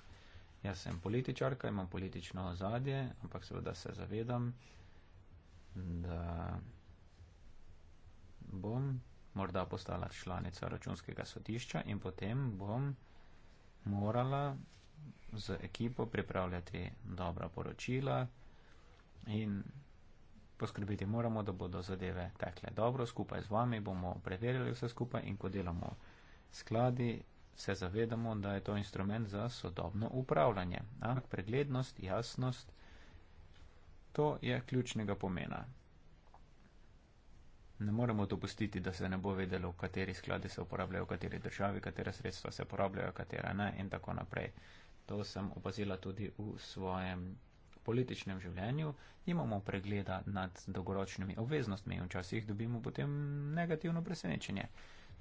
Jaz sem političarka, imam politično ozadje, ampak seveda se zavedam, da bom morda postala članica računskega sodišča in potem bom morala z ekipo pripravljati dobra poročila in poskrbiti moramo, da bodo zadeve tekle dobro, skupaj z vami bomo preverjali vse skupaj in ko delamo skladi, se zavedamo, da je to instrument za sodobno upravljanje. A? Preglednost, jasnost, to je ključnega pomena. Ne moremo dopustiti, da se ne bo vedelo, v kateri skladi se uporabljajo, v kateri državi, katera sredstva se uporabljajo, katera ne in tako naprej. To sem opazila tudi v svojem političnem življenju, nimamo pregleda nad dolgoročnimi obveznostmi in včasih dobimo potem negativno presenečenje.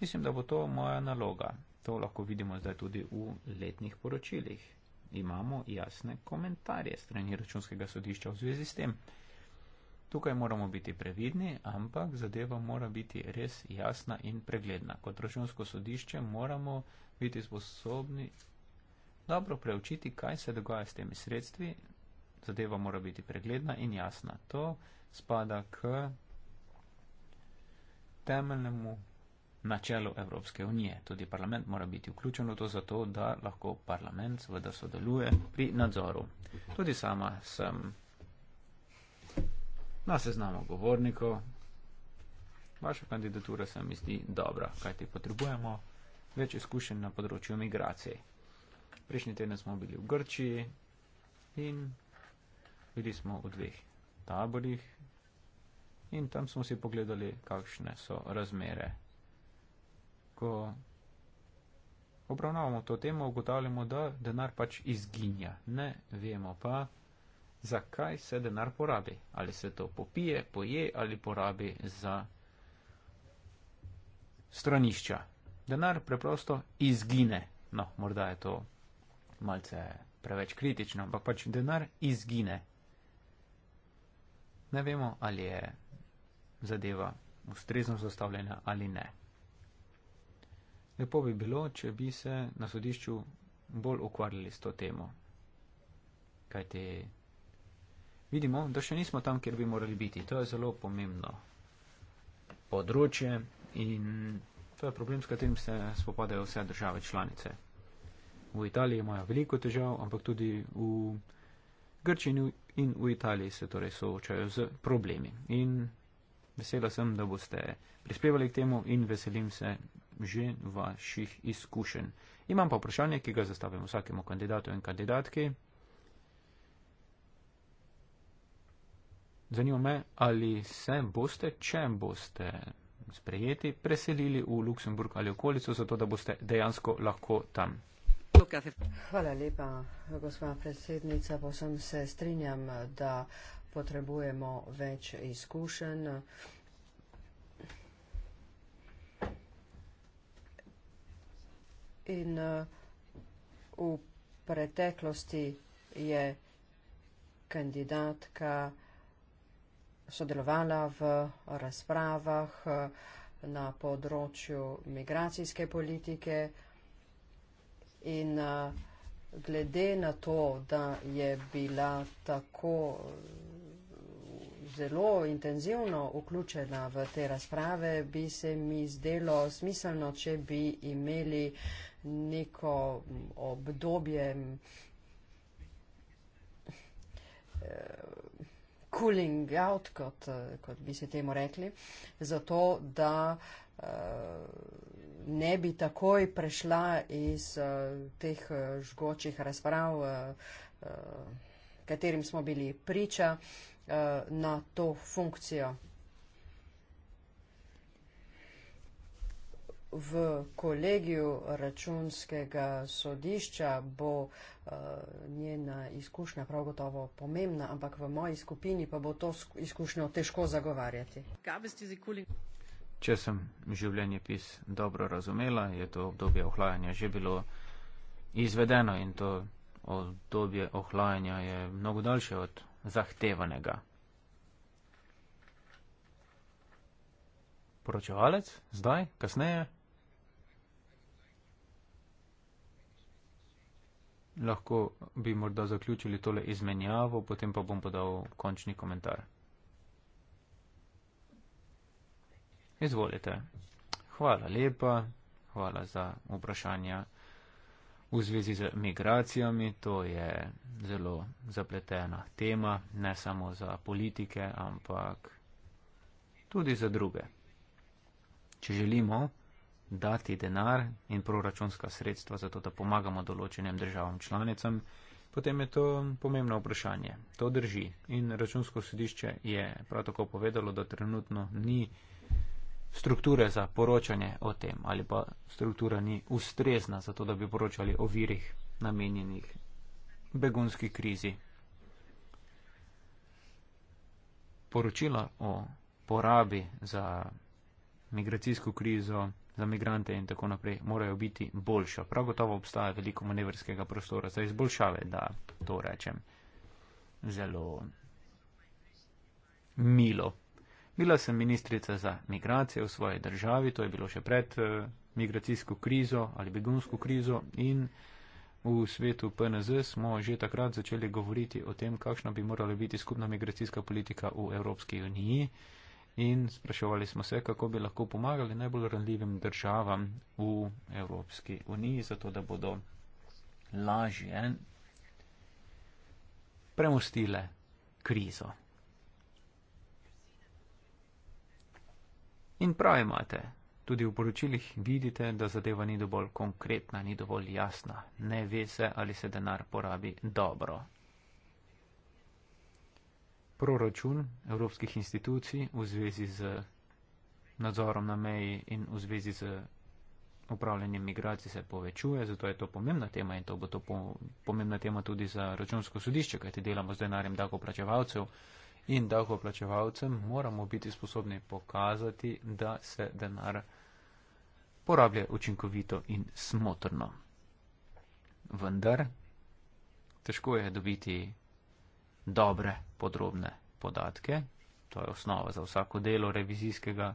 Mislim, da bo to moja naloga. To lahko vidimo zdaj tudi v letnih poročilih. Imamo jasne komentarje strani računskega sodišča v zvezi s tem. Tukaj moramo biti previdni, ampak zadeva mora biti res jasna in pregledna. Kot računsko sodišče moramo biti sposobni dobro preučiti, kaj se dogaja s temi sredstvi, zadeva mora biti pregledna in jasna. To spada k temeljnemu načelu Evropske unije. Tudi parlament mora biti vključen v to, zato da lahko parlament seveda sodeluje pri nadzoru. Tudi sama sem na seznamu govornikov. Vaša kandidatura se mi zdi dobra, kajti potrebujemo več izkušenj na področju migracije. Prejšnji teden smo bili v Grčiji in bili smo v dveh taborih in tam smo si pogledali, kakšne so razmere. Ko obravnavamo to temo, ugotavljamo, da denar pač izginja. Ne vemo pa, zakaj se denar porabi. Ali se to popije, poje ali porabi za stranišča. Denar preprosto izgine. No, morda je to malce preveč kritično, ampak pač denar izgine ne vemo, ali je zadeva ustrezno zastavljena ali ne. Lepo bi bilo, če bi se na sodišču bolj ukvarjali s to temo. Kajti vidimo, da še nismo tam, kjer bi morali biti. To je zelo pomembno področje in to je problem, s katerim se spopadajo vse države članice. V Italiji imajo veliko težav, ampak tudi v Grčiji in v Italiji se torej soočajo z problemi. In vesela sem, da boste prispevali k temu in veselim se že vaših izkušenj. Imam pa vprašanje, ki ga zastavim vsakemu kandidatu in kandidatki. Zanima me, ali se boste, če boste sprejeti, preselili v Luksemburg ali okolico, zato da boste dejansko lahko tam to, kar je. Hvala lepa, gospa predsednica. Posem se strinjam, da potrebujemo več izkušenj. In v preteklosti je kandidatka sodelovala v razpravah na področju migracijske politike, In uh, glede na to, da je bila tako zelo intenzivno vključena v te razprave, bi se mi zdelo smiselno, če bi imeli neko obdobje cooling out, kot, kot bi se temu rekli, zato da uh, ne bi takoj prešla iz eh, teh eh, žgočih razprav, eh, katerim smo bili priča na to funkcijo. V kolegiju računskega sodišča bo njena izkušnja prav gotovo pomembna, ampak v moji skupini pa bo to izkušnjo težko zagovarjati. Če sem življenjepis dobro razumela, je to obdobje ohlajanja že bilo izvedeno in to obdobje ohlajanja je mnogo daljše od zahtevanega. Poročevalec, zdaj, kasneje? Lahko bi morda zaključili tole izmenjavo, potem pa bom podal končni komentar. Izvolite. Hvala lepa, hvala za vprašanja v zvezi z migracijami. To je zelo zapletena tema, ne samo za politike, ampak tudi za druge. Če želimo dati denar in proračunska sredstva za to, da pomagamo določenim državam članicam, potem je to pomembno vprašanje. To drži. In računsko sodišče je prav tako povedalo, da trenutno ni strukture za poročanje o tem ali pa struktura ni ustrezna za to, da bi poročali o virih namenjenih begunski krizi. Poročila o porabi za migracijsko krizo, za migrante in tako naprej morajo biti boljša. Prav gotovo obstaja veliko manevrskega prostora za izboljšave, da to rečem zelo milo. Bila sem ministrica za migracije v svoji državi, to je bilo še pred eh, migracijsko krizo ali begunsko krizo in v svetu PNZ smo že takrat začeli govoriti o tem, kakšna bi morala biti skupna migracijska politika v Evropski uniji in spraševali smo se, kako bi lahko pomagali najbolj ranljivim državam v Evropski uniji, zato da bodo lažje premustile krizo. In prav imate. Tudi v poročilih vidite, da zadeva ni dovolj konkretna, ni dovolj jasna. Ne ve se, ali se denar porabi dobro. Proračun evropskih institucij v zvezi z nadzorom na meji in v zvezi z upravljanjem migracij se povečuje, zato je to pomembna tema in to bo to pomembna tema tudi za računsko sodišče, kajti delamo z denarjem davkoplačevalcev in davkoplačevalcem moramo biti sposobni pokazati, da se denar porablja učinkovito in smotrno. Vendar težko je dobiti dobre podrobne podatke, to je osnova za vsako delo revizijskega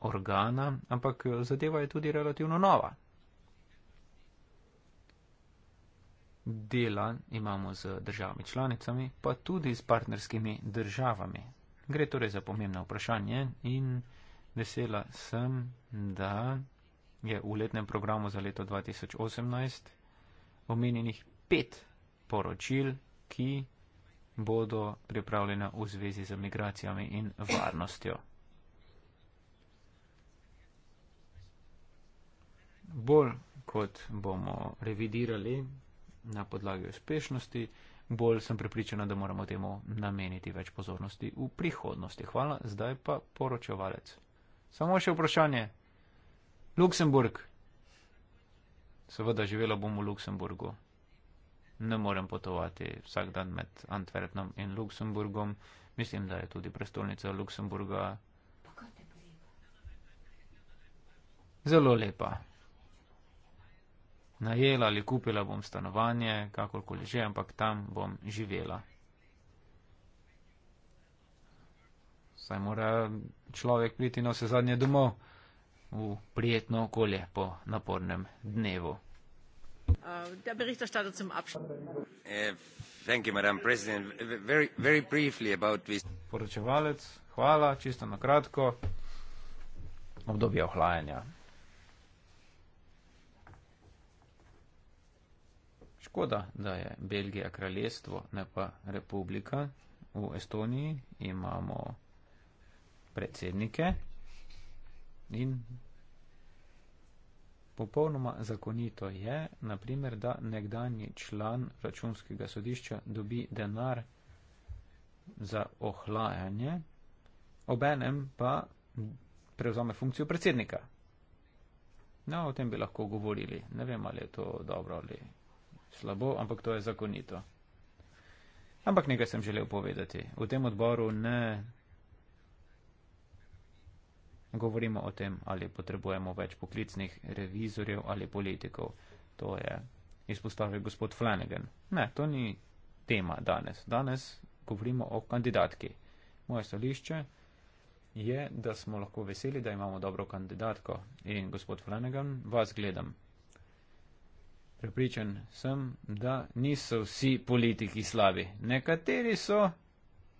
organa, ampak zadeva je tudi relativno nova. dela imamo z državami članicami, pa tudi s partnerskimi državami. Gre torej za pomembno vprašanje in vesela sem, da je v letnem programu za leto 2018 omenjenih pet poročil, ki bodo pripravljena v zvezi z migracijami in varnostjo. Bolj kot bomo revidirali na podlagi uspešnosti, bolj sem prepričana, da moramo temu nameniti več pozornosti v prihodnosti. Hvala, zdaj pa poročevalec. Samo še vprašanje. Luksemburg. Seveda živela bom v Luksemburgu. Ne morem potovati vsak dan med Antwerpnom in Luksemburgom. Mislim, da je tudi prestolnica Luksemburga. Zelo lepa najela ali kupila bom stanovanje, kakorkoli že, ampak tam bom živela. Saj mora človek priti na vse zadnje domov v prijetno okolje po napornem dnevu. Uh, Poročevalec, hvala, čisto na kratko. Obdobje ohlajanja. Škoda, da je Belgija kraljestvo, ne pa republika. V Estoniji imamo predsednike in popolnoma zakonito je, naprimer, da nekdani član računskega sodišča dobi denar za ohlajanje, obenem pa prevzame funkcijo predsednika. No, o tem bi lahko govorili. Ne vem, ali je to dobro ali slabo, ampak to je zakonito. Ampak nekaj sem želel povedati. V tem odboru ne govorimo o tem, ali potrebujemo več poklicnih revizorjev ali politikov. To je izpostavil gospod Flanagan. Ne, to ni tema danes. Danes govorimo o kandidatki. Moje stališče je, da smo lahko veseli, da imamo dobro kandidatko. In gospod Flanagan, vas gledam. Prepričan sem, da niso vsi politiki slabi. Nekateri so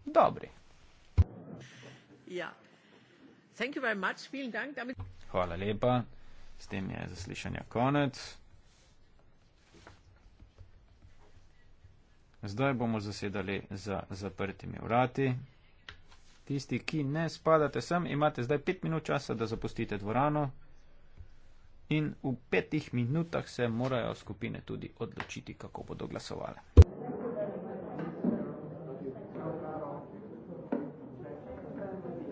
dobri. Ja. Thank you very much. Dank, damit... Hvala lepa. S tem je zaslišanja konec. Zdaj bomo zasedali za zaprtimi vrati. Tisti, ki ne spadate sem, imate zdaj pet minut časa, da zapustite dvorano in v petih minutah se morajo skupine tudi odločiti, kako bodo glasovali.